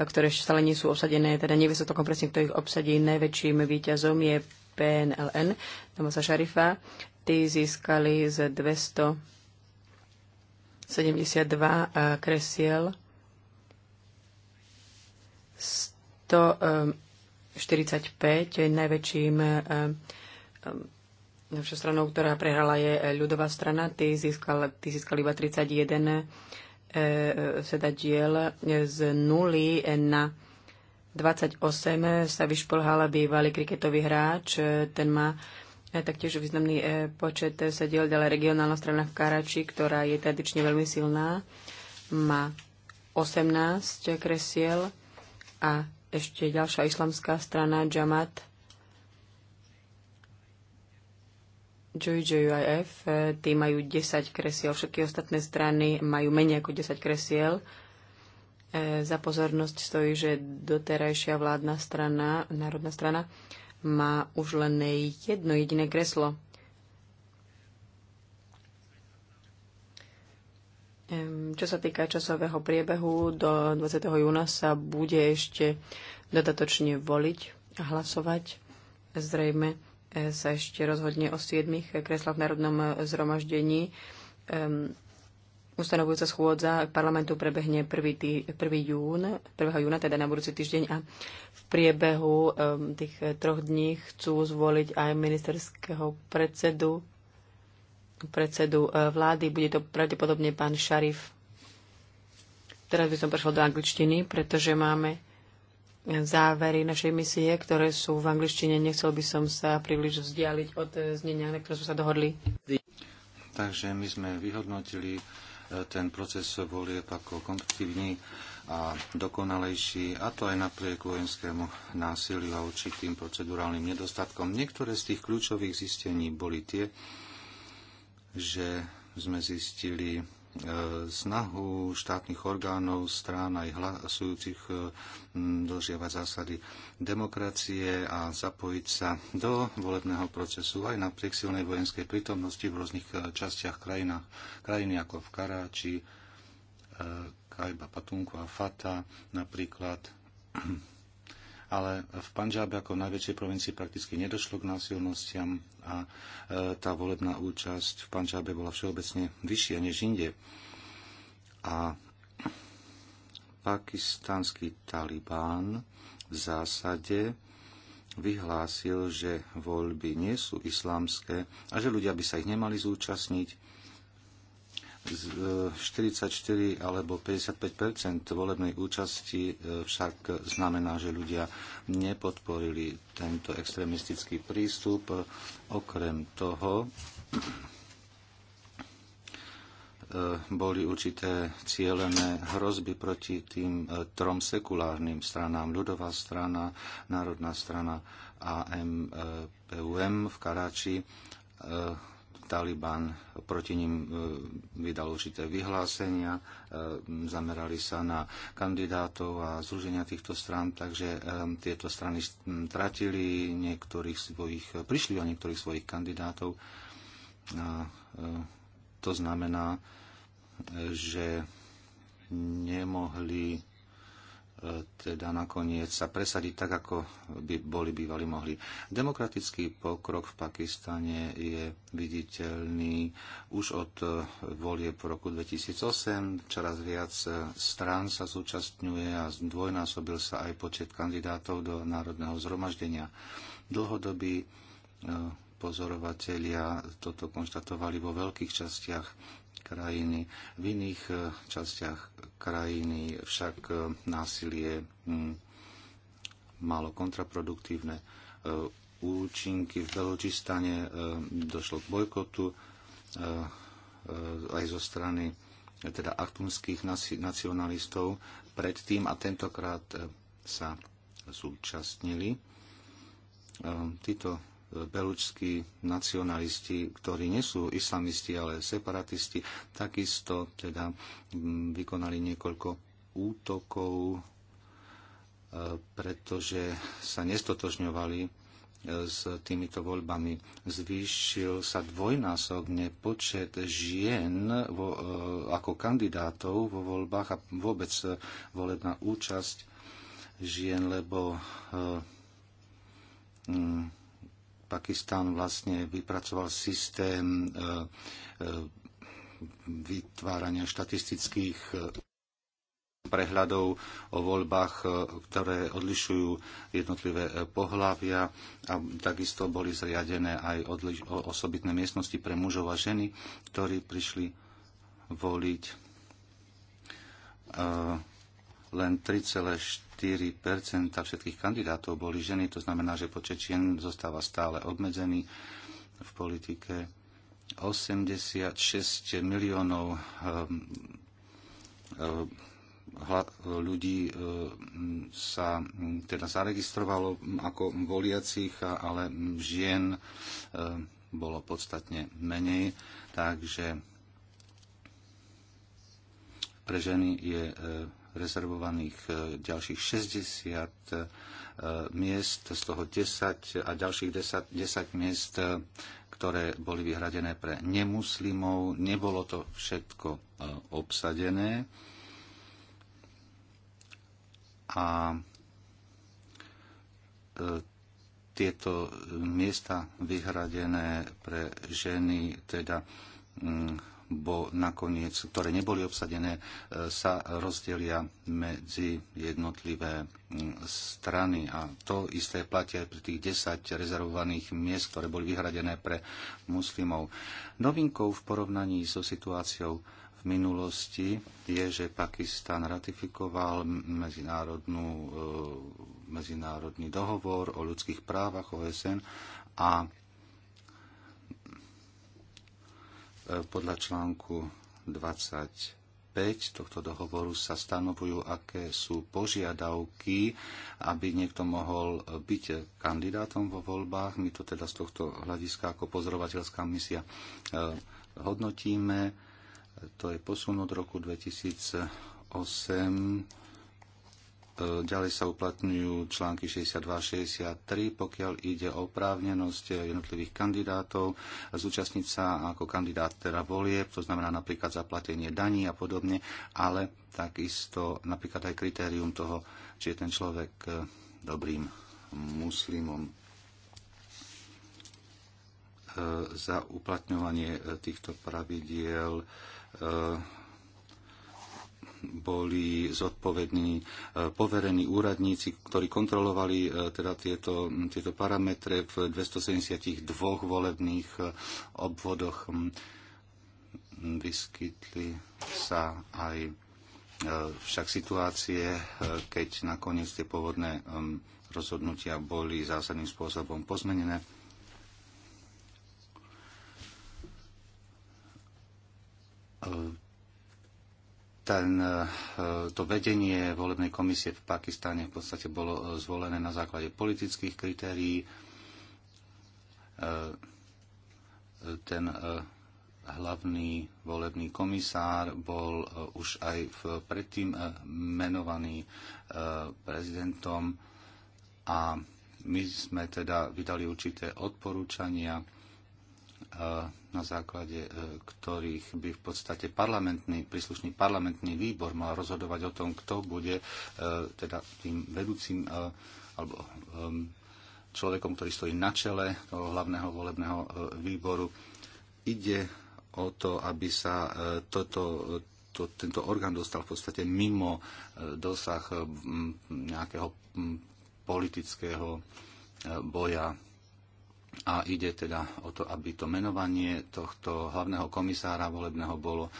ktoré ešte stále nie sú obsadené, teda nevie sa to presne, kto ich obsadí. Najväčším výťazom je PNLN, Tomasa Šarifa, tí získali z 272 eh, kresiel 145. Eh, Najväčším najväčšou eh, stranou, ktorá prehrala, je ľudová strana. Tí získali, tí získali iba 31 sedadiel z nuly na 28 sa vyšplhal bývalý kriketový hráč. Ten má taktiež významný e, počet sediel, ďalej regionálna strana v Karači, ktorá je tradične veľmi silná, má 18 kresiel a ešte ďalšia islamská strana Jamat JJUIF, e, tí majú 10 kresiel, všetky ostatné strany majú menej ako 10 kresiel. E, za pozornosť stojí, že doterajšia vládna strana, národná strana, má už len jedno jediné kreslo. Čo sa týka časového priebehu, do 20. júna sa bude ešte dodatočne voliť a hlasovať. Zrejme eh, sa ešte rozhodne o 7 kreslách v Národnom zhromaždení. Ustanovujúca schôdza parlamentu prebehne 1. Tý, 1. Jún, 1. júna, teda na budúci týždeň a v priebehu um, tých eh, troch dní chcú zvoliť aj ministerského predsedu, predsedu uh, vlády. Bude to pravdepodobne pán Šarif. Teraz by som prešla do angličtiny, pretože máme eh, závery našej misie, ktoré sú v angličtine. Nechcel by som sa príliš vzdialiť od znenia, na ktoré sme sa dohodli. Takže my sme vyhodnotili ten proces volie ako kompetívny a dokonalejší, a to aj napriek vojenskému násiliu a určitým procedurálnym nedostatkom. Niektoré z tých kľúčových zistení boli tie, že sme zistili snahu štátnych orgánov, strán aj hlasujúcich e, dožiavať zásady demokracie a zapojiť sa do volebného procesu aj napriek silnej vojenskej prítomnosti v rôznych e, častiach krajina, krajiny ako v Karáči, e, Kajba Patunku a Fata napríklad ale v Panžábe ako v najväčšej provincii prakticky nedošlo k násilnostiam a e, tá volebná účasť v Panžábe bola všeobecne vyššia než inde. A pakistánsky Talibán v zásade vyhlásil, že voľby nie sú islámske a že ľudia by sa ich nemali zúčastniť 44 e, alebo 55 volebnej účasti e, však znamená, že ľudia nepodporili tento extrémistický prístup. Okrem toho e, boli určité cieľené hrozby proti tým trom sekulárnym stranám. Ľudová strana, Národná strana a MPUM v Karáči Taliban proti ním e, vydal určité vyhlásenia, e, zamerali sa na kandidátov a zruženia týchto strán, takže e, tieto strany tratili niektorých svojich, prišli o niektorých svojich kandidátov. A to znamená, že nemohli teda nakoniec sa presadiť tak, ako by boli bývali mohli. Demokratický pokrok v Pakistane je viditeľný už od eh, volie v roku 2008. Čoraz viac eh, strán sa zúčastňuje a zdvojnásobil sa aj počet kandidátov do Národného zhromaždenia. Dlhodobí eh, pozorovatelia toto konštatovali vo veľkých častiach krajiny. V iných e, častiach krajiny však e, násilie hm, malo kontraproduktívne účinky. V Beločistane e, došlo k bojkotu aj zo strany teda achtunských nacionalistov predtým a tentokrát sa zúčastnili. Títo belučskí nacionalisti, ktorí nie sú islamisti, ale separatisti, takisto teda mm, vykonali niekoľko útokov, e, pretože sa nestotožňovali e, s týmito voľbami. Zvýšil sa dvojnásobne počet žien vo, e, ako kandidátov vo voľbách a vôbec volebná účasť žien, lebo mm, Pakistán vlastne vypracoval systém e, e, vytvárania štatistických e, prehľadov o voľbách, ktoré odlišujú jednotlivé pohlavia a takisto boli zriadené aj odliš- osobitné miestnosti pre mužov a ženy, ktorí prišli voliť len všetkých kandidátov boli ženy, to znamená, že počet žien zostáva stále obmedzený v politike. 86 miliónov ehm, ehm, ľudí ehm, sa teda zaregistrovalo ako voliacich, ale žien bolo podstatne menej, takže pre ženy je rezervovaných e, ďalších 60 e, miest, z toho 10 a ďalších 10, 10 miest, e, ktoré boli vyhradené pre nemuslimov. Nebolo to všetko obsadené. A tieto miesta vyhradené pre ženy, teda mm, bo nakoniec, ktoré neboli obsadené, e, sa rozdelia medzi jednotlivé strany. A to isté platia aj pri tých 10 rezervovaných miest, ktoré boli vyhradené pre muslimov. Novinkou v porovnaní so situáciou v minulosti je, že Pakistan ratifikoval medzinárodnú, e, medzinárodný dohovor o ľudských právach OSN a Podľa článku 25 tohto dohovoru sa stanovujú, aké sú požiadavky, aby niekto mohol byť kandidátom vo voľbách. My to teda z tohto hľadiska ako pozorovateľská misia e, hodnotíme. To je posun od roku 2008 Ďalej sa uplatňujú články 62 a 63, pokiaľ ide o právnenosť jednotlivých kandidátov zúčastniť sa ako kandidát teda volie, to znamená napríklad zaplatenie daní a podobne, ale takisto napríklad aj kritérium toho, či je ten človek eh, dobrým muslimom eh, za uplatňovanie eh, týchto pravidiel boli zodpovední e, poverení úradníci, ktorí kontrolovali e, teda tieto, tieto parametre v 272 volebných e, obvodoch. Mm, vyskytli sa aj však situácie, keď nakoniec tie pôvodné rozhodnutia boli zásadným spôsobom pozmenené ten, e, to vedenie volebnej komisie v Pakistane v podstate bolo e, zvolené na základe politických kritérií. E, ten hlavný volebný komisár bol už aj v predtým menovaný prezidentom a my sme teda vydali určité odporúčania na základe e, ktorých by v podstate parlamentný, príslušný parlamentný výbor mal rozhodovať o tom, kto bude e, teda tým vedúcim e, alebo človekom, ktorý stojí na čele toho hlavného volebného výboru. Ide o to, aby sa toto, to, tento orgán dostal v podstate mimo dosah nejakého politického boja a ide teda o to, aby to menovanie tohto hlavného komisára volebného bolo e,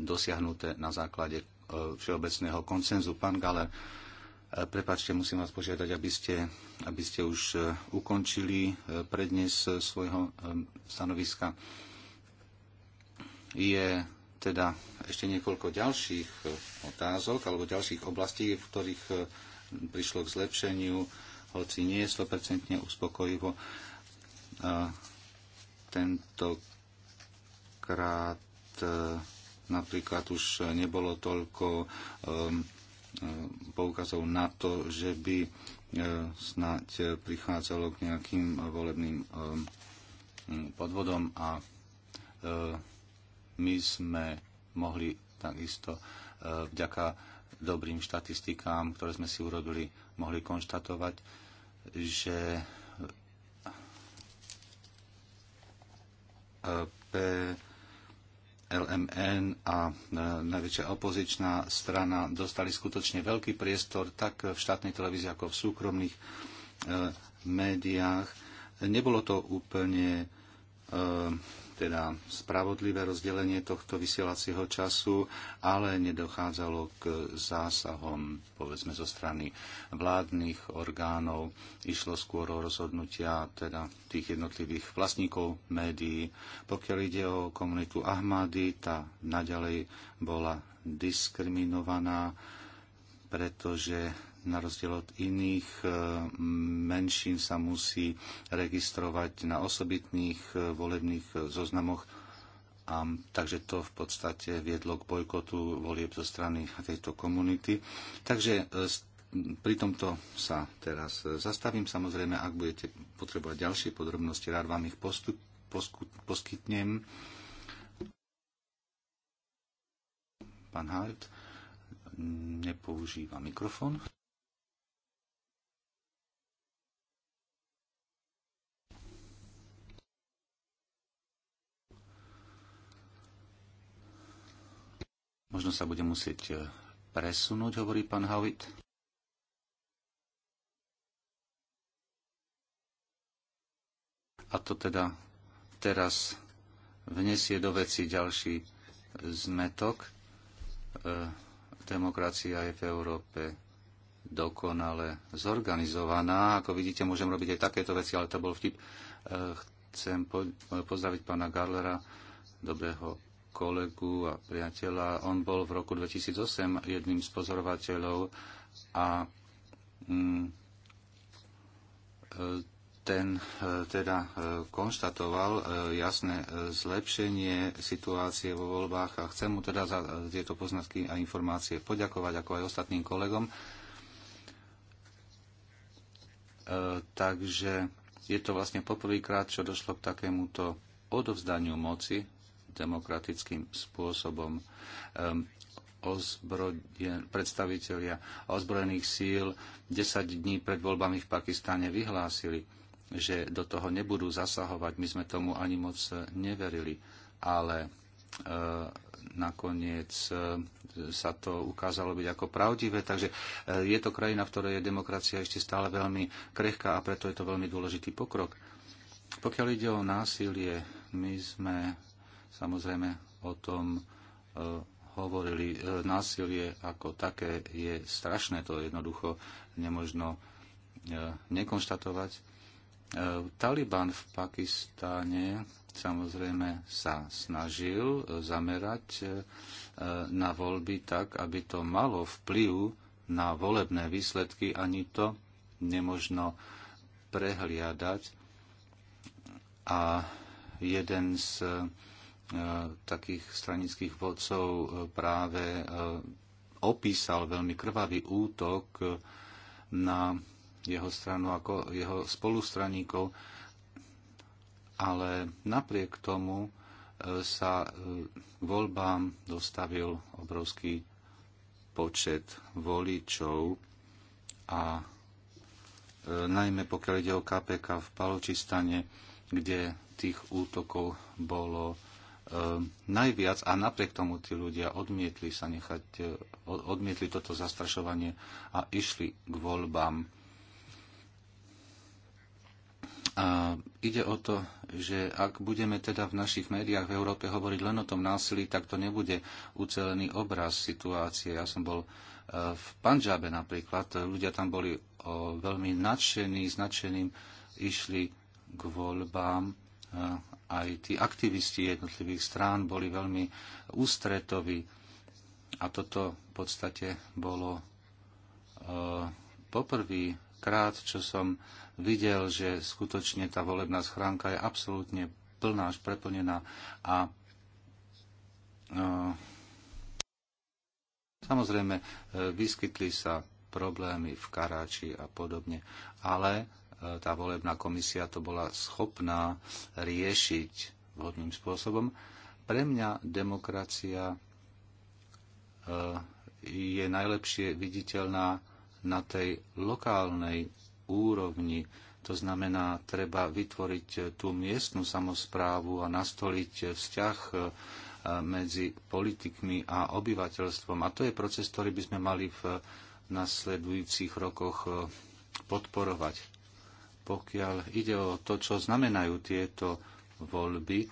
dosiahnuté na základe e, všeobecného koncenzu. Pán Galer, e, prepačte, musím vás požiadať, aby ste, aby ste už ukončili prednes svojho stanoviska. Je teda ešte niekoľko ďalších otázok alebo ďalších oblastí, v ktorých prišlo k zlepšeniu hoci nie je 100% uspokojivo. krát e, napríklad už nebolo toľko e, e, poukazov na to, že by snáď prichádzalo k nejakým volebným podvodom a my sme mohli takisto vďaka dobrým štatistikám, ktoré sme si urobili, mohli konštatovať, že e, PLMN a e, najväčšia opozičná strana dostali skutočne veľký priestor tak v štátnej televízii ako v súkromných e, médiách. Nebolo to úplne teda spravodlivé rozdelenie tohto vysielacieho času, ale nedochádzalo k zásahom, povedzme, zo strany vládnych orgánov. Išlo skôr o rozhodnutia teda tých jednotlivých vlastníkov médií. Pokiaľ ide o komunitu Ahmady, tá naďalej bola diskriminovaná, pretože na rozdiel od iných e, menšín sa musí registrovať na osobitných e, volebných e, zoznamoch. A, takže to v podstate viedlo k bojkotu volieb zo strany tejto komunity. Takže pri tomto sa teraz zastavím. Samozrejme, ak budete potrebovať ďalšie podrobnosti, rád vám ich postup, posku, poskytnem. Pán Hart, nepoužíva mikrofón. Možno sa bude musieť e, presunúť, hovorí pán Howitt. A to teda teraz vnesie do veci ďalší zmetok. E, demokracia je v Európe dokonale zorganizovaná. Ako vidíte, môžem robiť aj takéto veci, ale to bol vtip. E, chcem pozdraviť pána Garlera, dobrého kolegu a priateľa. On bol v roku 2008 jedným z pozorovateľov a mm, e, ten e, teda e, konštatoval jasné zlepšenie situácie vo voľbách a chcem mu teda za tieto poznatky a informácie poďakovať, ako aj ostatným kolegom. Takže je to vlastne poprvýkrát, čo došlo k takémuto odovzdaniu moci demokratickým spôsobom. Ozbrojen, predstavitelia ozbrojených síl 10 dní pred voľbami v Pakistane vyhlásili, že do toho nebudú zasahovať. My sme tomu ani moc e, neverili, ale e, nakoniec e, sa to ukázalo byť ako pravdivé. Takže e, je to krajina, v ktorej je demokracia ešte stále veľmi krehká a preto je to veľmi dôležitý pokrok. Pokiaľ ide o násilie, my sme samozrejme o tom e, hovorili. E, násilie ako také je strašné, to jednoducho nemožno e, nekonštatovať. Taliban v Pakistáne samozrejme sa snažil zamerať na voľby tak, aby to malo vplyv na volebné výsledky, ani to nemožno prehliadať. A jeden z E, takých stranických vodcov e, práve e, opísal veľmi krvavý útok na jeho stranu ako jeho spolustraníkov, ale napriek tomu sa k voľbám dostavil obrovský počet voličov a najmä pokiaľ ide o KPK v Paločistane, kde tých útokov bolo Ehm, najviac a napriek tomu tí ľudia odmietli sa nechať, e, odmietli toto zastrašovanie a išli k voľbám. A ide o to, že ak budeme teda v našich médiách v Európe hovoriť len o tom násilí, tak to nebude ucelený obraz situácie. Ja som bol e, v Panžabe napríklad, ľudia tam boli e, veľmi nadšení, značeným, išli k voľbám aj tí aktivisti jednotlivých strán boli veľmi ústretoví a toto v podstate bolo eh, poprvý krát, čo som videl, že skutočne tá volebná schránka je absolútne plná až preplnená a eh, Samozrejme, eh, vyskytli sa problémy v Karáči a podobne, ale E, tá volebná komisia to bola schopná riešiť vhodným spôsobom. Pre mňa demokracia e, je najlepšie viditeľná na tej lokálnej úrovni. To znamená, treba vytvoriť tú miestnu samozprávu a nastoliť vzťah e, medzi politikmi a obyvateľstvom. A to je proces, ktorý by sme mali v nasledujúcich rokoch podporovať pokiaľ ide o to, čo znamenajú tieto voľby,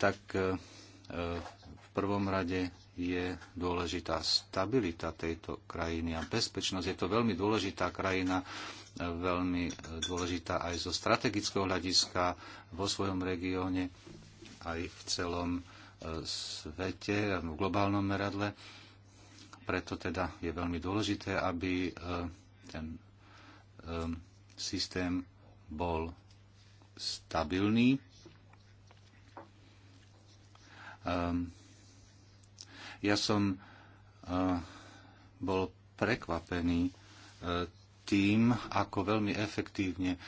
tak e, e, v prvom rade je dôležitá stabilita tejto krajiny a bezpečnosť. Je to veľmi dôležitá krajina, e, veľmi dôležitá aj zo strategického hľadiska vo svojom regióne, aj v celom svete, v globálnom meradle. Preto teda je veľmi dôležité, aby ten systém bol stabilný. Ehm, ja som e, bol prekvapený e, tým, ako veľmi efektívne e,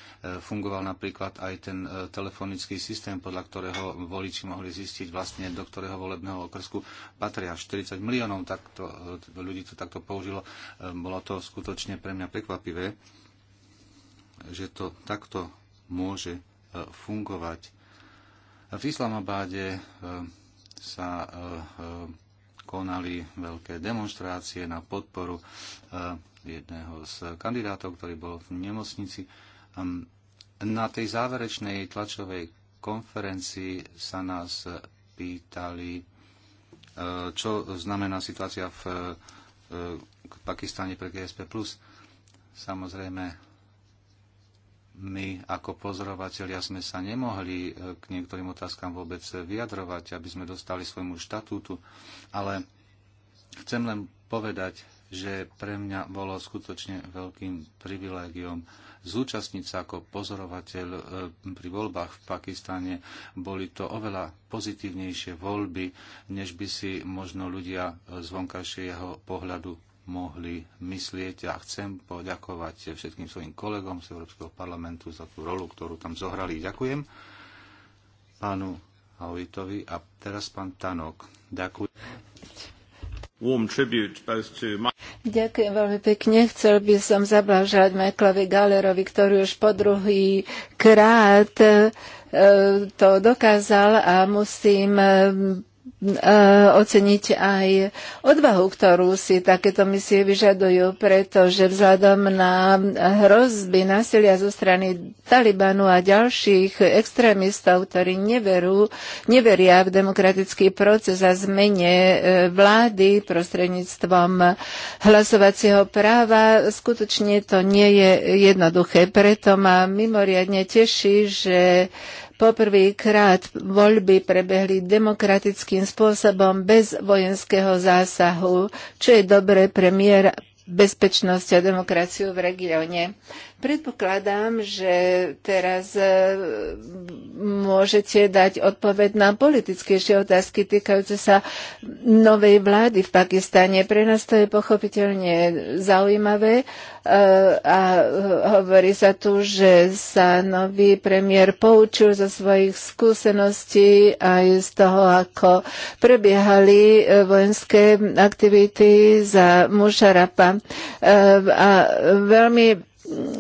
fungoval napríklad aj ten telefonický systém, podľa ktorého voliči mohli zistiť vlastne, do ktorého volebného okrsku patria. 40 miliónov takto, ľudí to takto použilo. Ehm, bolo to skutočne pre mňa prekvapivé že to takto môže e, fungovať. V Islamabáde e, sa e, konali veľké demonstrácie na podporu jedného z kandidátov, ktorý bol v nemocnici. Na tej záverečnej tlačovej konferencii sa nás pýtali, čo znamená situácia v Pakistane pre GSP+. Samozrejme, my ako pozorovatelia sme sa nemohli e, k niektorým otázkam vôbec vyjadrovať, aby sme dostali svojmu štatútu, ale chcem len povedať, že pre mňa bolo skutočne veľkým privilégiom zúčastniť sa ako pozorovateľ e, pri voľbách v Pakistane. Boli to oveľa pozitívnejšie voľby, než by si možno ľudia e, z vonkajšieho pohľadu mohli myslieť a chcem poďakovať všetkým svojim kolegom z Európskeho parlamentu za tú rolu, ktorú tam zohrali. Ďakujem pánu Hauitovi a teraz pán Tanok. Ďakujem. Ďakujem veľmi pekne. Chcel by som zablažať Michaelovi Gallerovi, ktorý už po druhý krát e, to dokázal a musím e, Eh, oceniť aj odvahu, ktorú si takéto misie vyžadujú, pretože vzhľadom na hrozby násilia zo strany Talibanu a ďalších extrémistov, ktorí neverú, neveria v demokratický proces a zmene eh, vlády prostredníctvom hlasovacieho práva, skutočne to nie je jednoduché. Preto ma mimoriadne teší, že Poprvýkrát voľby prebehli demokratickým spôsobom bez vojenského zásahu, čo je dobré pre mier bezpečnosť a demokraciu v regióne. Predpokladám, že teraz e, môžete dať odpoveď na politickejšie otázky týkajúce sa novej vlády v Pakistane. Pre nás to je pochopiteľne zaujímavé e, a hovorí sa tu, že sa nový premiér poučil zo svojich skúseností aj z toho, ako prebiehali e, vojenské aktivity za Mušarapa. A veľmi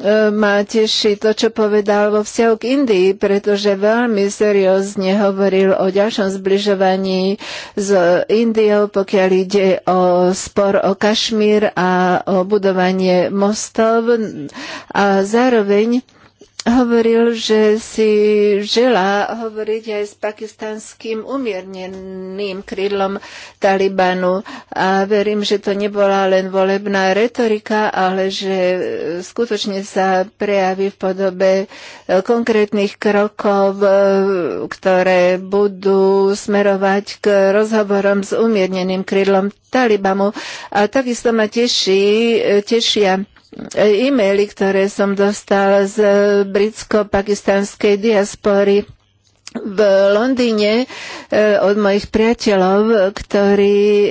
E, ma teší to, čo povedal vo vzťahu k Indii, pretože veľmi seriózne hovoril o ďalšom zbližovaní s Indiou, pokiaľ ide o spor o Kašmír a o budovanie mostov. A zároveň hovoril, že si žela hovoriť aj s pakistanským umierneným krídlom Talibanu. A verím, že to nebola len volebná retorika, ale že skutočne sa prejaví v podobe konkrétnych krokov, e, ktoré budú smerovať k rozhovorom s umierneným krídlom Talibanu. A takisto ma teší, e, tešia e-maily, ktoré som dostal z britsko-pakistanskej diaspory v Londýne e, od mojich priateľov, ktorí e,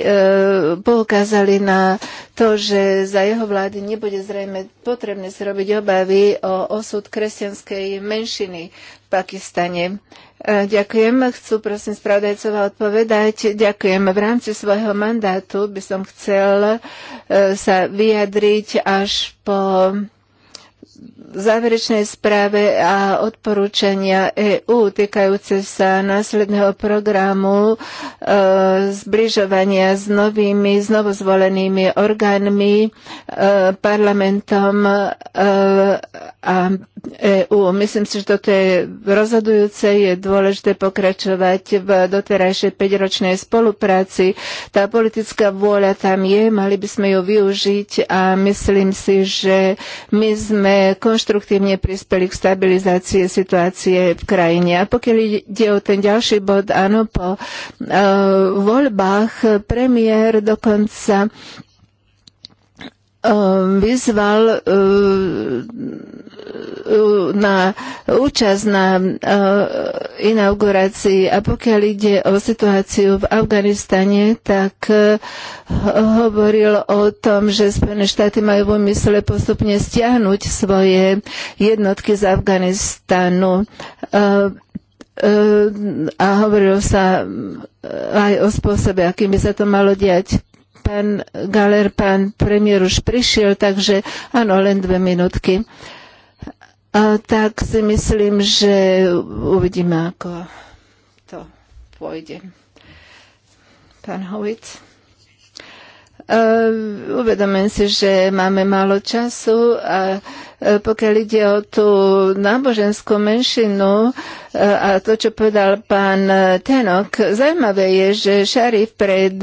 poukázali na to, že za jeho vlády nebude zrejme potrebné si robiť obavy o osud kresťanskej menšiny v Pakistane. E, ďakujem. Chcú prosím spravodajcova odpovedať. Ďakujem. V rámci svojho mandátu by som chcel e, sa vyjadriť až po záverečnej správe a odporúčania EÚ týkajúce sa následného programu e, zbližovania s novými, znovozvolenými orgánmi, e, parlamentom e, a EÚ. Myslím si, že toto je rozhodujúce, je dôležité pokračovať v doterajšej 5-ročnej spolupráci. Tá politická vôľa tam je, mali by sme ju využiť a myslím si, že my sme kon- konštruktívne prispeli k stabilizácii situácie v krajine. A pokiaľ ide o ten ďalší bod, áno, po uh, voľbách premiér dokonca Eh, vyzval eh, eh, na účasť na inaugurácii. A pokiaľ ide o situáciu v Afganistane, tak hovoril o tom, že Spojené štáty majú v úmysle postupne stiahnuť svoje jednotky z Afganistanu a hovorilo sa aj o spôsobe, akým by sa to malo diať. Pán Galer, pán premiér už prišiel, takže áno, len dve minútky. A tak si myslím, že uvidíme, ako to pôjde. Pán Hovic. Uh, e, uvedomujem si, že máme málo času a e, pokiaľ ide o tú náboženskú menšinu e, a to, čo povedal pán Tenok, zaujímavé je, že Šarif pred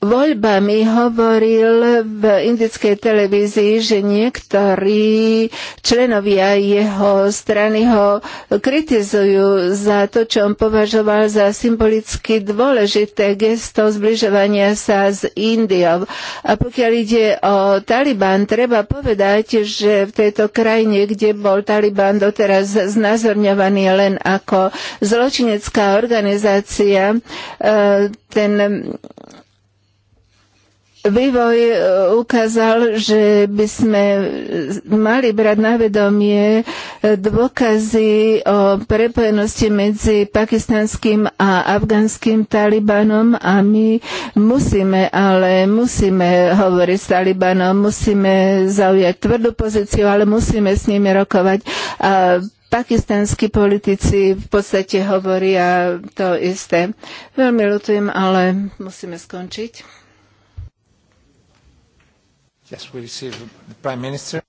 voľbami hovoril v indickej televízii, že niektorí členovia jeho strany ho kritizujú za to, čo on považoval za symbolicky dôležité gesto zbližovania sa s Indiou. A pokiaľ ide o Taliban, treba povedať, že v tejto krajine, kde bol Taliban doteraz znázorňovaný len ako zločinecká organizácia, e, ten vývoj e, ukázal, že by sme mali brať na vedomie e, dôkazy o prepojenosti medzi pakistanským a afgánským talibanom a my musíme, ale musíme hovoriť s talibanom, musíme zaujať tvrdú pozíciu, ale musíme s nimi rokovať. A pakistanskí politici v podstate hovoria to isté. Veľmi ľutujem, ale musíme skončiť. Yes, we receive the Prime Minister.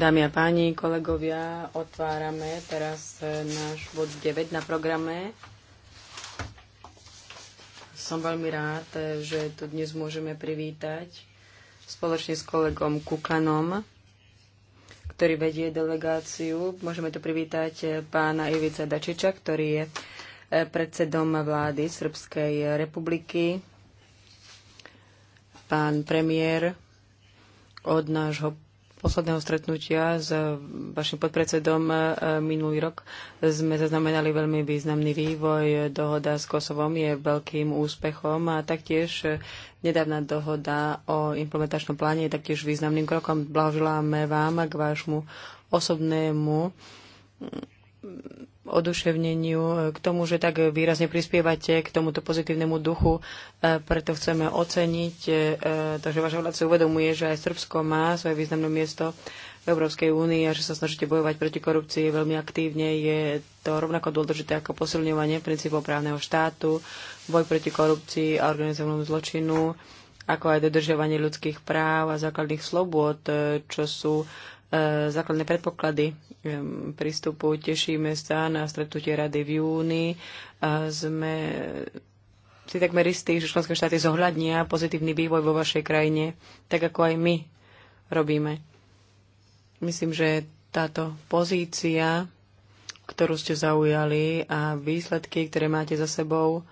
Dámy a páni, kolegovia, otvárame teraz eh, náš bod 9 na programe. Som veľmi rád, eh, že tu dnes môžeme privítať spoločne s kolegom Kukanom, ktorý vedie delegáciu. Môžeme tu privítať eh, pána Ivica Dačiča, ktorý je predsedom vlády Srbskej republiky, pán premiér od nášho posledného stretnutia s vašim podpredsedom e, minulý rok sme zaznamenali veľmi významný vývoj. Dohoda s Kosovom je veľkým úspechom a taktiež nedávna dohoda o implementačnom pláne je taktiež významným krokom. Blahoželáme vám a k vášmu osobnému oduševneniu, e, k tomu, že tak výrazne prispievate k tomuto pozitívnemu duchu. E, preto chceme oceniť e, to, že vaša vláda si uvedomuje, že aj Srbsko má svoje významné miesto v Európskej únii a že sa snažíte bojovať proti korupcii veľmi aktívne. Je to rovnako dôležité ako posilňovanie princípov právneho štátu, boj proti korupcii a organizovanému zločinu, ako aj dodržiavanie ľudských práv a základných slobôd, čo sú E, základné predpoklady e, prístupu. Tešíme sa na stretnutie rady v júni. E, sme si takmer istí, že členské štáty zohľadnia pozitívny vývoj vo vašej krajine, tak ako aj my robíme. Myslím, že táto pozícia, ktorú ste zaujali a výsledky, ktoré máte za sebou,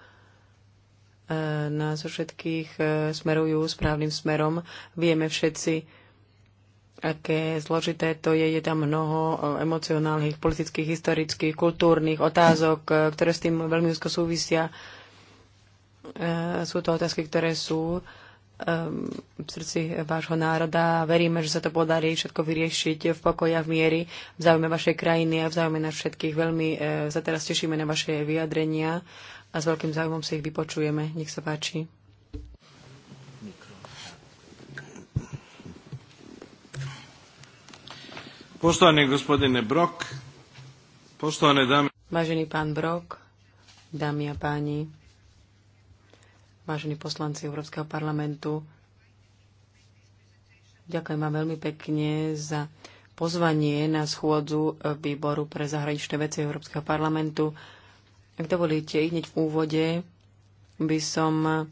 nás všetkých smerujú správnym smerom. Vieme všetci, aké zložité to je. Je tam mnoho e, emocionálnych, politických, historických, kultúrnych otázok, e, ktoré s tým veľmi úzko súvisia. E, sú to otázky, ktoré sú v srdci vášho národa. Veríme, že sa to podarí všetko vyriešiť v pokoji a v miery, v záujme vašej krajiny a v záujme nás všetkých. Veľmi sa teraz tešíme na vaše vyjadrenia a s veľkým záujmom si ich vypočujeme. Nech sa páči. Poštovani gospodine Brok, poštovane Vážený pán Brok, dámy a páni, vážení poslanci Európskeho parlamentu, ďakujem vám veľmi pekne za pozvanie na schôdzu výboru pre zahraničné veci Európskeho parlamentu. Ak dovolíte, hneď v úvode by som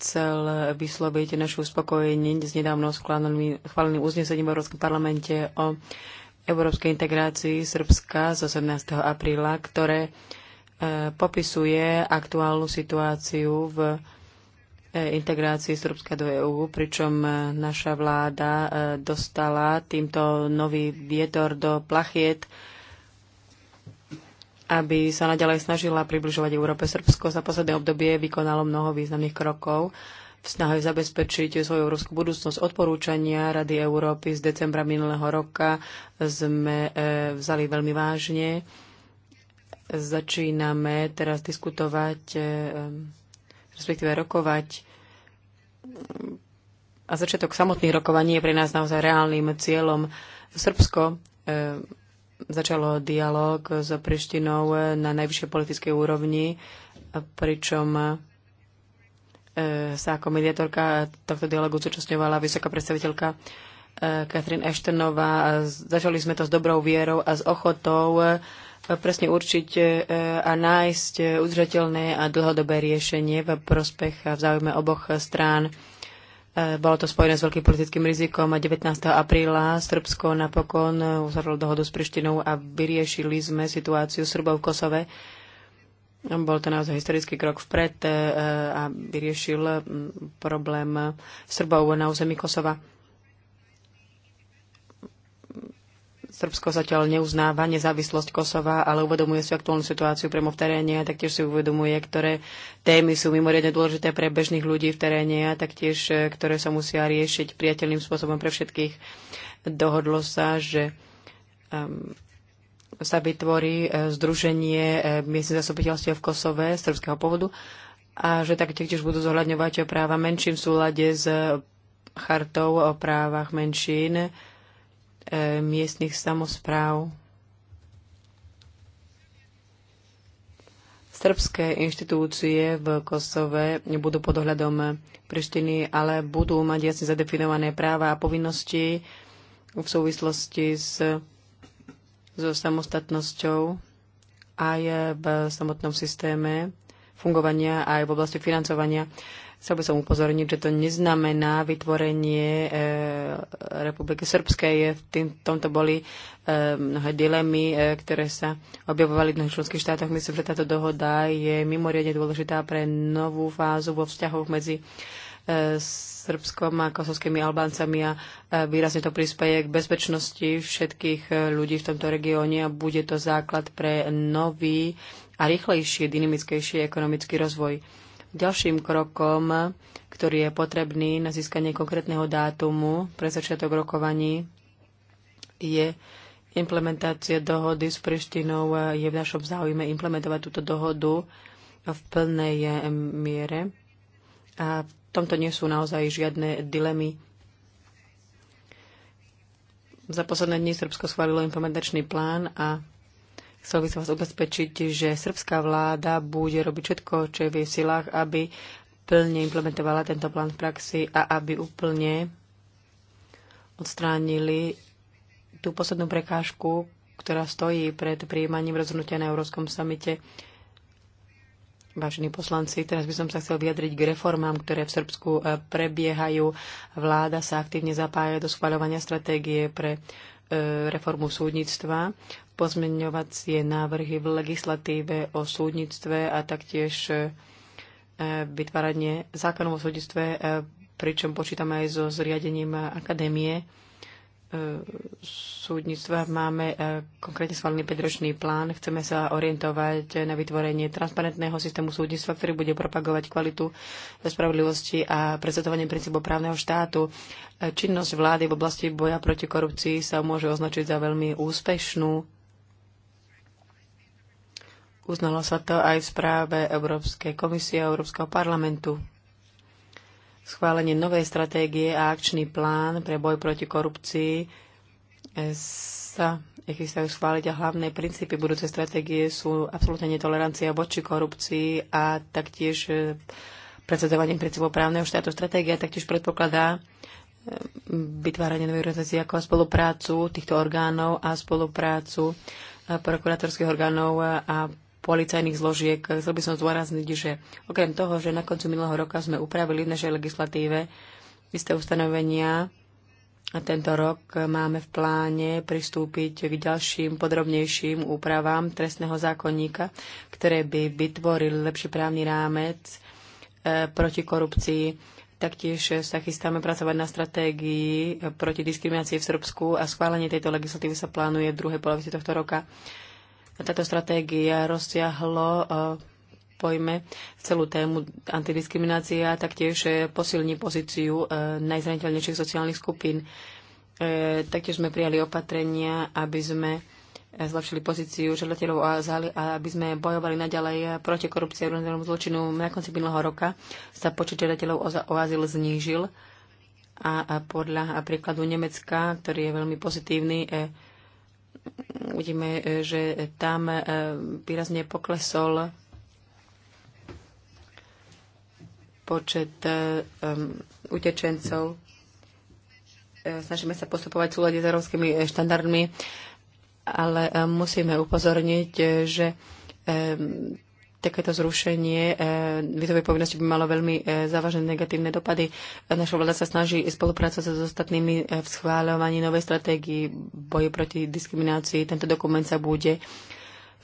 chcel vysloviť našu uspokojenie s nedávno schváleným uznesením v Európskom parlamente o európskej integrácii Srbska z 18. apríla, ktoré e, popisuje aktuálnu situáciu v e, integrácii Srbska do EÚ, pričom e, naša vláda dostala týmto nový vietor do plachiet aby sa naďalej snažila približovať Európe. Srbsko za posledné obdobie vykonalo mnoho významných krokov v snahe zabezpečiť svoju európsku budúcnosť. Odporúčania Rady Európy z decembra minulého roka sme e, vzali veľmi vážne. Začíname teraz diskutovať, e, e, respektíve rokovať a začiatok samotných rokovaní je pre nás naozaj reálnym cieľom. Srbsko začalo dialog s Prištinou na najvyššej politickej úrovni, pričom e, sa ako mediatorka tohto dialogu zúčastňovala vysoká predstaviteľka Katrin e, Eštenová. Začali sme to s dobrou vierou a s ochotou e, presne určiť a nájsť udržateľné a dlhodobé riešenie v prospech a v záujme oboch strán. Eh, bolo to spojené s veľkým politickým rizikom a 19. apríla Srbsko napokon eh, uzavrelo dohodu s Prištinou a vyriešili sme situáciu Srbov v Kosove. Bol to naozaj historický krok vpred eh, a vyriešil mm, problém Srbov na území Kosova. Srbsko zatiaľ neuznáva nezávislosť Kosova, ale uvedomuje si aktuálnu situáciu priamo v teréne a taktiež si uvedomuje, ktoré témy sú mimoriadne dôležité pre bežných ľudí v teréne a taktiež, e, ktoré sa musia riešiť priateľným spôsobom pre všetkých. Dohodlo sa, že um, sa vytvorí e, Združenie e, miestnych zastupiteľstiev v Kosove srbského pôvodu a že taktiež budú zohľadňovať práva menším v súlade s chartou o právach menšín E, miestnych samozpráv. Srbské inštitúcie v Kosove budú pod ohľadom Prištiny, ale budú mať jasne zadefinované práva a povinnosti v súvislosti s, so samostatnosťou aj v samotnom systéme fungovania, aj v oblasti financovania. Chcel by som upozorniť, že to neznamená vytvorenie e, Republiky Srbskej. V tým, tomto boli e, mnohé dilemy, e, ktoré sa objavovali v mnohých členských štátoch. Myslím, že táto dohoda je mimoriadne dôležitá pre novú fázu vo vzťahoch medzi Srbskom a kosovskými Albáncami a výrazne to prispieje k bezpečnosti všetkých ľudí v tomto regióne a bude to základ pre nový a rýchlejší, dynamickejší ekonomický rozvoj. Ďalším krokom, ktorý je potrebný na získanie konkrétneho dátumu pre začiatok rokovaní, je implementácia dohody s Prištinou. Je v našom záujme implementovať túto dohodu v plnej miere. A v tomto nie sú naozaj žiadne dilemy. Za posledné dni Srbsko schválilo implementačný plán a Chcel by som vás ubezpečiť, že srbská vláda bude robiť všetko, čo je v jej silách, aby plne implementovala tento plán v praxi a aby úplne odstránili tú poslednú prekážku, ktorá stojí pred prijímaním rozhodnutia na Európskom samite. Vážení poslanci, teraz by som sa chcel vyjadriť k reformám, ktoré v Srbsku eh, prebiehajú. Vláda sa aktívne zapája do schváľovania stratégie pre E, reformu súdnictva, pozmeňovacie návrhy v legislatíve o súdnictve a taktiež e, vytváranie zákonov o súdnictve, e, pričom počítame aj so zriadením akadémie súdnictva máme e, konkrétne schválený 5-ročný plán. Chceme sa orientovať na vytvorenie transparentného systému súdnictva, ktorý bude propagovať kvalitu spravodlivosti a prezentovanie princípov právneho štátu. E, činnosť vlády v oblasti boja proti korupcii sa môže označiť za veľmi úspešnú. Uznalo sa to aj v správe Európskej komisie a Európskeho parlamentu schválenie novej stratégie a akčný plán pre boj proti korupcii e, sa chystajú schváliť a hlavné princípy budúcej stratégie sú absolútne netolerancia voči korupcii a taktiež e, predsedzovanie princípov právneho štátu. Stratégia taktiež predpokladá e, vytváranie nových organizácie ako spoluprácu týchto orgánov a spoluprácu prokurátorských orgánov a policajných zložiek. Chcel by som zdôrazniť, že okrem toho, že na koncu minulého roka sme upravili v našej legislatíve isté ustanovenia a tento rok máme v pláne pristúpiť k ďalším podrobnejším úpravám trestného zákonníka, ktoré by vytvorili lepší právny rámec e, proti korupcii. Taktiež sa chystáme pracovať na stratégii e, proti diskriminácii v Srbsku a schválenie tejto legislatívy sa plánuje v druhej polovici tohto roka táto stratégia rozsiahlo eh, pojme celú tému antidiskriminácia, taktiež eh, posilní pozíciu eh, najzraniteľnejších sociálnych skupín. Taktiež sme prijali opatrenia, aby sme zlepšili pozíciu žiadateľov a záli, aby sme bojovali naďalej proti korupcii a organizovanému zločinu. Na konci minulého roka sa počet žiadateľov o, azyl znížil a, podľa príkladu Nemecka, ktorý je veľmi pozitívny, Vidíme, e, že tam e, výrazne poklesol počet e, utečencov. Snažíme sa postupovať v súlade s európskymi štandardmi, ale musíme upozorniť, že takéto zrušenie e, vizovej povinnosti by malo veľmi e, závažné negatívne dopady. Naša vláda sa snaží spolupracovať s ostatnými e, v schváľovaní novej stratégii boju proti diskriminácii. Tento dokument sa bude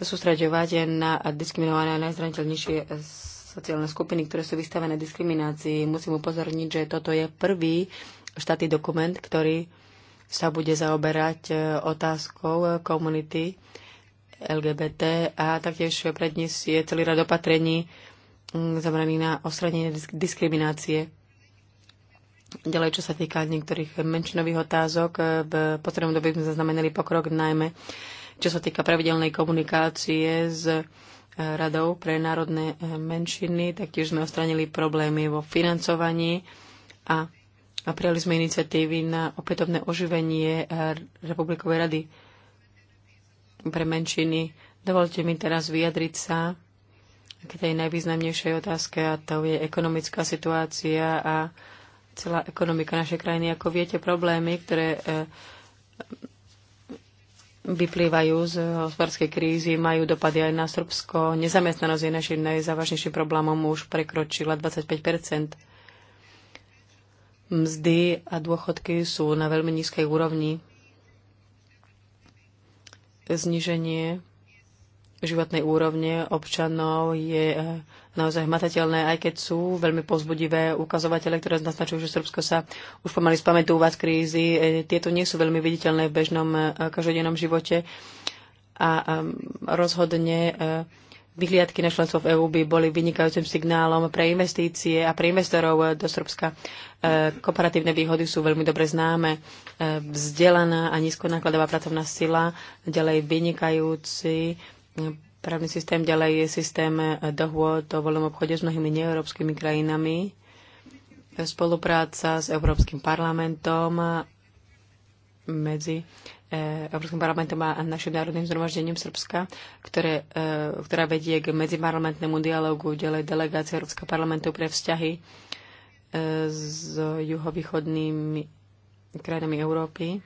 sústraďovať na diskriminované a najzraniteľnejšie sociálne skupiny, ktoré sú vystavené diskriminácii. Musím upozorniť, že toto je prvý štátny dokument, ktorý sa bude zaoberať otázkou komunity LGBT a taktiež predniesie celý rad opatrení mm, zameraných na osranenie diskriminácie. Ďalej, čo sa týka niektorých menšinových otázok, e, v potrebnom dobe sme zaznamenali pokrok najmä čo sa týka pravidelnej komunikácie s e, Radou pre národné e, menšiny, taktiež sme ostranili problémy vo financovaní a prijali sme iniciatívy na opätovné oživenie Republikovej rady pre menšiny. Dovolte mi teraz vyjadriť sa k tej najvýznamnejšej otázke a to je ekonomická situácia a celá ekonomika našej krajiny. Ako viete, problémy, ktoré e, vyplývajú z hospodárskej krízy, majú dopady aj na Srbsko. Nezamestnanosť je našim najzávažnejším problémom, už prekročila 25 Mzdy a dôchodky sú na veľmi nízkej úrovni zniženie životnej úrovne občanov je eh, naozaj hmatateľné, aj keď sú veľmi pozbudivé ukazovatele, ktoré naznačujú, že Srbsko sa už pomaly spamätúva z krízy. Eh, tieto nie sú veľmi viditeľné v bežnom eh, každodennom živote a rozhodne Vyhliadky na členstvo v EÚ by boli vynikajúcim signálom pre investície a pre investorov do Srbska. E, kooperatívne výhody sú veľmi dobre známe. E, vzdelaná a nízkonákladová pracovná sila, ďalej vynikajúci e, právny systém, ďalej je systém dohôd o voľnom obchode s mnohými neeurópskymi krajinami, spolupráca s Európskym parlamentom medzi E, Európskym parlamentom a našim národným zhromaždením Srbska, ktoré, e, ktorá vedie k medziparlamentnému dialogu, ďalej delegácia Európskeho parlamentu pre vzťahy e, s juhovýchodnými krajinami Európy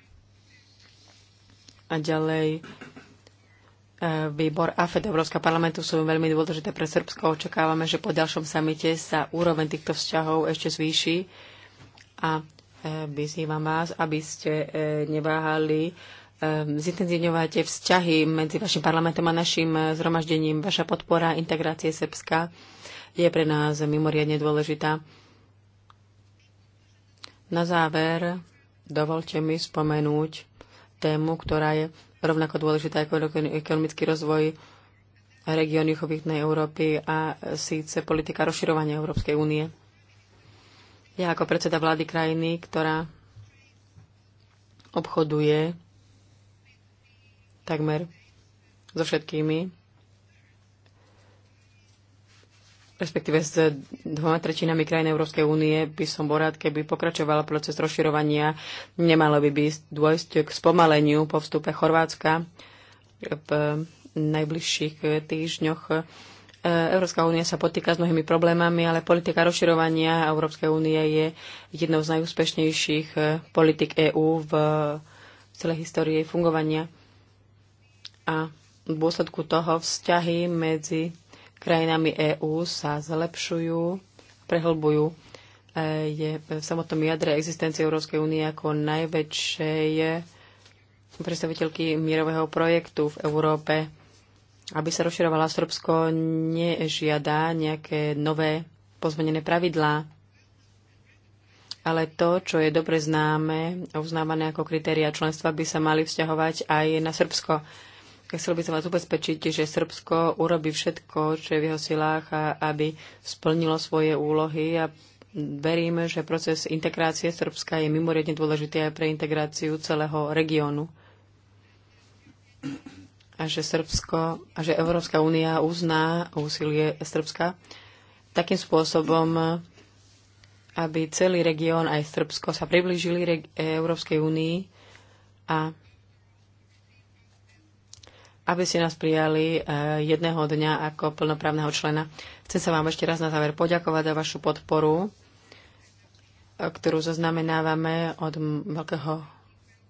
a ďalej výbor AFED Európskeho parlamentu sú veľmi dôležité pre Srbsko. Očakávame, že po ďalšom samite sa úroveň týchto vzťahov ešte zvýši a vyzývam vás, aby ste e, neváhali zintenzívňovať vzťahy medzi vašim parlamentom a našim e, zhromaždením. Vaša podpora integrácie Srbska je pre nás mimoriadne dôležitá. Na záver dovolte mi spomenúť tému, ktorá je rovnako dôležitá ako ekonomický rozvoj regiónu východnej Európy a síce politika rozširovania Európskej únie. Ja ako predseda vlády krajiny, ktorá obchoduje takmer so všetkými, respektíve s dvoma tretinami krajín Európskej únie, by som bol rád, keby pokračoval proces rozširovania. Nemalo by byť dôjsť k spomaleniu po vstupe Chorvátska v najbližších týždňoch E, Európska únia sa potýka s mnohými problémami, ale politika rozširovania Európskej únie je jednou z najúspešnejších e, politik EÚ v celej histórii jej fungovania. A v dôsledku toho vzťahy medzi krajinami EÚ sa zlepšujú, prehlbujú. E, je v samotnom jadre existencie Európskej únie ako najväčšej predstaviteľky mierového projektu v Európe aby sa rozširovala Srbsko, nežiada nejaké nové pozmenené pravidlá, ale to, čo je dobre známe a uznávané ako kritéria členstva, by sa mali vzťahovať aj na Srbsko. Chcel by som vás ubezpečiť, že Srbsko urobí všetko, čo je v jeho silách, aby splnilo svoje úlohy a veríme, že proces integrácie Srbska je mimoriadne dôležitý aj pre integráciu celého regiónu a že Srbsko a že Európska únia uzná úsilie Srbska takým spôsobom, aby celý región aj Srbsko sa priblížili Európskej únii a aby ste nás prijali e, jedného dňa ako plnoprávneho člena. Chcem sa vám ešte raz na záver poďakovať za vašu podporu, e, ktorú zaznamenávame od veľkého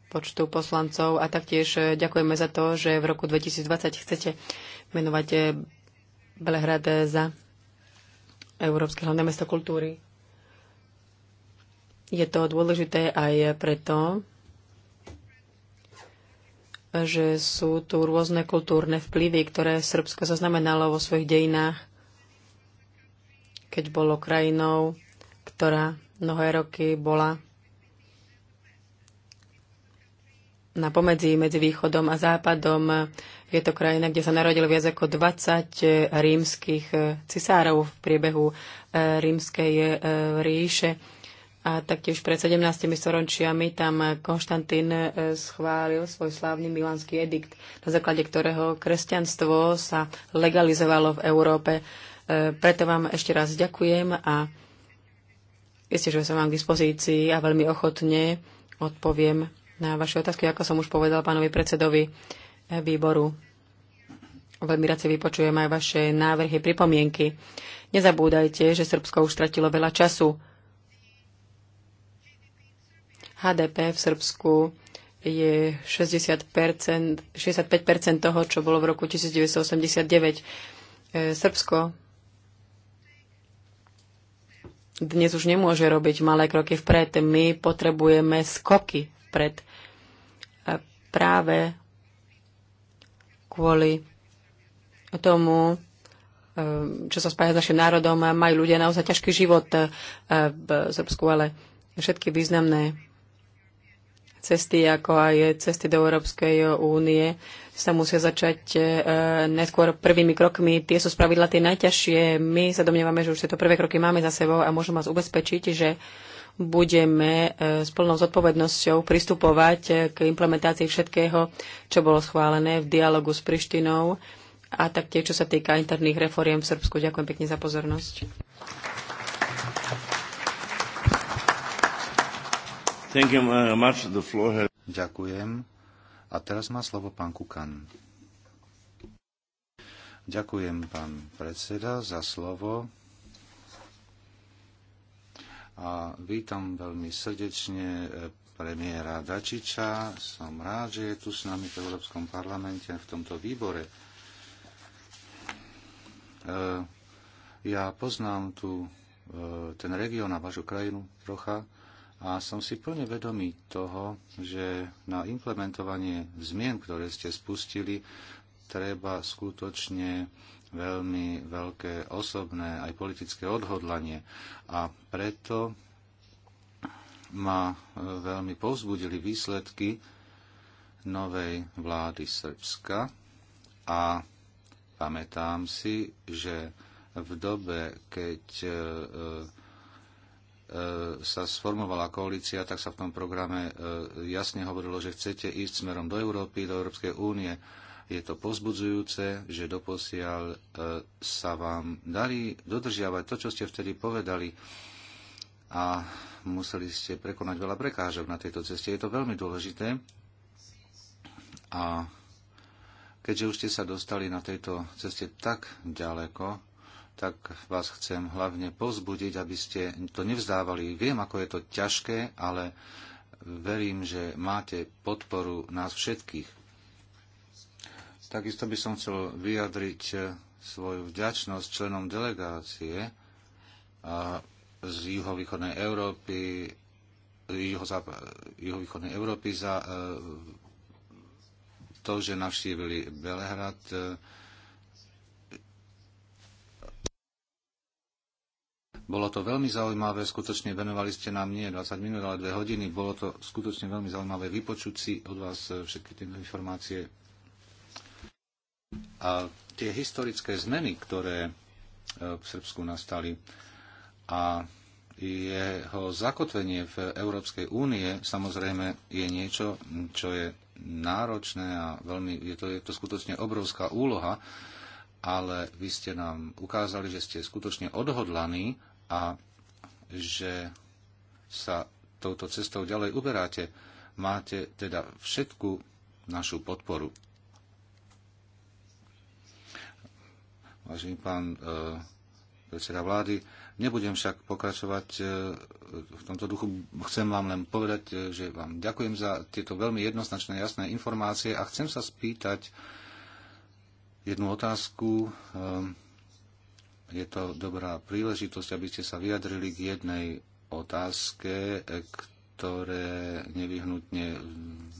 počtu poslancov a taktiež e, ďakujeme za to, že v roku 2020 chcete menovať e, Belehrad e, za Európske hlavné mesto kultúry. Je to dôležité aj preto, že sú tu rôzne kultúrne vplyvy, ktoré Srbsko zaznamenalo vo svojich dejinách, keď bolo krajinou, ktorá mnohé roky bola na pomedzi medzi východom a západom. Je to krajina, kde sa narodilo viac ako 20 e, rímskych e, cisárov v priebehu e, rímskej ríše. A taktiež pred 17 storočiami tam Konštantín schválil svoj slávny milánsky edikt, na základe ktorého kresťanstvo sa legalizovalo v Európe. Preto vám ešte raz ďakujem a isté, že som vám k dispozícii a veľmi ochotne odpoviem na vaše otázky, ako som už povedal pánovi predsedovi výboru. Veľmi rád si vypočujem aj vaše návrhy, pripomienky. Nezabúdajte, že Srbsko už stratilo veľa času. HDP v Srbsku je 60%, 65% toho, čo bolo v roku 1989. E, Srbsko dnes už nemôže robiť malé kroky vpred. My potrebujeme skoky vpred práve kvôli tomu, e, čo sa spája s našim národom, majú ľudia naozaj ťažký život e, v Srbsku, ale všetky významné cesty, ako aj cesty do Európskej únie, sa musia začať e, neskôr prvými krokmi. Tie sú spravidla tie najťažšie. My sa domnievame, že už tieto prvé kroky máme za sebou a môžem vás ubezpečiť, že budeme e, s plnou zodpovednosťou pristupovať e, k implementácii všetkého, čo bolo schválené v dialogu s Prištinou a taktiež, čo sa týka interných reforiem v Srbsku. Ďakujem pekne za pozornosť. Uh, Ďakujem. A teraz má slovo pán Kukan. Ďakujem, pán predseda, za slovo a vítam veľmi srdečne eh, premiéra Dačiča. Som rád, že je tu s nami v Európskom parlamente v tomto výbore. Eh, ja poznám tu eh, ten región a vašu krajinu trocha a som si plne vedomý toho, že na implementovanie zmien, ktoré ste spustili, treba skutočne veľmi veľké osobné aj politické odhodlanie a preto ma e, veľmi povzbudili výsledky novej vlády Srbska a pamätám si, že v dobe, keď e, e, sa sformovala koalícia, tak sa v tom programe jasne hovorilo, že chcete ísť smerom do Európy, do Európskej únie je to pozbudzujúce, že doposiaľ e, sa vám darí dodržiavať to, čo ste vtedy povedali a museli ste prekonať veľa prekážok na tejto ceste. Je to veľmi dôležité a keďže už ste sa dostali na tejto ceste tak ďaleko, tak vás chcem hlavne pozbudiť, aby ste to nevzdávali. Viem, ako je to ťažké, ale verím, že máte podporu nás všetkých Takisto by som chcel vyjadriť eh, svoju vďačnosť členom delegácie eh, z juhovýchodnej Európy, juhovýchodnej Európy za eh, to, že navštívili Belehrad. Bolo to veľmi zaujímavé, skutočne venovali ste nám nie 20 minút, ale 2 hodiny. Bolo to skutočne veľmi zaujímavé vypočuť si od vás všetky tie informácie a tie historické zmeny, ktoré e, v Srbsku nastali a jeho zakotvenie v Európskej únie samozrejme je niečo, čo je náročné a veľmi, je to, je to skutočne obrovská úloha, ale vy ste nám ukázali, že ste skutočne odhodlaní a že sa touto cestou ďalej uberáte. Máte teda všetku našu podporu. vážený pán e, predseda vlády. Nebudem však pokračovať e, v tomto duchu. Chcem vám len povedať, e, že vám ďakujem za tieto veľmi jednoznačné, jasné informácie a chcem sa spýtať jednu otázku. Je to dobrá príležitosť, aby ste sa vyjadrili k jednej otázke, ktoré nevyhnutne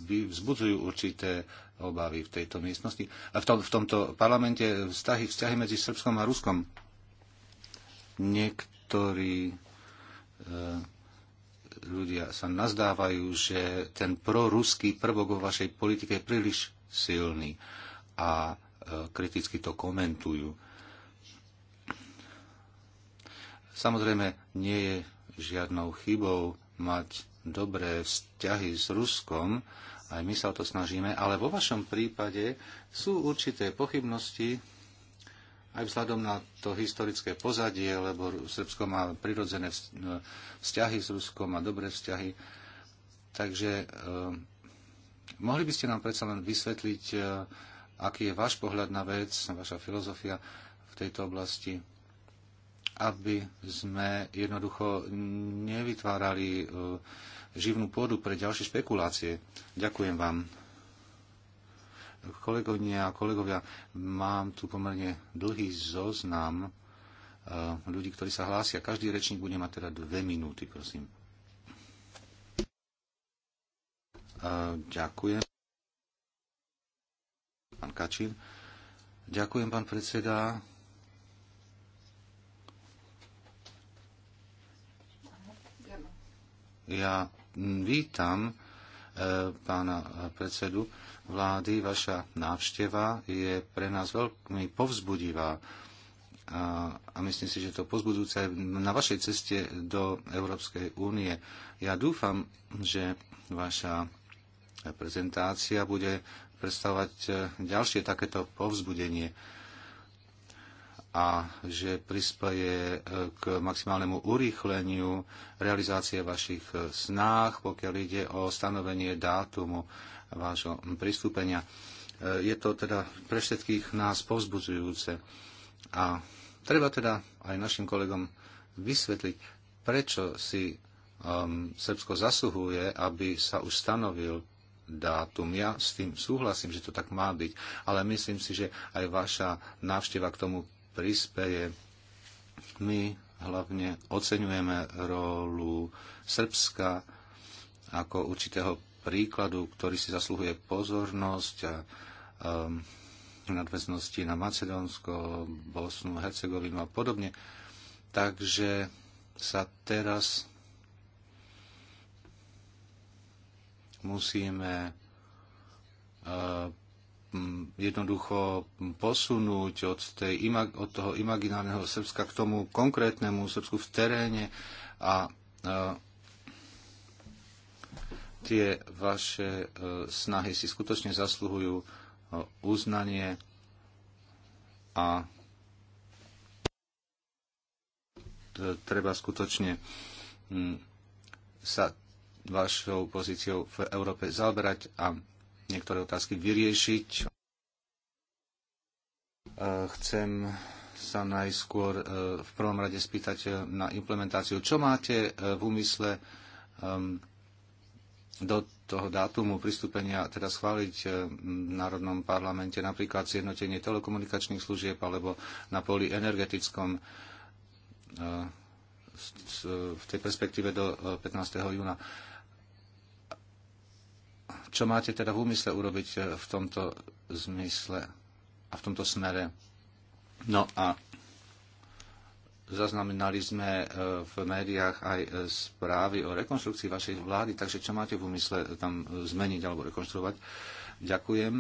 vzbudzujú určité obavy v tejto miestnosti. A v, tom, v tomto parlamente vztahy, vzťahy medzi Srbskom a Ruskom. Niektorí e, ľudia sa nazdávajú, že ten proruský prvok vo vašej politike je príliš silný a e, kriticky to komentujú. Samozrejme, nie je žiadnou chybou mať dobré vzťahy s Ruskom, aj my sa o to snažíme, ale vo vašom prípade sú určité pochybnosti aj vzhľadom na to historické pozadie, lebo Srbsko má prirodzené vzťahy s Ruskom, a dobré vzťahy. Takže eh, mohli by ste nám predsa len vysvetliť, eh, aký je váš pohľad na vec, vaša filozofia v tejto oblasti? aby sme jednoducho nevytvárali e, živnú pôdu pre ďalšie špekulácie. Ďakujem vám. Kolegovne a kolegovia, mám tu pomerne dlhý zoznam e, ľudí, ktorí sa hlásia. Každý rečník bude mať teda dve minúty, prosím. E, ďakujem. Pán Kačín. Ďakujem, pán predseda. Ja vítam e, pána predsedu vlády. Vaša návšteva je pre nás veľmi povzbudivá a, a myslím si, že to pozbudujúce aj na vašej ceste do Európskej únie. Ja dúfam, že vaša prezentácia bude predstavovať e, ďalšie takéto povzbudenie a že prispieje eh, k maximálnemu urýchleniu realizácie vašich eh, snách, pokiaľ ide o stanovenie dátumu vášho pristúpenia. Eh, je to teda pre všetkých nás povzbudzujúce. A treba teda aj našim kolegom vysvetliť, prečo si um, Srbsko zasluhuje, aby sa už stanovil dátum. Ja s tým súhlasím, že to tak má byť, ale myslím si, že aj vaša návšteva k tomu prispeje. My hlavne oceňujeme rolu Srbska ako určitého príkladu, ktorý si zasluhuje pozornosť a um, nadväznosti na Macedónsko, Bosnu, Hercegovinu a podobne. Takže sa teraz musíme uh, jednoducho posunúť od, tej, od toho imaginárneho Srbska k tomu konkrétnemu Srbsku v teréne a tie vaše e, snahy si skutočne zasluhujú e, uznanie a e, treba skutočne sa vašou pozíciou v Európe zaoberať a niektoré otázky vyriešiť. E, chcem sa najskôr e, v prvom rade spýtať e, na implementáciu. Čo máte v úmysle um, do toho dátumu pristúpenia, teda schváliť v Národnom parlamente napríklad zjednotenie telekomunikačných služieb alebo na poli energetickom v tej perspektíve do 15. júna. Čo máte teda v úmysle urobiť e, v tomto zmysle a v tomto smere? No a zaznamenali sme e, v médiách aj e, správy o rekonstrukcii vašej vlády, takže čo máte v úmysle tam zmeniť alebo rekonstruovať? Ďakujem.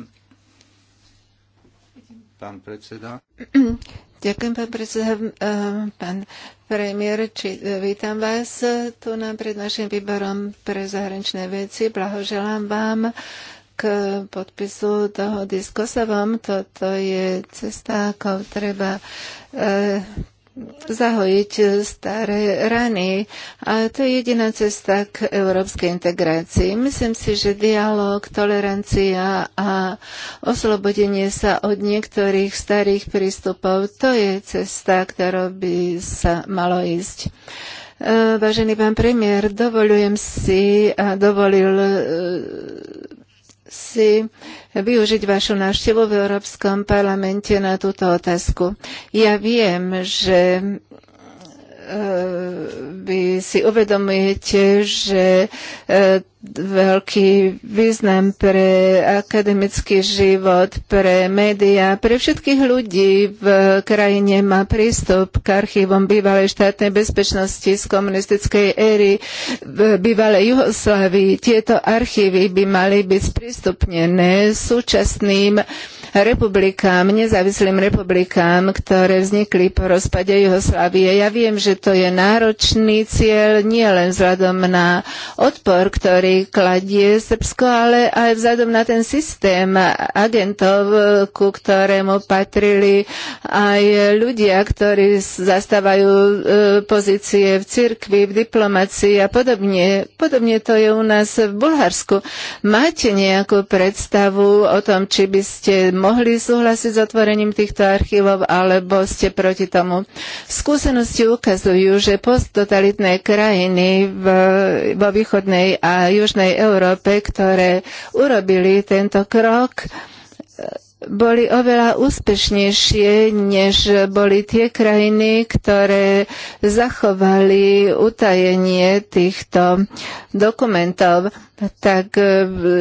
Pán predseda. Ďakujem, pán predseda. Ehm, ehm, pán premiér, či, e, vítam vás tu na pred našim výborom pre zahraničné veci. Blahoželám vám k podpisu toho diskusovom. Toto je cesta, ako treba e, zahojiť staré rany. A to je jediná cesta k európskej integrácii. Myslím si, že dialog, tolerancia a oslobodenie sa od niektorých starých prístupov, to je cesta, ktorou by sa malo ísť. E, vážený pán premiér, dovolujem si a dovolil e, si využiť vašu návštevu v Európskom parlamente na túto otázku. Ja viem, že vy si uvedomujete, že e, veľký význam pre akademický život, pre médiá, pre všetkých ľudí v krajine má prístup k archívom bývalej štátnej bezpečnosti z komunistickej éry v bývalej Juhoslavii. Tieto archívy by mali byť sprístupnené súčasným uh, republikám, nezávislým republikám, ktoré vznikli po rozpade Juhoslávie. Ja viem, že to je náročný cieľ, nie len vzhľadom na odpor, ktorý kladie Srbsko, ale aj vzhľadom na ten systém agentov, ku ktorému patrili aj ľudia, ktorí zastávajú e, pozície v cirkvi, v diplomácii a podobne. Podobne to je u nás v Bulharsku. Máte nejakú predstavu o tom, či by ste mohli súhlasiť s otvorením týchto archívov, alebo ste proti tomu. Skúsenosti ukazujú, že posttotalitné krajiny v, vo východnej a južnej Európe, ktoré urobili tento krok, boli oveľa úspešnejšie, než boli tie krajiny, ktoré zachovali utajenie týchto dokumentov. Tak e,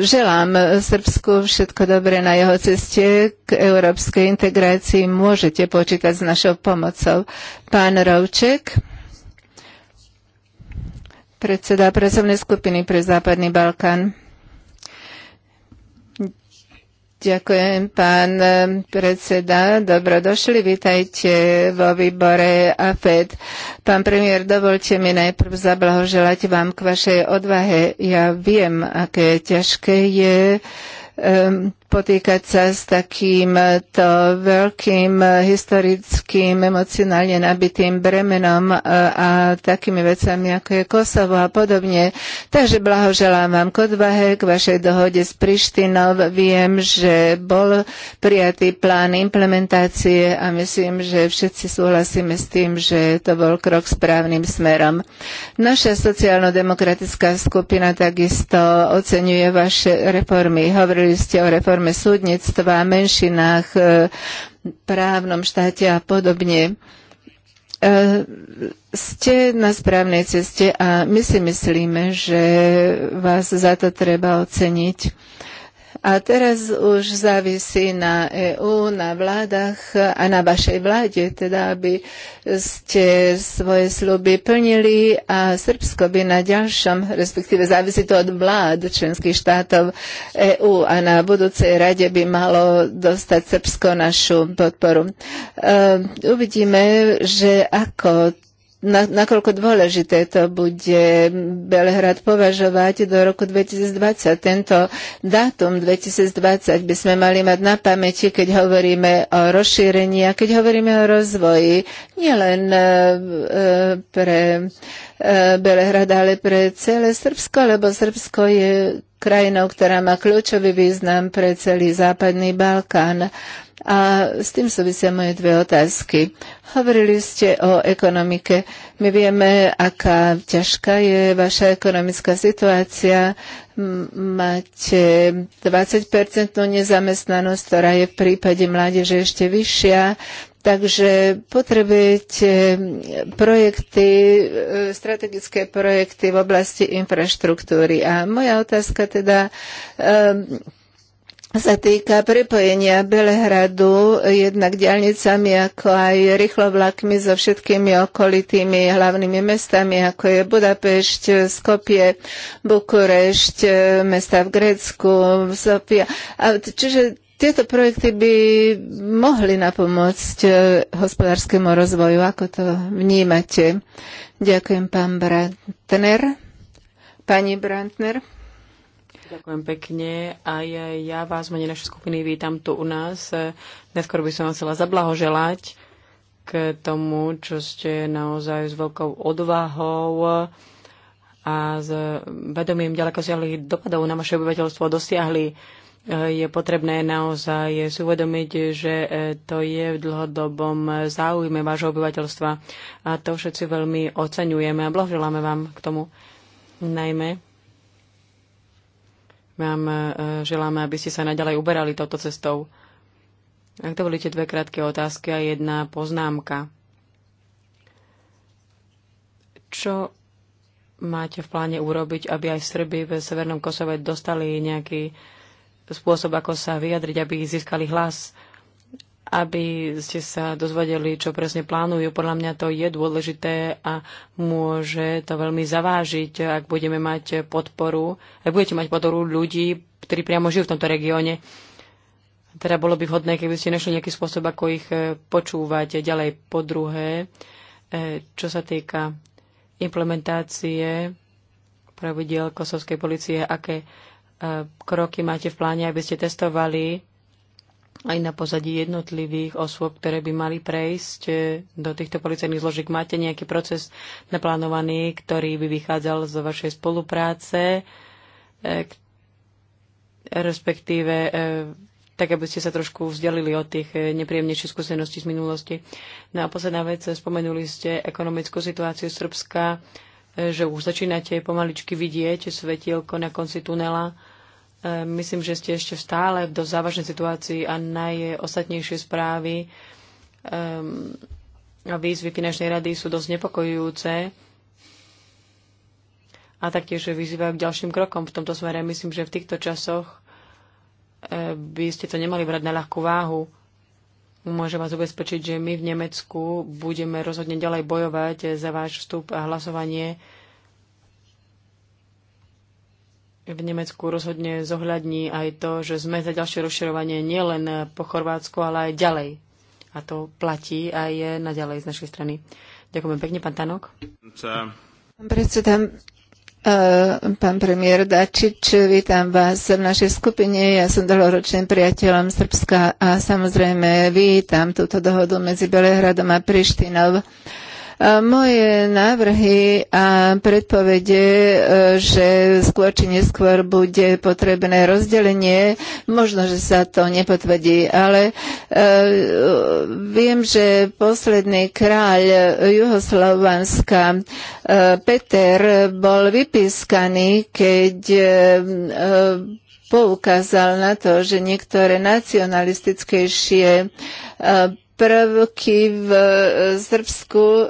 želám Srbsku všetko dobré na jeho ceste k európskej integrácii. Môžete počítať s našou pomocou. Pán Rovček, predseda pracovnej skupiny pre Západný Balkán. Ďakujem, pán eh, predseda. Dobrodošli, vítajte vo výbore AFED. Pán premiér, dovolte mi najprv zablahoželať vám k vašej odvahe. Ja viem, aké ťažké je eh, potýkať sa s takýmto eh, veľkým eh, historickým, emocionálne nabitým bremenom eh, a takými vecami, ako je Kosovo a podobne. Takže blahoželám vám odvahe k vašej dohode s Prištinov. Viem, že bol prijatý plán implementácie a myslím, že všetci súhlasíme s tým, že to bol krok správnym smerom. Naša sociálno-demokratická skupina takisto oceňuje vaše reformy. Hovorili ste o reforme reforme súdnictva, menšinách, e, právnom štáte a podobne e, ste na správnej ceste a my si myslíme, že vás za to treba oceniť. A teraz už závisí na EÚ, na vládach a na vašej vláde, teda aby ste svoje sluby plnili a Srbsko by na ďalšom, respektíve závisí to od vlád členských štátov EÚ a na budúcej rade by malo dostať Srbsko našu podporu. E, uvidíme, že ako na, nakoľko dôležité to bude Belehrad považovať do roku 2020. Tento dátum 2020 by sme mali mať na pamäti, keď hovoríme o rozšírení a keď hovoríme o rozvoji, nielen e, e, pre e, Belehrad, ale pre celé Srbsko, lebo Srbsko je krajinou, ktorá má kľúčový význam pre celý západný Balkán. A s tým súvisia moje dve otázky. Hovorili ste o ekonomike. My vieme, aká ťažká je vaša ekonomická situácia. Máte 20 nezamestnanosť, ktorá je v prípade mládeže ešte vyššia. Takže potrebujete projekty, e, strategické projekty v oblasti infraštruktúry. A moja otázka teda, um, sa týka prepojenia Belehradu jednak diálnicami ako aj rýchlovlakmi so všetkými okolitými hlavnými mestami, ako je Budapešť, Skopie, Bukurešť, mesta v Grécku, Sofia. A, čiže tieto projekty by mohli napomôcť e, hospodárskému rozvoju. Ako to vnímate? Ďakujem, pán Brantner. Pani Brantner. Ďakujem pekne. Aj ja vás, mene našej skupiny, vítam tu u nás. Neskôr by som vás chcela zablahoželať k tomu, čo ste naozaj s veľkou odvahou a s vedomím ďaleko siahlých dopadov na vaše obyvateľstvo dosiahli. Je potrebné naozaj si uvedomiť, že to je v dlhodobom záujme vášho obyvateľstva a to všetci veľmi oceňujeme a blahoželáme vám k tomu najmä vám e, želáme, aby ste sa naďalej uberali touto cestou. Ak tie dve krátke otázky a jedna poznámka. Čo máte v pláne urobiť, aby aj Srby v Severnom Kosove dostali nejaký spôsob, ako sa vyjadriť, aby získali hlas? aby ste sa dozvedeli, čo presne plánujú. Podľa mňa to je dôležité a môže to veľmi zavážiť, ak budeme mať podporu, ak budete mať podporu ľudí, ktorí priamo žijú v tomto regióne. Teda bolo by vhodné, keby ste našli nejaký spôsob, ako ich e, počúvať ďalej. Po druhé, e, čo sa týka implementácie pravidiel kosovskej policie, aké e, kroky máte v pláne, aby ste testovali aj na pozadí jednotlivých osôb, ktoré by mali prejsť e, do týchto policajných zložiek. Máte nejaký proces naplánovaný, ktorý by vychádzal z vašej spolupráce, e, respektíve e, tak, aby ste sa trošku vzdialili od tých nepríjemnejších skúseností z minulosti. No a posledná vec, spomenuli ste ekonomickú situáciu Srbska, že už začínate pomaličky vidieť svetielko na konci tunela E, myslím, že ste ešte stále v dosť závažnej situácii a najostatnejšie správy ehm, a výzvy finančnej rady sú dosť nepokojujúce a taktiež vyzývajú k ďalším krokom v tomto smere. Myslím, že v týchto časoch e, by ste to nemali brať na ľahkú váhu. Môžem vás ubezpečiť, že my v Nemecku budeme rozhodne ďalej bojovať za váš vstup a hlasovanie v Nemecku rozhodne zohľadní aj to, že sme za ďalšie rozširovanie nielen po Chorvátsku, ale aj ďalej. A to platí aj naďalej z našej strany. Ďakujem pekne, pán Tanok. Pán predseda, e, pán premiér Dačič, vítam vás v našej skupine. Ja som dlhoročným priateľom Srbska a samozrejme vítam túto dohodu medzi Belehradom a Prištinou. Moje návrhy a predpovede, e, že skôr či neskôr bude potrebné rozdelenie, možno, že sa to nepotvrdí, ale e, viem, že posledný kráľ Juhoslovanska e, Peter bol vypískaný, keď poukázal na to, že niektoré nacionalistickejšie prvky v e, Srbsku, e,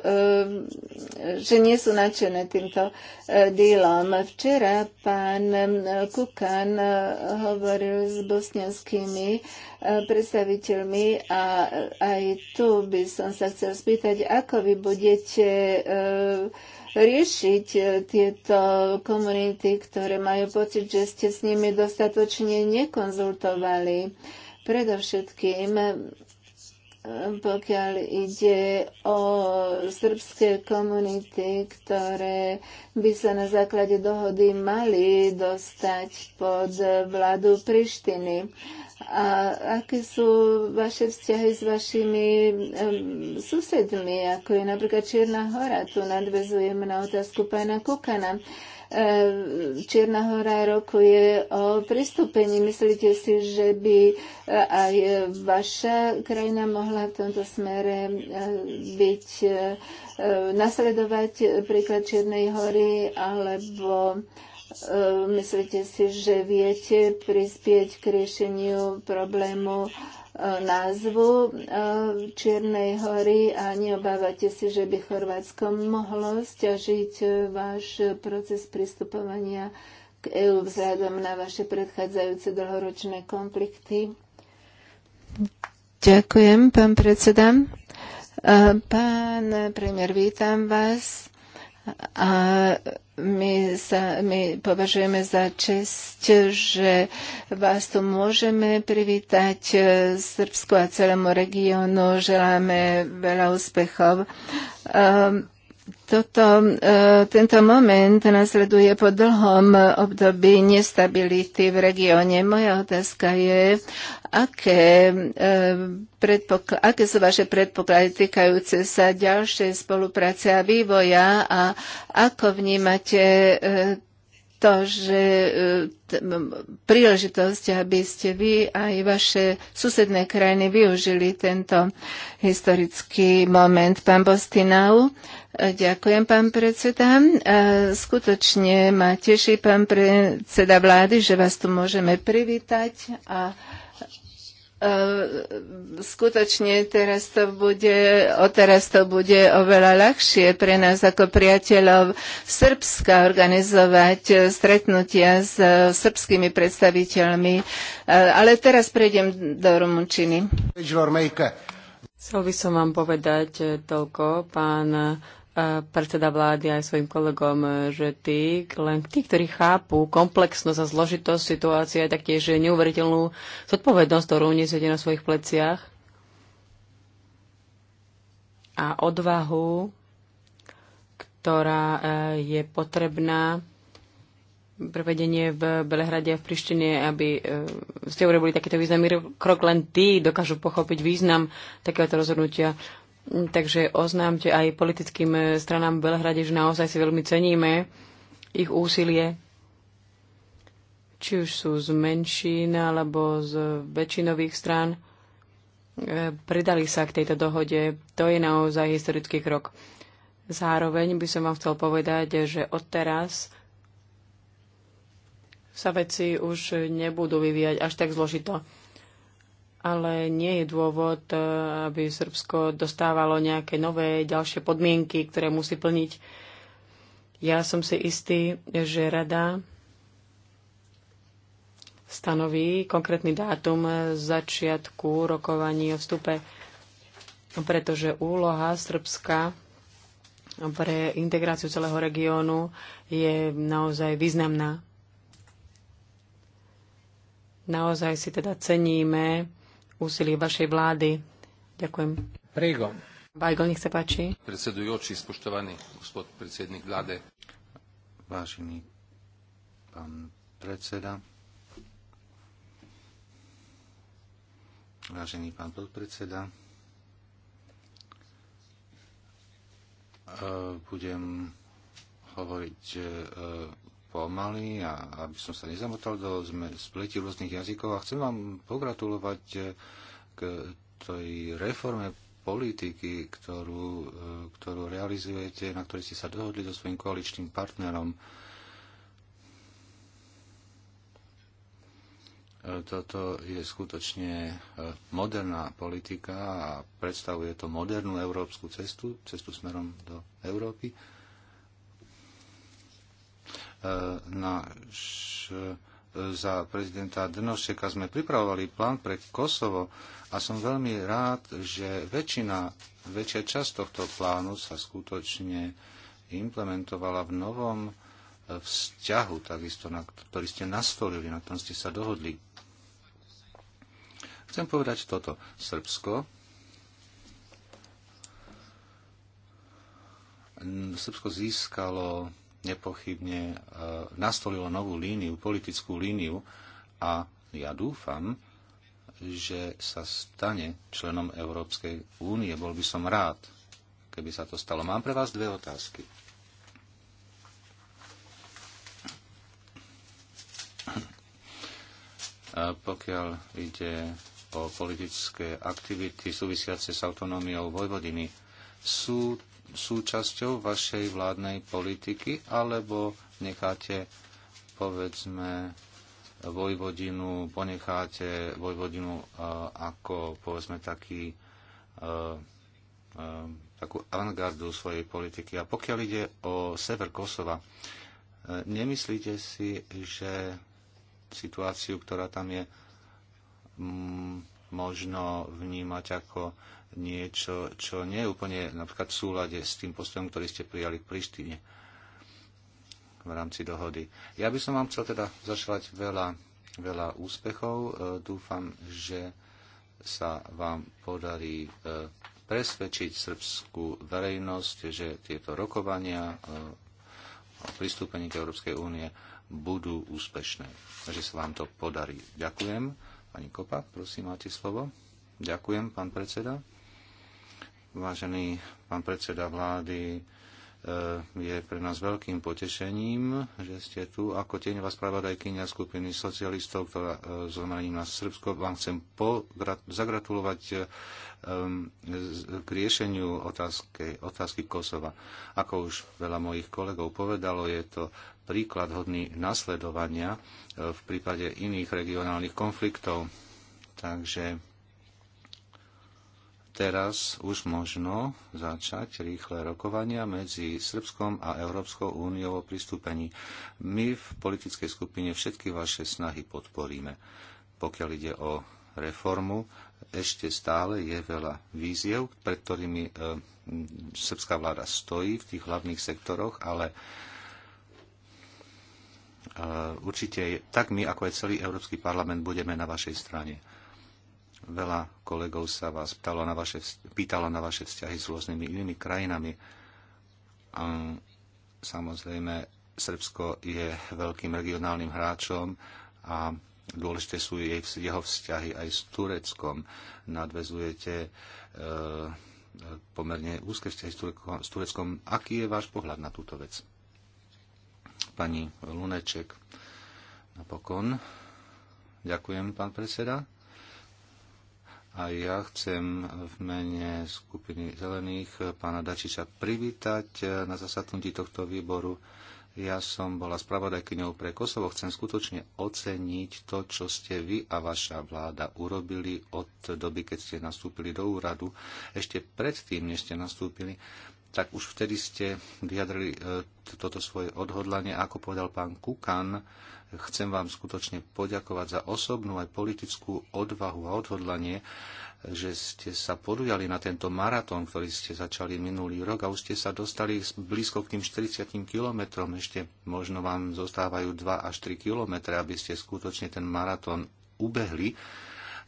že nie sú nadšené týmto e, dílom. Včera pán Kukan hovoril s bosnianskými predstaviteľmi a aj tu by som sa chcel spýtať, ako vy budete riešiť tieto komunity, ktoré majú pocit, že ste s nimi dostatočne nekonzultovali. Predovšetkým pokiaľ ide o srbské komunity, ktoré by sa na základe dohody mali dostať pod vládu Prištiny. A aké sú vaše vzťahy s vašimi um, susedmi, ako je napríklad Čierna hora? Tu nadvezujem na otázku pána Kukana. Uh, Eh, Čierna hora rokuje o pristúpení. Myslíte si, že by eh, aj vaša krajina mohla v tomto smere eh, byť, nasledovať príklad Čiernej hory, alebo myslíte si, že viete prispieť k riešeniu problému názvu eh, Čiernej hory a neobávate si, že by Chorvátsko mohlo stiažiť eh, váš proces pristupovania k EÚ vzhľadom na vaše predchádzajúce dlhoročné konflikty? Ďakujem, pán predseda. Eh, pán premiér, vítam vás. A my, sa, my považujeme za čest, že vás tu môžeme privítať e, Srbsku a celému regiónu. Želáme veľa úspechov. Um, toto, e, tento moment nasleduje po dlhom období nestability v regióne. Moja otázka je, aké, e, predpokl- aké sú vaše predpoklady týkajúce sa ďalšej spolupráce a vývoja a ako vnímate e, to, že príležitosť, aby ste vy aj vaše susedné krajiny využili tento historický moment. Pán Bostinau, Ďakujem, pán predseda. E, skutočne ma teší, pán predseda vlády, že vás tu môžeme privítať a e, skutočne teraz to bude, o teraz to bude oveľa ľahšie pre nás ako priateľov Srbska organizovať e, stretnutia s srbskými predstaviteľmi. Ale teraz prejdem do Rumunčiny. Chcel by som vám povedať toľko, pán predseda vlády aj svojim kolegom, e, že tí, len tí, ktorí chápu komplexnosť a zložitosť situácie a taktiež neuveriteľnú zodpovednosť, ktorú nesiete na svojich pleciach a odvahu, ktorá e, je potrebná prevedenie v Belehrade a v Prištine, aby e, ste urobili takýto významný krok, len tí dokážu pochopiť význam takéhoto rozhodnutia. Takže oznámte aj politickým eh, stranám v Belhrade, že naozaj si veľmi ceníme ich úsilie, či už sú z menšín alebo z väčšinových strán, eh, pridali sa k tejto dohode. To je naozaj historický krok. Zároveň by som vám chcel povedať, že odteraz sa veci už nebudú vyvíjať až tak zložito ale nie je dôvod, e, aby Srbsko dostávalo nejaké nové ďalšie podmienky, ktoré musí plniť. Ja som si istý, že rada stanoví konkrétny dátum začiatku rokovaní o vstupe, pretože úloha Srbska pre integráciu celého regiónu je naozaj významná. Naozaj si teda ceníme úsilie vašej vlády. Ďakujem. Prego. Bajgo, nech sa páči. Predsedujúci, spoštovaný gospod predsednik vlády. Vážený pán predseda, vážený pán podpredseda, eh, budem hovoriť eh, pomaly a aby som sa nezamotal do spleti rôznych jazykov a chcem vám pogratulovať eh, k tej reforme politiky, ktorú, eh, ktorú realizujete, na ktorej ste sa dohodli so svojím koaličným partnerom. Eh, toto je skutočne moderná politika a predstavuje to modernú európsku cestu, cestu smerom do Európy. E, š, e, za prezidenta Dnošeka sme pripravovali plán pre Kosovo a som veľmi rád, že väčšina, väčšia časť tohto plánu sa skutočne implementovala v novom e, vzťahu, takisto, na ktorý ste nastolili, na ktorom ste sa dohodli. Chcem povedať toto. Srbsko Srbsko získalo nepochybne e, nastolilo novú líniu, politickú líniu a ja dúfam, že sa stane členom Európskej únie. Bol by som rád, keby sa to stalo. Mám pre vás dve otázky. Pokiaľ ide o politické aktivity súvisiace s autonómiou Vojvodiny, sú súčasťou vašej vládnej politiky, alebo necháte, povedzme, Vojvodinu, ponecháte Vojvodinu e, ako, povedzme, taký, e, e, takú avantgardu svojej politiky. A pokiaľ ide o sever Kosova, nemyslíte si, že situáciu, ktorá tam je, možno vnímať ako niečo, čo nie je úplne napríklad v súlade s tým postojom, ktorý ste prijali v Prištine v rámci dohody. Ja by som vám chcel teda zašľať veľa, veľa úspechov. E, dúfam, že sa vám podarí e, presvedčiť srbskú verejnosť, že tieto rokovania o e, pristúpení k Európskej únie budú úspešné. Takže sa vám to podarí. Ďakujem. Pani Kopa, prosím, máte slovo. Ďakujem, pán predseda. Vážený pán predseda vlády, e, je pre nás veľkým potešením, že ste tu. Ako tieňová spravodajkynia skupiny socialistov, ktorá e, zomrením na Srbsko, vám chcem zagratulovať e, k riešeniu otázky, otázky Kosova. Ako už veľa mojich kolegov povedalo, je to príklad hodný nasledovania v prípade iných regionálnych konfliktov. Takže teraz už možno začať rýchle rokovania medzi Srbskom a Európskou úniou o pristúpení. My v politickej skupine všetky vaše snahy podporíme. Pokiaľ ide o reformu, ešte stále je veľa víziev, pred ktorými e, srbská vláda stojí v tých hlavných sektoroch, ale e, určite tak my, ako aj celý Európsky parlament, budeme na vašej strane. Veľa kolegov sa vás pýtalo na vaše, pýtalo na vaše vzťahy s rôznymi inými krajinami. A samozrejme, Srbsko je veľkým regionálnym hráčom a dôležité sú jej, jeho vzťahy aj s Tureckom. Nadvezujete e, pomerne úzke vzťahy s, s Tureckom. Aký je váš pohľad na túto vec? Pani Luneček, napokon. Ďakujem, pán predseda. A ja chcem v mene skupiny zelených pána Dačiča privítať eh, na zasadnutí tohto výboru. Ja som bola spravodajkyňou pre Kosovo. Chcem skutočne oceniť to, čo ste vy a vaša vláda urobili od doby, keď ste nastúpili do úradu. Ešte predtým, než ste nastúpili, tak už vtedy ste vyjadrili eh, toto svoje odhodlanie, ako povedal pán Kukan, Chcem vám skutočne poďakovať za osobnú aj politickú odvahu a odhodlanie, že ste sa podujali na tento maratón, ktorý ste začali minulý rok a už ste sa dostali blízko k tým 40 kilometrom. Ešte možno vám zostávajú 2 až 3 kilometre, aby ste skutočne ten maratón ubehli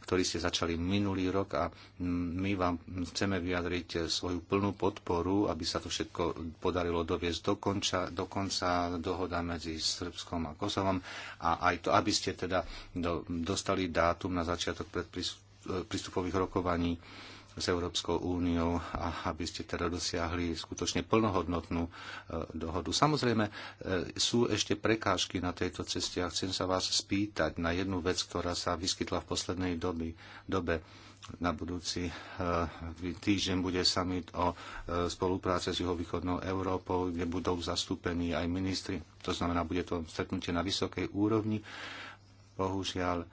ktorý ste začali minulý rok a my vám chceme vyjadriť svoju plnú podporu, aby sa to všetko podarilo doviesť do konca, do konca dohoda medzi Srbskom a Kosovom a aj to, aby ste teda do, dostali dátum na začiatok e, prístupových rokovaní s Európskou úniou a aby ste teda dosiahli skutočne plnohodnotnú e, dohodu. Samozrejme, e, sú ešte prekážky na tejto ceste a chcem sa vás spýtať na jednu vec, ktorá sa vyskytla v poslednej doby, dobe. Na budúci e, týždeň bude summit o spolupráce s juhovýchodnou Európou, kde budú zastúpení aj ministri. To znamená, bude to stretnutie na vysokej úrovni. Bohužiaľ,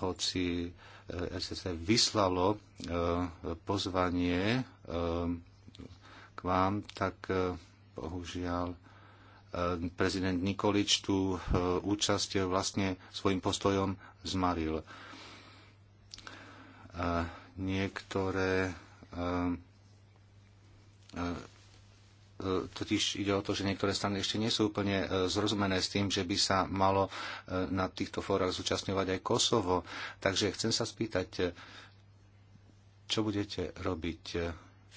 hoci RCC vyslalo e, pozvanie e, k vám, tak e, bohužiaľ prezident Nikolič tú účasť vlastne svojim postojom zmaril. Niektoré E, totiž ide o to, že niektoré strany ešte nie sú úplne e, zrozumené s tým, že by sa malo e, na týchto fórach zúčastňovať aj Kosovo. Takže chcem sa spýtať, čo budete robiť?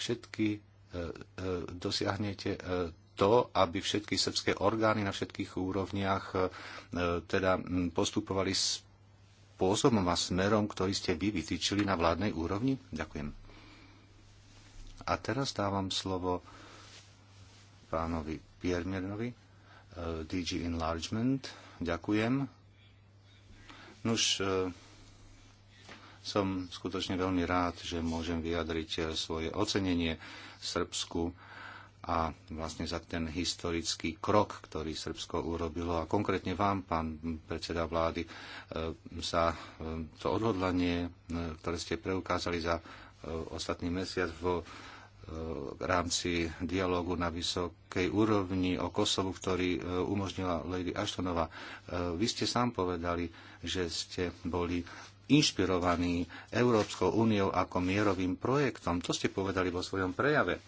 Všetky dosiahnete to, aby všetky srbské orgány na všetkých úrovniach teda postupovali spôsobom a smerom, ktorý ste vy vytýčili na vládnej úrovni? Ďakujem. A teraz dávam slovo pánovi Piermiernovi, eh, DG Enlargement. Ďakujem. Nuž, eh, som skutočne veľmi rád, že môžem vyjadriť eh, svoje ocenenie Srbsku a vlastne za ten historický krok, ktorý Srbsko urobilo a konkrétne vám, pán predseda vlády, za to odhodlanie, ktoré ste preukázali za ostatný mesiac vo v rámci dialógu na vysokej úrovni o Kosovu, ktorý e, umožnila Lady Ashtonová. E, vy ste sám povedali, že ste boli inšpirovaní Európskou úniou ako mierovým projektom. To ste povedali vo svojom prejave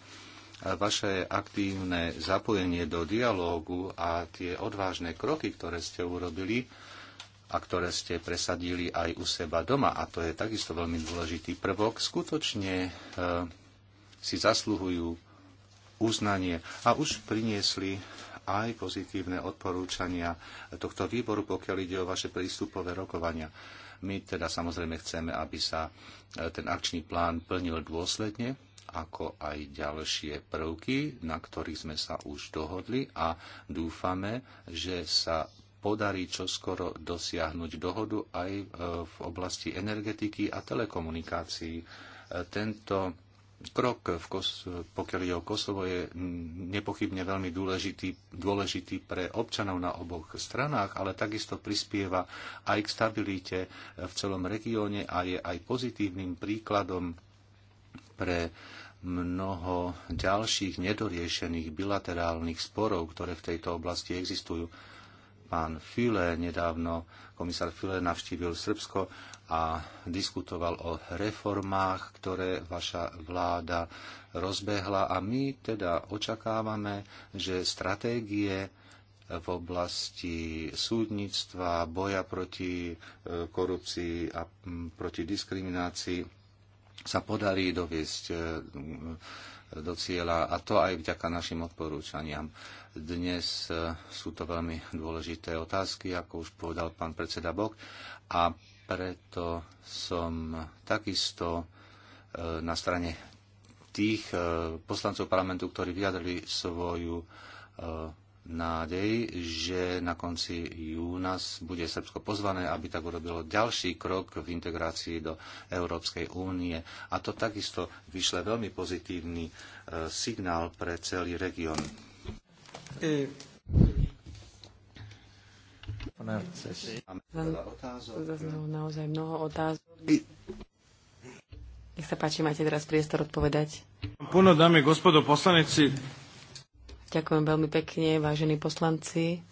vaše aktívne zapojenie do dialógu a tie odvážne kroky, ktoré ste urobili a ktoré ste presadili aj u seba doma. A to je takisto veľmi dôležitý prvok. Skutočne e, si zasluhujú uznanie a už priniesli aj pozitívne odporúčania tohto výboru, pokiaľ ide o vaše prístupové rokovania. My teda samozrejme chceme, aby sa e, ten akčný plán plnil dôsledne, ako aj ďalšie prvky, na ktorých sme sa už dohodli a dúfame, že sa podarí čoskoro dosiahnuť dohodu aj e, v oblasti energetiky a telekomunikácií. E, tento krok, v Kos- pokiaľ ide o Kosovo, je nepochybne veľmi dôležitý, dôležitý pre občanov na oboch stranách, ale takisto prispieva aj k stabilite v celom regióne a je aj pozitívnym príkladom pre mnoho ďalších nedoriešených bilaterálnych sporov, ktoré v tejto oblasti existujú. Pán File nedávno, komisár File navštívil Srbsko a diskutoval o reformách, ktoré vaša vláda rozbehla a my teda očakávame, že stratégie v oblasti súdnictva, boja proti e, korupcii a proti diskriminácii sa podarí doviesť e, do cieľa a to aj vďaka našim odporúčaniam. Dnes e, sú to veľmi dôležité otázky, ako už povedal pán predseda Bok a preto som takisto e, na strane tých e, poslancov parlamentu, ktorí vyjadrili svoju e, nádej, že na konci júna bude Srbsko pozvané, aby tak urobilo ďalší krok v integrácii do Európskej únie. A to takisto vyšle veľmi pozitívny signál pre celý región. Zaznelo naozaj mnoho otázok. Nech sa páči, máte teraz priestor odpovedať. Puno dámy, gospodo poslanici. Ďakujem veľmi pekne, vážení poslanci.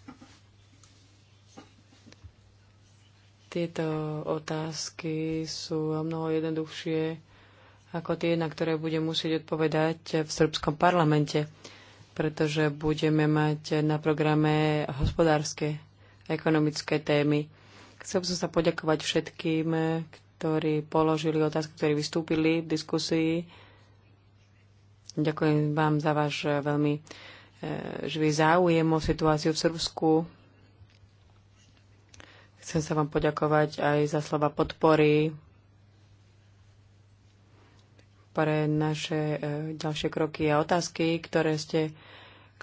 Tieto otázky sú o mnoho jednoduchšie ako tie, na ktoré budem musieť odpovedať v srbskom parlamente, pretože budeme mať na programe hospodárske ekonomické témy. Chcel som sa poďakovať všetkým, ktorí položili otázky, ktorí vystúpili v diskusii. Ďakujem vám za váš eh, veľmi eh, živý záujem o situáciu v Srbsku. Chcem sa vám poďakovať aj za slova podpory pre naše eh, ďalšie kroky a otázky, ktoré ste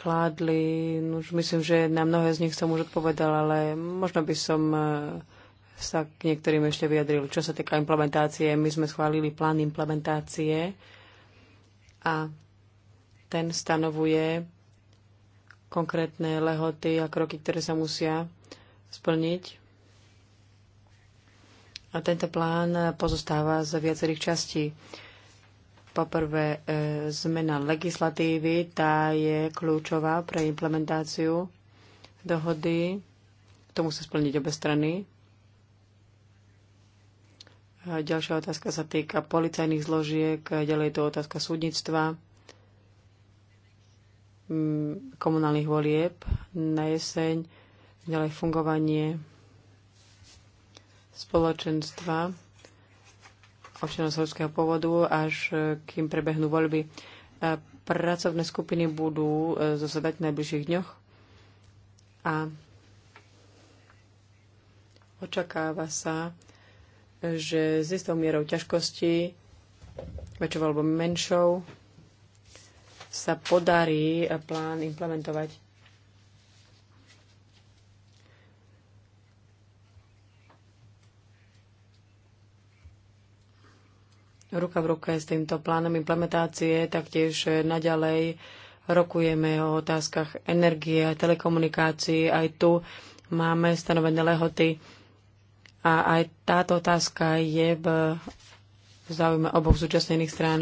kládli. No, už myslím, že na mnohé z nich som už odpovedal, ale možno by som e, sa k niektorým ešte vyjadril. Čo sa týka implementácie, my sme schválili plán implementácie a ten stanovuje konkrétne lehoty a kroky, ktoré sa musia splniť. A tento plán pozostáva z viacerých častí. Poprvé, e, zmena legislatívy, tá je kľúčová pre implementáciu dohody. To musí splniť obe strany. A ďalšia otázka sa týka policajných zložiek, ďalej je to otázka súdnictva, mm, komunálnych volieb na jeseň, ďalej fungovanie spoločenstva občanov povodu, pôvodu, až e, kým prebehnú voľby. E, pracovné skupiny budú e, zasadať v najbližších dňoch a očakáva sa, že s istou mierou ťažkosti, väčšou alebo menšou, sa podarí plán implementovať ruka v ruke s týmto plánom implementácie, taktiež naďalej rokujeme o otázkach energie a telekomunikácií. Aj tu máme stanovené lehoty a aj táto otázka je v záujme oboch zúčastnených strán.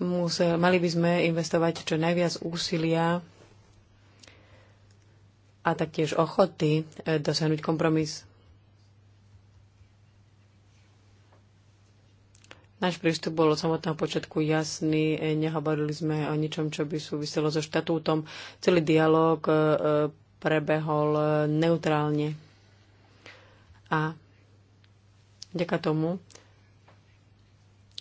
Musel, mali by sme investovať čo najviac úsilia a taktiež ochoty eh, dosiahnuť kompromis. Náš prístup bol od samotného počiatku jasný, e, nehovorili sme o ničom, čo by súviselo so štatútom. Celý dialog e, e, prebehol neutrálne. A ďaká tomu,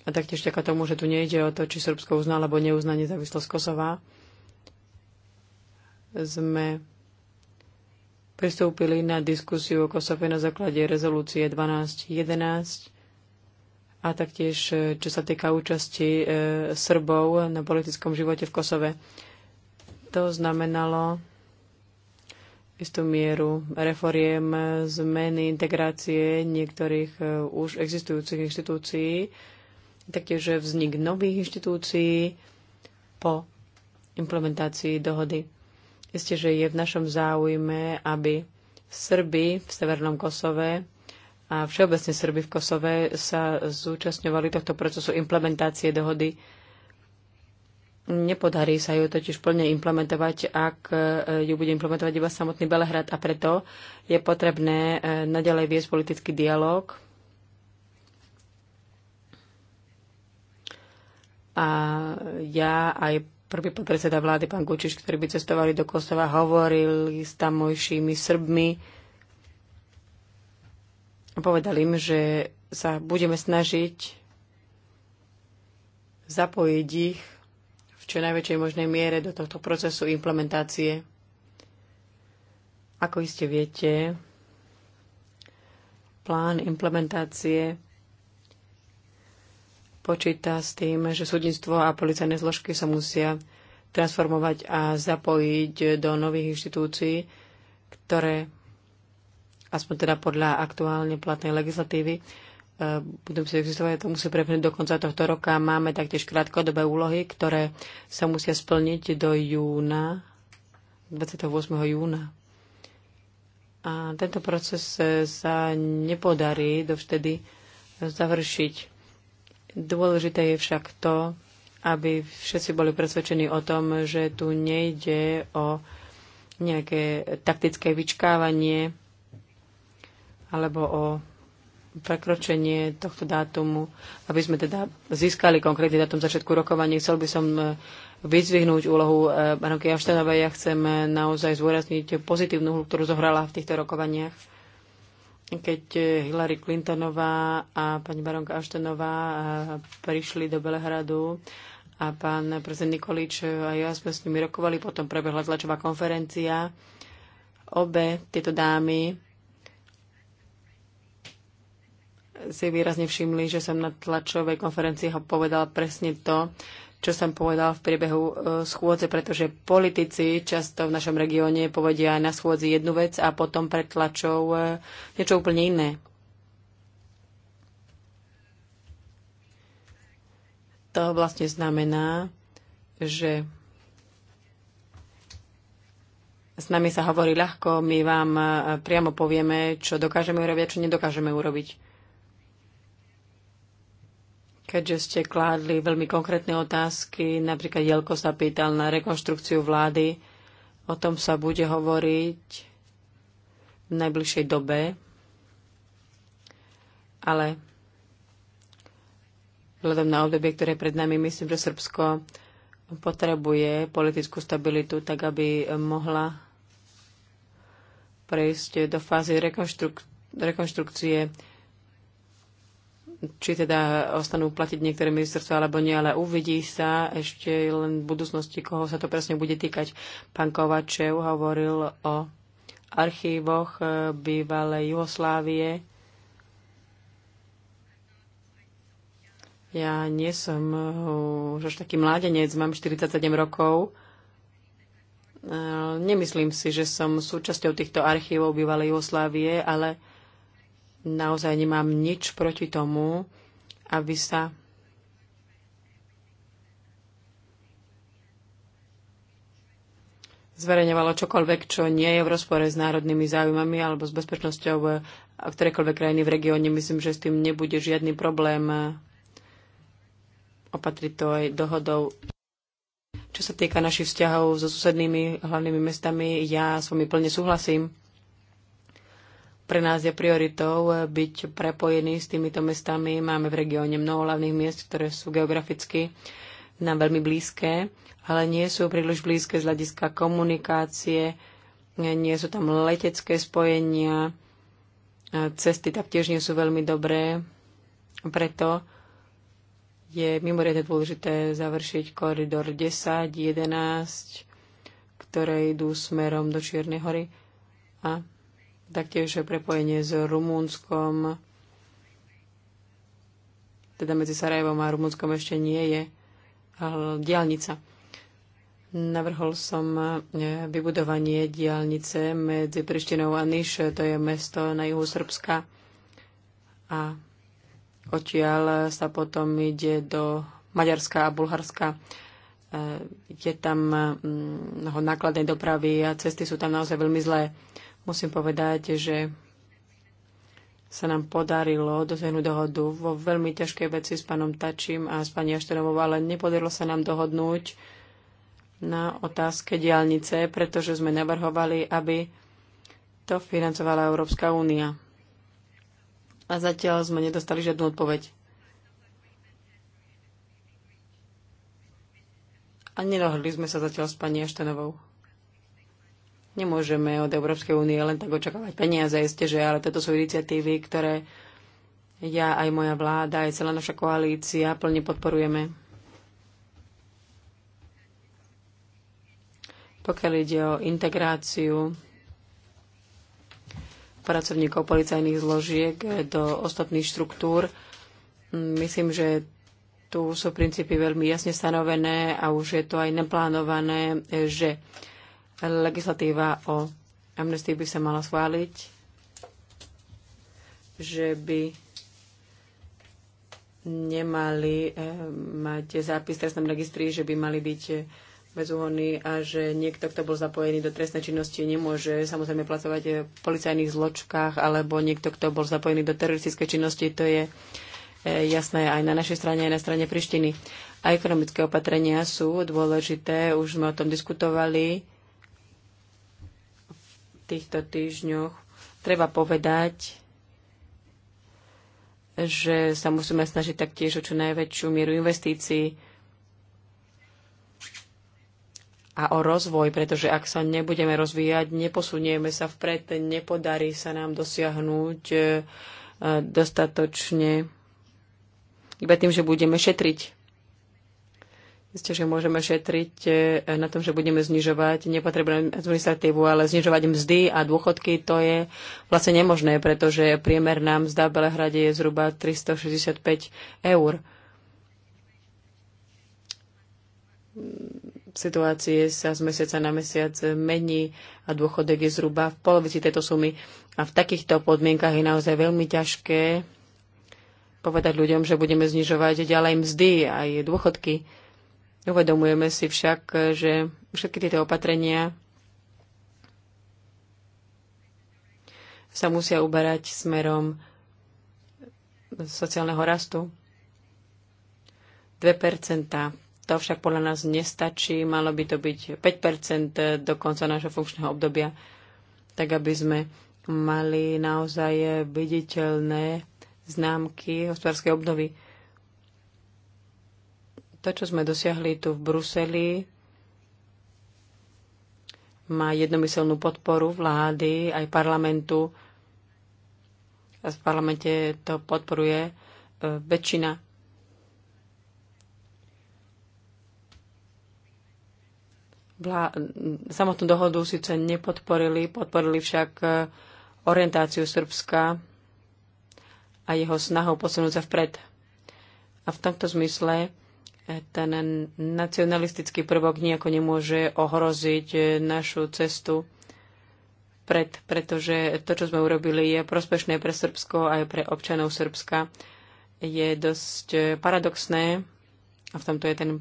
a taktiež vďaka tomu, že tu nejde o to, či Srbsko uzná alebo neuzná nezávislosť Kosova, sme pristúpili na diskusiu o Kosove na základe rezolúcie 12.11 a taktiež e, čo sa týka účasti e, Srbov na politickom živote v Kosove. To znamenalo istú mieru reforiem, zmeny, integrácie niektorých e, už existujúcich inštitúcií, taktiež vznik nových inštitúcií po implementácii dohody. Isté, že je v našom záujme, aby Srby v Severnom Kosove a všeobecne Srby v Kosove sa zúčastňovali tohto procesu implementácie dohody. Nepodarí sa ju totiž plne implementovať, ak e, ju bude implementovať iba samotný Belehrad a preto je potrebné e, nadalej viesť politický dialog a ja aj prvý podpredseda vlády, pán Gučiš, ktorý by cestovali do Kosova, hovorili s tamojšími Srbmi, povedal im, že sa budeme snažiť zapojiť ich v čo najväčšej možnej miere do tohto procesu implementácie. Ako iste viete, plán implementácie počíta s tým, že súdnictvo a policajné zložky sa musia transformovať a zapojiť do nových inštitúcií, ktoré aspoň teda podľa aktuálne platnej legislatívy, e, budú si existovať, to musí prebehnúť do konca tohto roka. Máme taktiež krátkodobé úlohy, ktoré sa musia splniť do júna, 28. júna. A tento proces sa nepodarí dovtedy završiť. Dôležité je však to, aby všetci boli presvedčení o tom, že tu nejde o nejaké taktické vyčkávanie, alebo o prekročenie tohto dátumu, aby sme teda získali konkrétny dátum začiatku rokovania. Chcel by som e, vyzvihnúť úlohu e, baronky Aštenovej. Ja chcem e, naozaj zdôrazniť pozitívnu úlohu, ktorú zohrala v týchto rokovaniach. Keď Hillary Clintonová a pani baronka Aštenová prišli do Belehradu a pán prezident Nikolič a ja sme s nimi rokovali, potom prebehla tlačová konferencia. Obe tieto dámy si výrazne všimli, že som na tlačovej konferencii ho povedal presne to, čo som povedal v priebehu e, schôdze, pretože politici často v našom regióne povedia na schôdzi jednu vec a potom pred tlačou e, niečo úplne iné. To vlastne znamená, že s nami sa hovorí ľahko, my vám e, priamo povieme, čo dokážeme urobiť a čo nedokážeme urobiť keďže ste kládli veľmi konkrétne otázky, napríklad Jelko sa pýtal na rekonštrukciu vlády, o tom sa bude hovoriť v najbližšej dobe, ale vzhľadom na obdobie, ktoré je pred nami, myslím, že Srbsko potrebuje politickú stabilitu, tak aby mohla prejsť do fázy rekonštruk- rekonštrukcie či teda ostanú platiť niektoré ministerstva alebo nie, ale uvidí sa ešte len v budúcnosti, koho sa to presne bude týkať. Pán Kovačev hovoril o archívoch e, bývalej Jugoslávie. Ja nie som e, už až taký mládenec, mám 47 rokov. E, nemyslím si, že som súčasťou týchto archívov bývalej Jugoslávie, ale naozaj nemám nič proti tomu, aby sa zverejňovalo čokoľvek, čo nie je v rozpore s národnými záujmami alebo s bezpečnosťou v eh, ktorejkoľvek krajiny v regióne. Myslím, že s tým nebude žiadny problém eh, opatriť to aj dohodou. Čo sa týka našich vzťahov so susednými hlavnými mestami, ja s vami plne súhlasím. Pre nás je prioritou eh, byť prepojený s týmito mestami. Máme v regióne mnoho hlavných miest, ktoré sú geograficky nám veľmi blízke, ale nie sú príliš blízke z hľadiska komunikácie, eh, nie sú tam letecké spojenia, eh, cesty taktiež nie sú veľmi dobré. Preto je mimoriadne dôležité završiť koridor 10, 11, ktoré idú smerom do Čiernej hory a taktiež prepojenie s Rumúnskom, teda medzi Sarajevom a Rumúnskom ešte nie je eh, diálnica. Navrhol som eh, vybudovanie diálnice medzi Prištinou a Niš, to je mesto na juhu Srbska. A odtiaľ sa potom ide do Maďarska a Bulharska. Eh, je tam mnoho mm, nákladnej dopravy a cesty sú tam naozaj veľmi zlé. Musím povedať, že sa nám podarilo dosiahnuť dohodu vo veľmi ťažkej veci s pánom Tačím a s pani Ašterovou, ale nepodarilo sa nám dohodnúť na otázke diálnice, pretože sme navrhovali, aby to financovala Európska únia. A zatiaľ sme nedostali žiadnu odpoveď. A nedohodli sme sa zatiaľ s pani Aštenovou. Nemôžeme od Európskej únie len tak očakávať peniaze, ste, že, ale toto sú iniciatívy, ktoré ja, aj moja vláda, aj celá naša koalícia plne podporujeme. Pokiaľ ide o integráciu pracovníkov policajných zložiek do ostatných štruktúr, myslím, že tu sú princípy veľmi jasne stanovené a už je to aj neplánované, že legislatíva o amnestii by sa mala schváliť, že by nemali eh, mať zápis v trestnom registri, že by mali byť eh, bezúhonní a že niekto, kto bol zapojený do trestnej činnosti, nemôže samozrejme pracovať eh, v policajných zločkách alebo niekto, kto bol zapojený do teroristickej činnosti, to je jasné aj na našej strane, aj na strane Prištiny. A ekonomické opatrenia sú dôležité, už sme o tom diskutovali týchto týždňoch treba povedať, že sa musíme snažiť taktiež o čo najväčšiu mieru investícií a o rozvoj, pretože ak sa nebudeme rozvíjať, neposunieme sa vpred, nepodarí sa nám dosiahnuť eh, dostatočne iba tým, že budeme šetriť. Isté, že môžeme šetriť e, na tom, že budeme znižovať nepotrebnú administratívu, ale znižovať mzdy a dôchodky, to je vlastne nemožné, pretože priemer nám zda v Belehrade je zhruba 365 eur. Situácie sa z mesiaca na mesiac mení a dôchodek je zhruba v polovici tejto sumy. A v takýchto podmienkach je naozaj veľmi ťažké povedať ľuďom, že budeme znižovať ďalej mzdy a aj dôchodky Uvedomujeme si však, že všetky tieto opatrenia sa musia uberať smerom sociálneho rastu. 2 To však podľa nás nestačí, malo by to byť 5 do konca nášho funkčného obdobia, tak aby sme mali naozaj viditeľné známky hospodárskej obnovy. To, čo sme dosiahli tu v Bruseli, má jednomyselnú podporu vlády aj parlamentu. A v parlamente to podporuje e, väčšina. Vlá- samotnú dohodu síce nepodporili, podporili však e, orientáciu Srbska a jeho snahou posunúť sa vpred. A v tomto zmysle ten nacionalistický prvok nejako nemôže ohroziť eh, našu cestu pred, pretože to, čo sme urobili, je prospešné pre Srbsko aj pre občanov Srbska. Je dosť eh, paradoxné, a v tomto je ten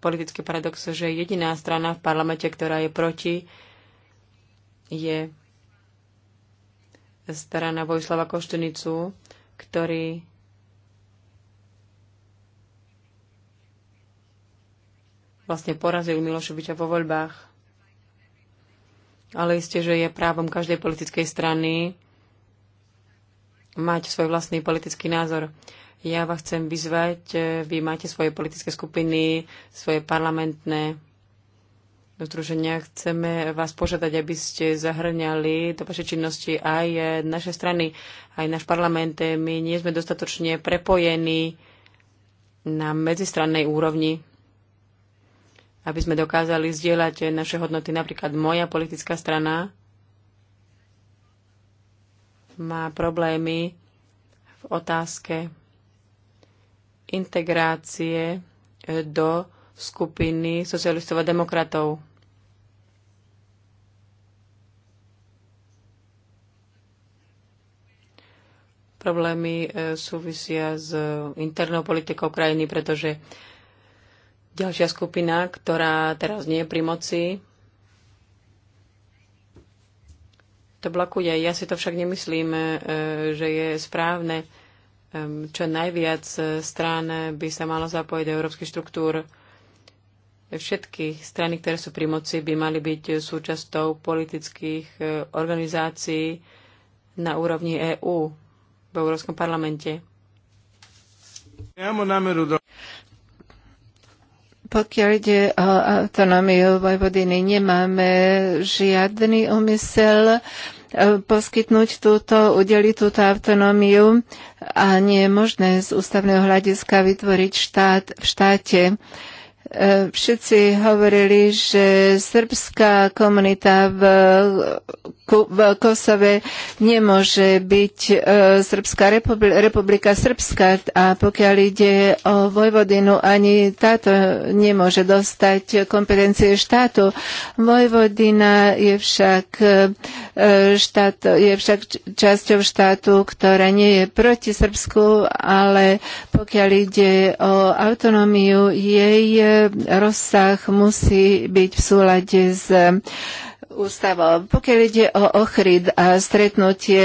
politický paradox, že jediná strana v parlamente, ktorá je proti, je strana Vojslava Koštenicu, ktorý vlastne porazil Miloševiča vo voľbách. Ale isté, že je právom každej politickej strany mať svoj vlastný politický názor. Ja vás chcem vyzvať, e, vy máte svoje politické skupiny, svoje parlamentné združenia. Chceme vás požiadať, aby ste zahrňali do vašej činnosti aj e, naše strany, aj náš parlament. E, my nie sme dostatočne prepojení na medzistrannej úrovni aby sme dokázali zdieľať naše hodnoty. Napríklad moja politická strana má problémy v otázke integrácie e, do skupiny socialistov a demokratov. Problémy e, súvisia s internou politikou krajiny, pretože Ďalšia skupina, ktorá teraz nie je pri moci, to blokuje. Ja si to však nemyslím, e, že je správne. E, čo najviac strán by sa malo zapojiť do európskych štruktúr. Všetky strany, ktoré sú pri moci, by mali byť súčasťou politických e, organizácií na úrovni EÚ v Európskom parlamente. Pokiaľ ide o autonómiu Vojvodiny, nemáme žiadny úmysel e, poskytnúť túto, udeliť túto autonómiu a nie je možné z ústavného hľadiska vytvoriť štát v štáte. E, všetci hovorili, že srbská komunita v, v Kosove nemôže byť e, Srbská republika, republika Srbská a pokiaľ ide o Vojvodinu, ani táto nemôže dostať kompetencie štátu. Vojvodina je však, e, štát, je však časťou štátu, ktorá nie je proti Srbsku, ale pokiaľ ide o autonómiu jej rozsah musí byť v súlade s eh, ústavou. Pokiaľ ide o Ochrid a stretnutie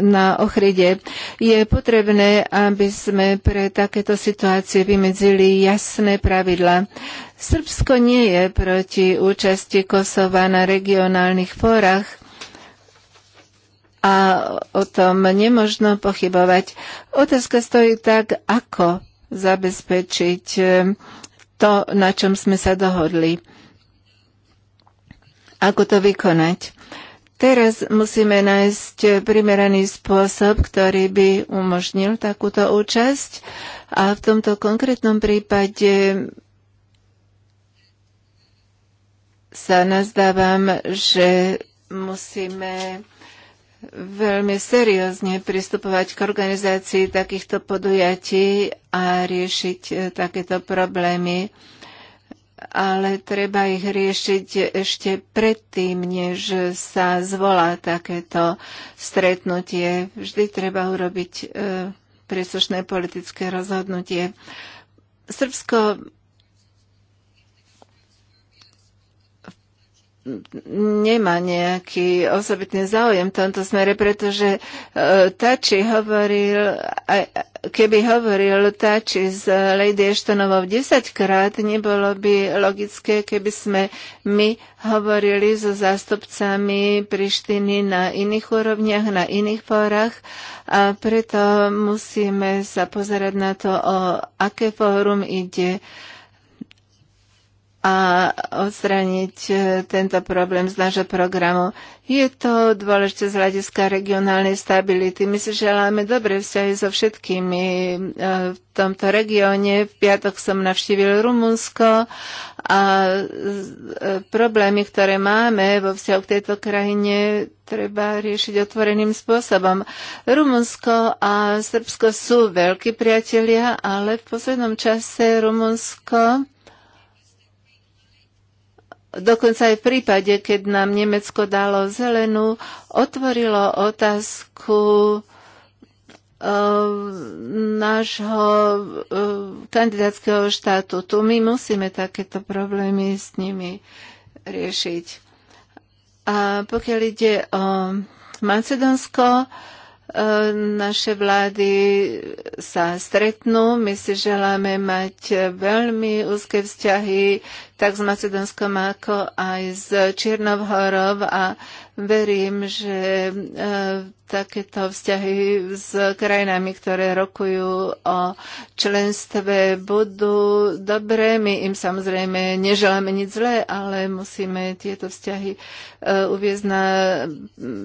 na Ochride, je potrebné, aby sme pre takéto situácie vymedzili jasné pravidla. Srbsko nie je proti účasti Kosova na regionálnych fórach a o tom nemožno pochybovať. Otázka stojí tak, ako zabezpečiť to, na čom sme sa dohodli. Ako to vykonať? Teraz musíme nájsť primeraný spôsob, ktorý by umožnil takúto účasť a v tomto konkrétnom prípade sa nazdávam, že musíme veľmi seriózne pristupovať k organizácii takýchto podujatí a riešiť e, takéto problémy, ale treba ich riešiť ešte predtým, než sa zvolá takéto stretnutie. Vždy treba urobiť e, príslušné politické rozhodnutie. Srbsko nemá nejaký osobitný záujem v tomto smere, pretože e, Tači hovoril, keby hovoril Tači s Lady Ashtonovou desaťkrát, nebolo by logické, keby sme my hovorili so zástupcami Prištiny na iných úrovniach, na iných fórach a preto musíme sa pozerať na to, o aké fórum ide a odstrániť e, tento problém z nášho programu. Je to dôležité z hľadiska regionálnej stability. My si želáme dobré vzťahy so všetkými e, v tomto regióne. V piatok som navštívil Rumunsko a e, problémy, ktoré máme vo vzťahu k tejto krajine, treba riešiť otvoreným spôsobom. Rumunsko a Srbsko sú veľkí priatelia, ale v poslednom čase Rumunsko dokonca aj v prípade, keď nám Nemecko dalo zelenú, otvorilo otázku eh, nášho eh, kandidátskeho štátu. Tu my musíme takéto problémy s nimi riešiť. A pokiaľ ide o Macedónsko, Eh, naše vlády sa stretnú. My si želáme mať veľmi úzke vzťahy tak s Macedónskom ako aj s Čiernou a Verím, že e, takéto vzťahy s krajinami, ktoré rokujú o členstve, budú dobré. My im samozrejme neželáme nič zlé, ale musíme tieto vzťahy e, uviezť na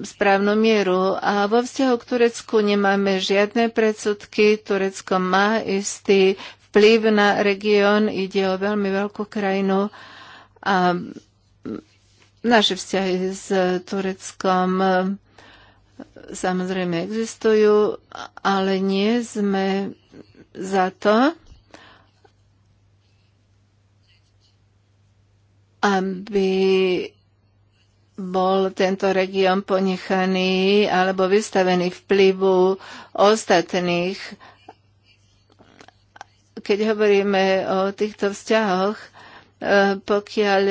správnu mieru. A vo vzťahu k Turecku nemáme žiadne predsudky. Turecko má istý vplyv na región. Ide o veľmi veľkú krajinu a naše vzťahy s Tureckom e, samozrejme existujú, ale nie sme za to, aby bol tento región ponechaný alebo vystavený vplyvu ostatných. Keď hovoríme o týchto vzťahoch, Eh, pokiaľ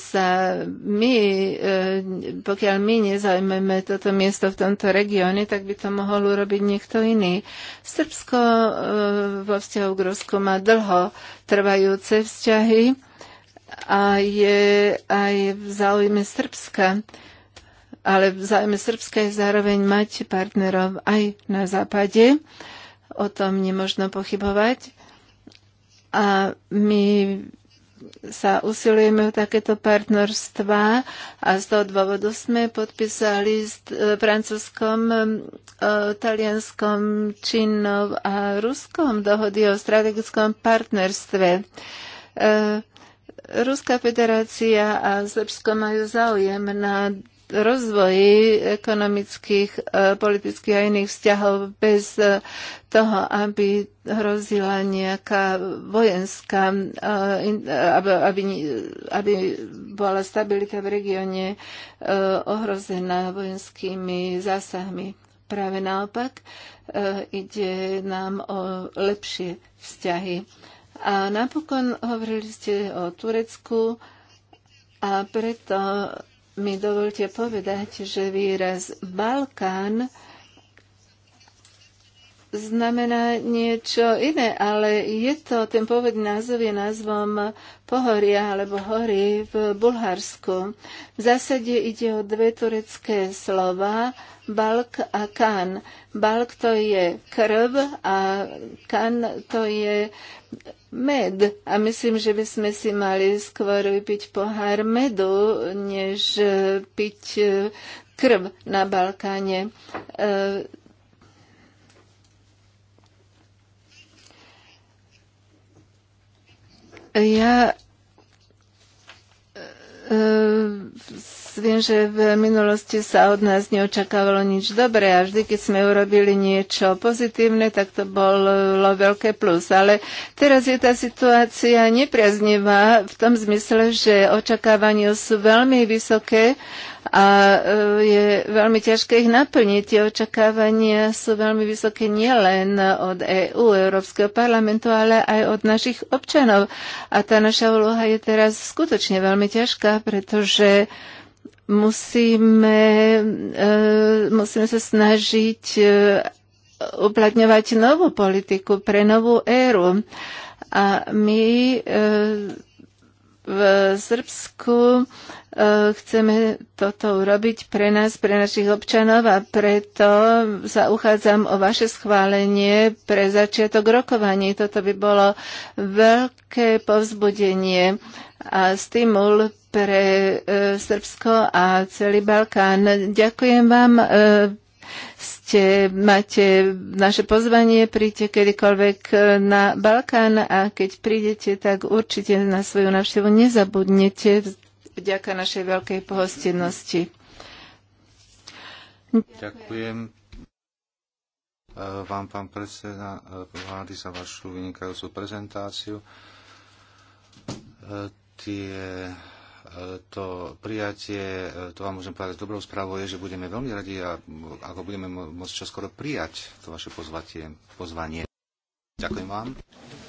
sa my, eh, pokiaľ my nezaujmeme toto miesto v tomto regióne, tak by to mohol urobiť niekto iný. Srbsko eh, vo vzťahu k Rusku má dlho trvajúce vzťahy a je aj v záujme Srbska, ale v záujme Srbska je zároveň mať partnerov aj na západe. O tom nemožno pochybovať. A my sa usilujeme o takéto partnerstva a z toho dôvodu sme podpísali s e, francúzskom, e, talianskom, činnom a ruskom dohody o strategickom partnerstve. E, Ruská federácia a Srbsko majú záujem na rozvoji ekonomických, e, politických a iných vzťahov bez e, toho, aby hrozila nejaká vojenská, e, aby, aby bola stabilita v regióne ohrozená vojenskými zásahmi. Práve naopak, ide nám o lepšie vzťahy. A napokon hovorili ste o Turecku a preto mi dovolte povedať, že výraz Balkán znamená niečo iné, ale je to, ten pôvod názov je názvom Pohoria alebo hory v Bulharsku. V zásade ide o dve turecké slova, Balk a Kan. Balk to je krv a Kan to je med. A myslím, že by sme si mali skôr vypiť pohár medu, než piť krv na Balkáne. E, Ja e, e, viem, že v minulosti sa od nás neočakávalo nič dobré a vždy, keď sme urobili niečo pozitívne, tak to bolo veľké plus. Ale teraz je tá situácia nepriaznivá v tom zmysle, že očakávania sú veľmi vysoké a e, je veľmi ťažké ich naplniť. Tie očakávania sú veľmi vysoké nielen od EÚ, EU, Európskeho parlamentu, ale aj od našich občanov. A tá naša úloha je teraz skutočne veľmi ťažká, pretože musíme, e, musíme sa snažiť e, uplatňovať novú politiku pre novú éru. A my v Srbsku E, chceme toto urobiť pre nás, pre našich občanov a preto sa uchádzam o vaše schválenie pre začiatok rokovaní. Toto by bolo veľké povzbudenie a stimul pre e, Srbsko a celý Balkán. Ďakujem vám e, ste, máte naše pozvanie, príďte kedykoľvek na Balkán a keď prídete, tak určite na svoju návštevu nezabudnete vďaka našej veľkej pohostinnosti. Ďakujem e, vám, pán predseda e, vlády, za vašu vynikajúcu prezentáciu. E, tie to prijatie, to vám môžem povedať, dobrou správou je, že budeme veľmi radi, a, ako budeme môcť čoskoro prijať to vaše pozvatie, pozvanie. Ďakujem vám.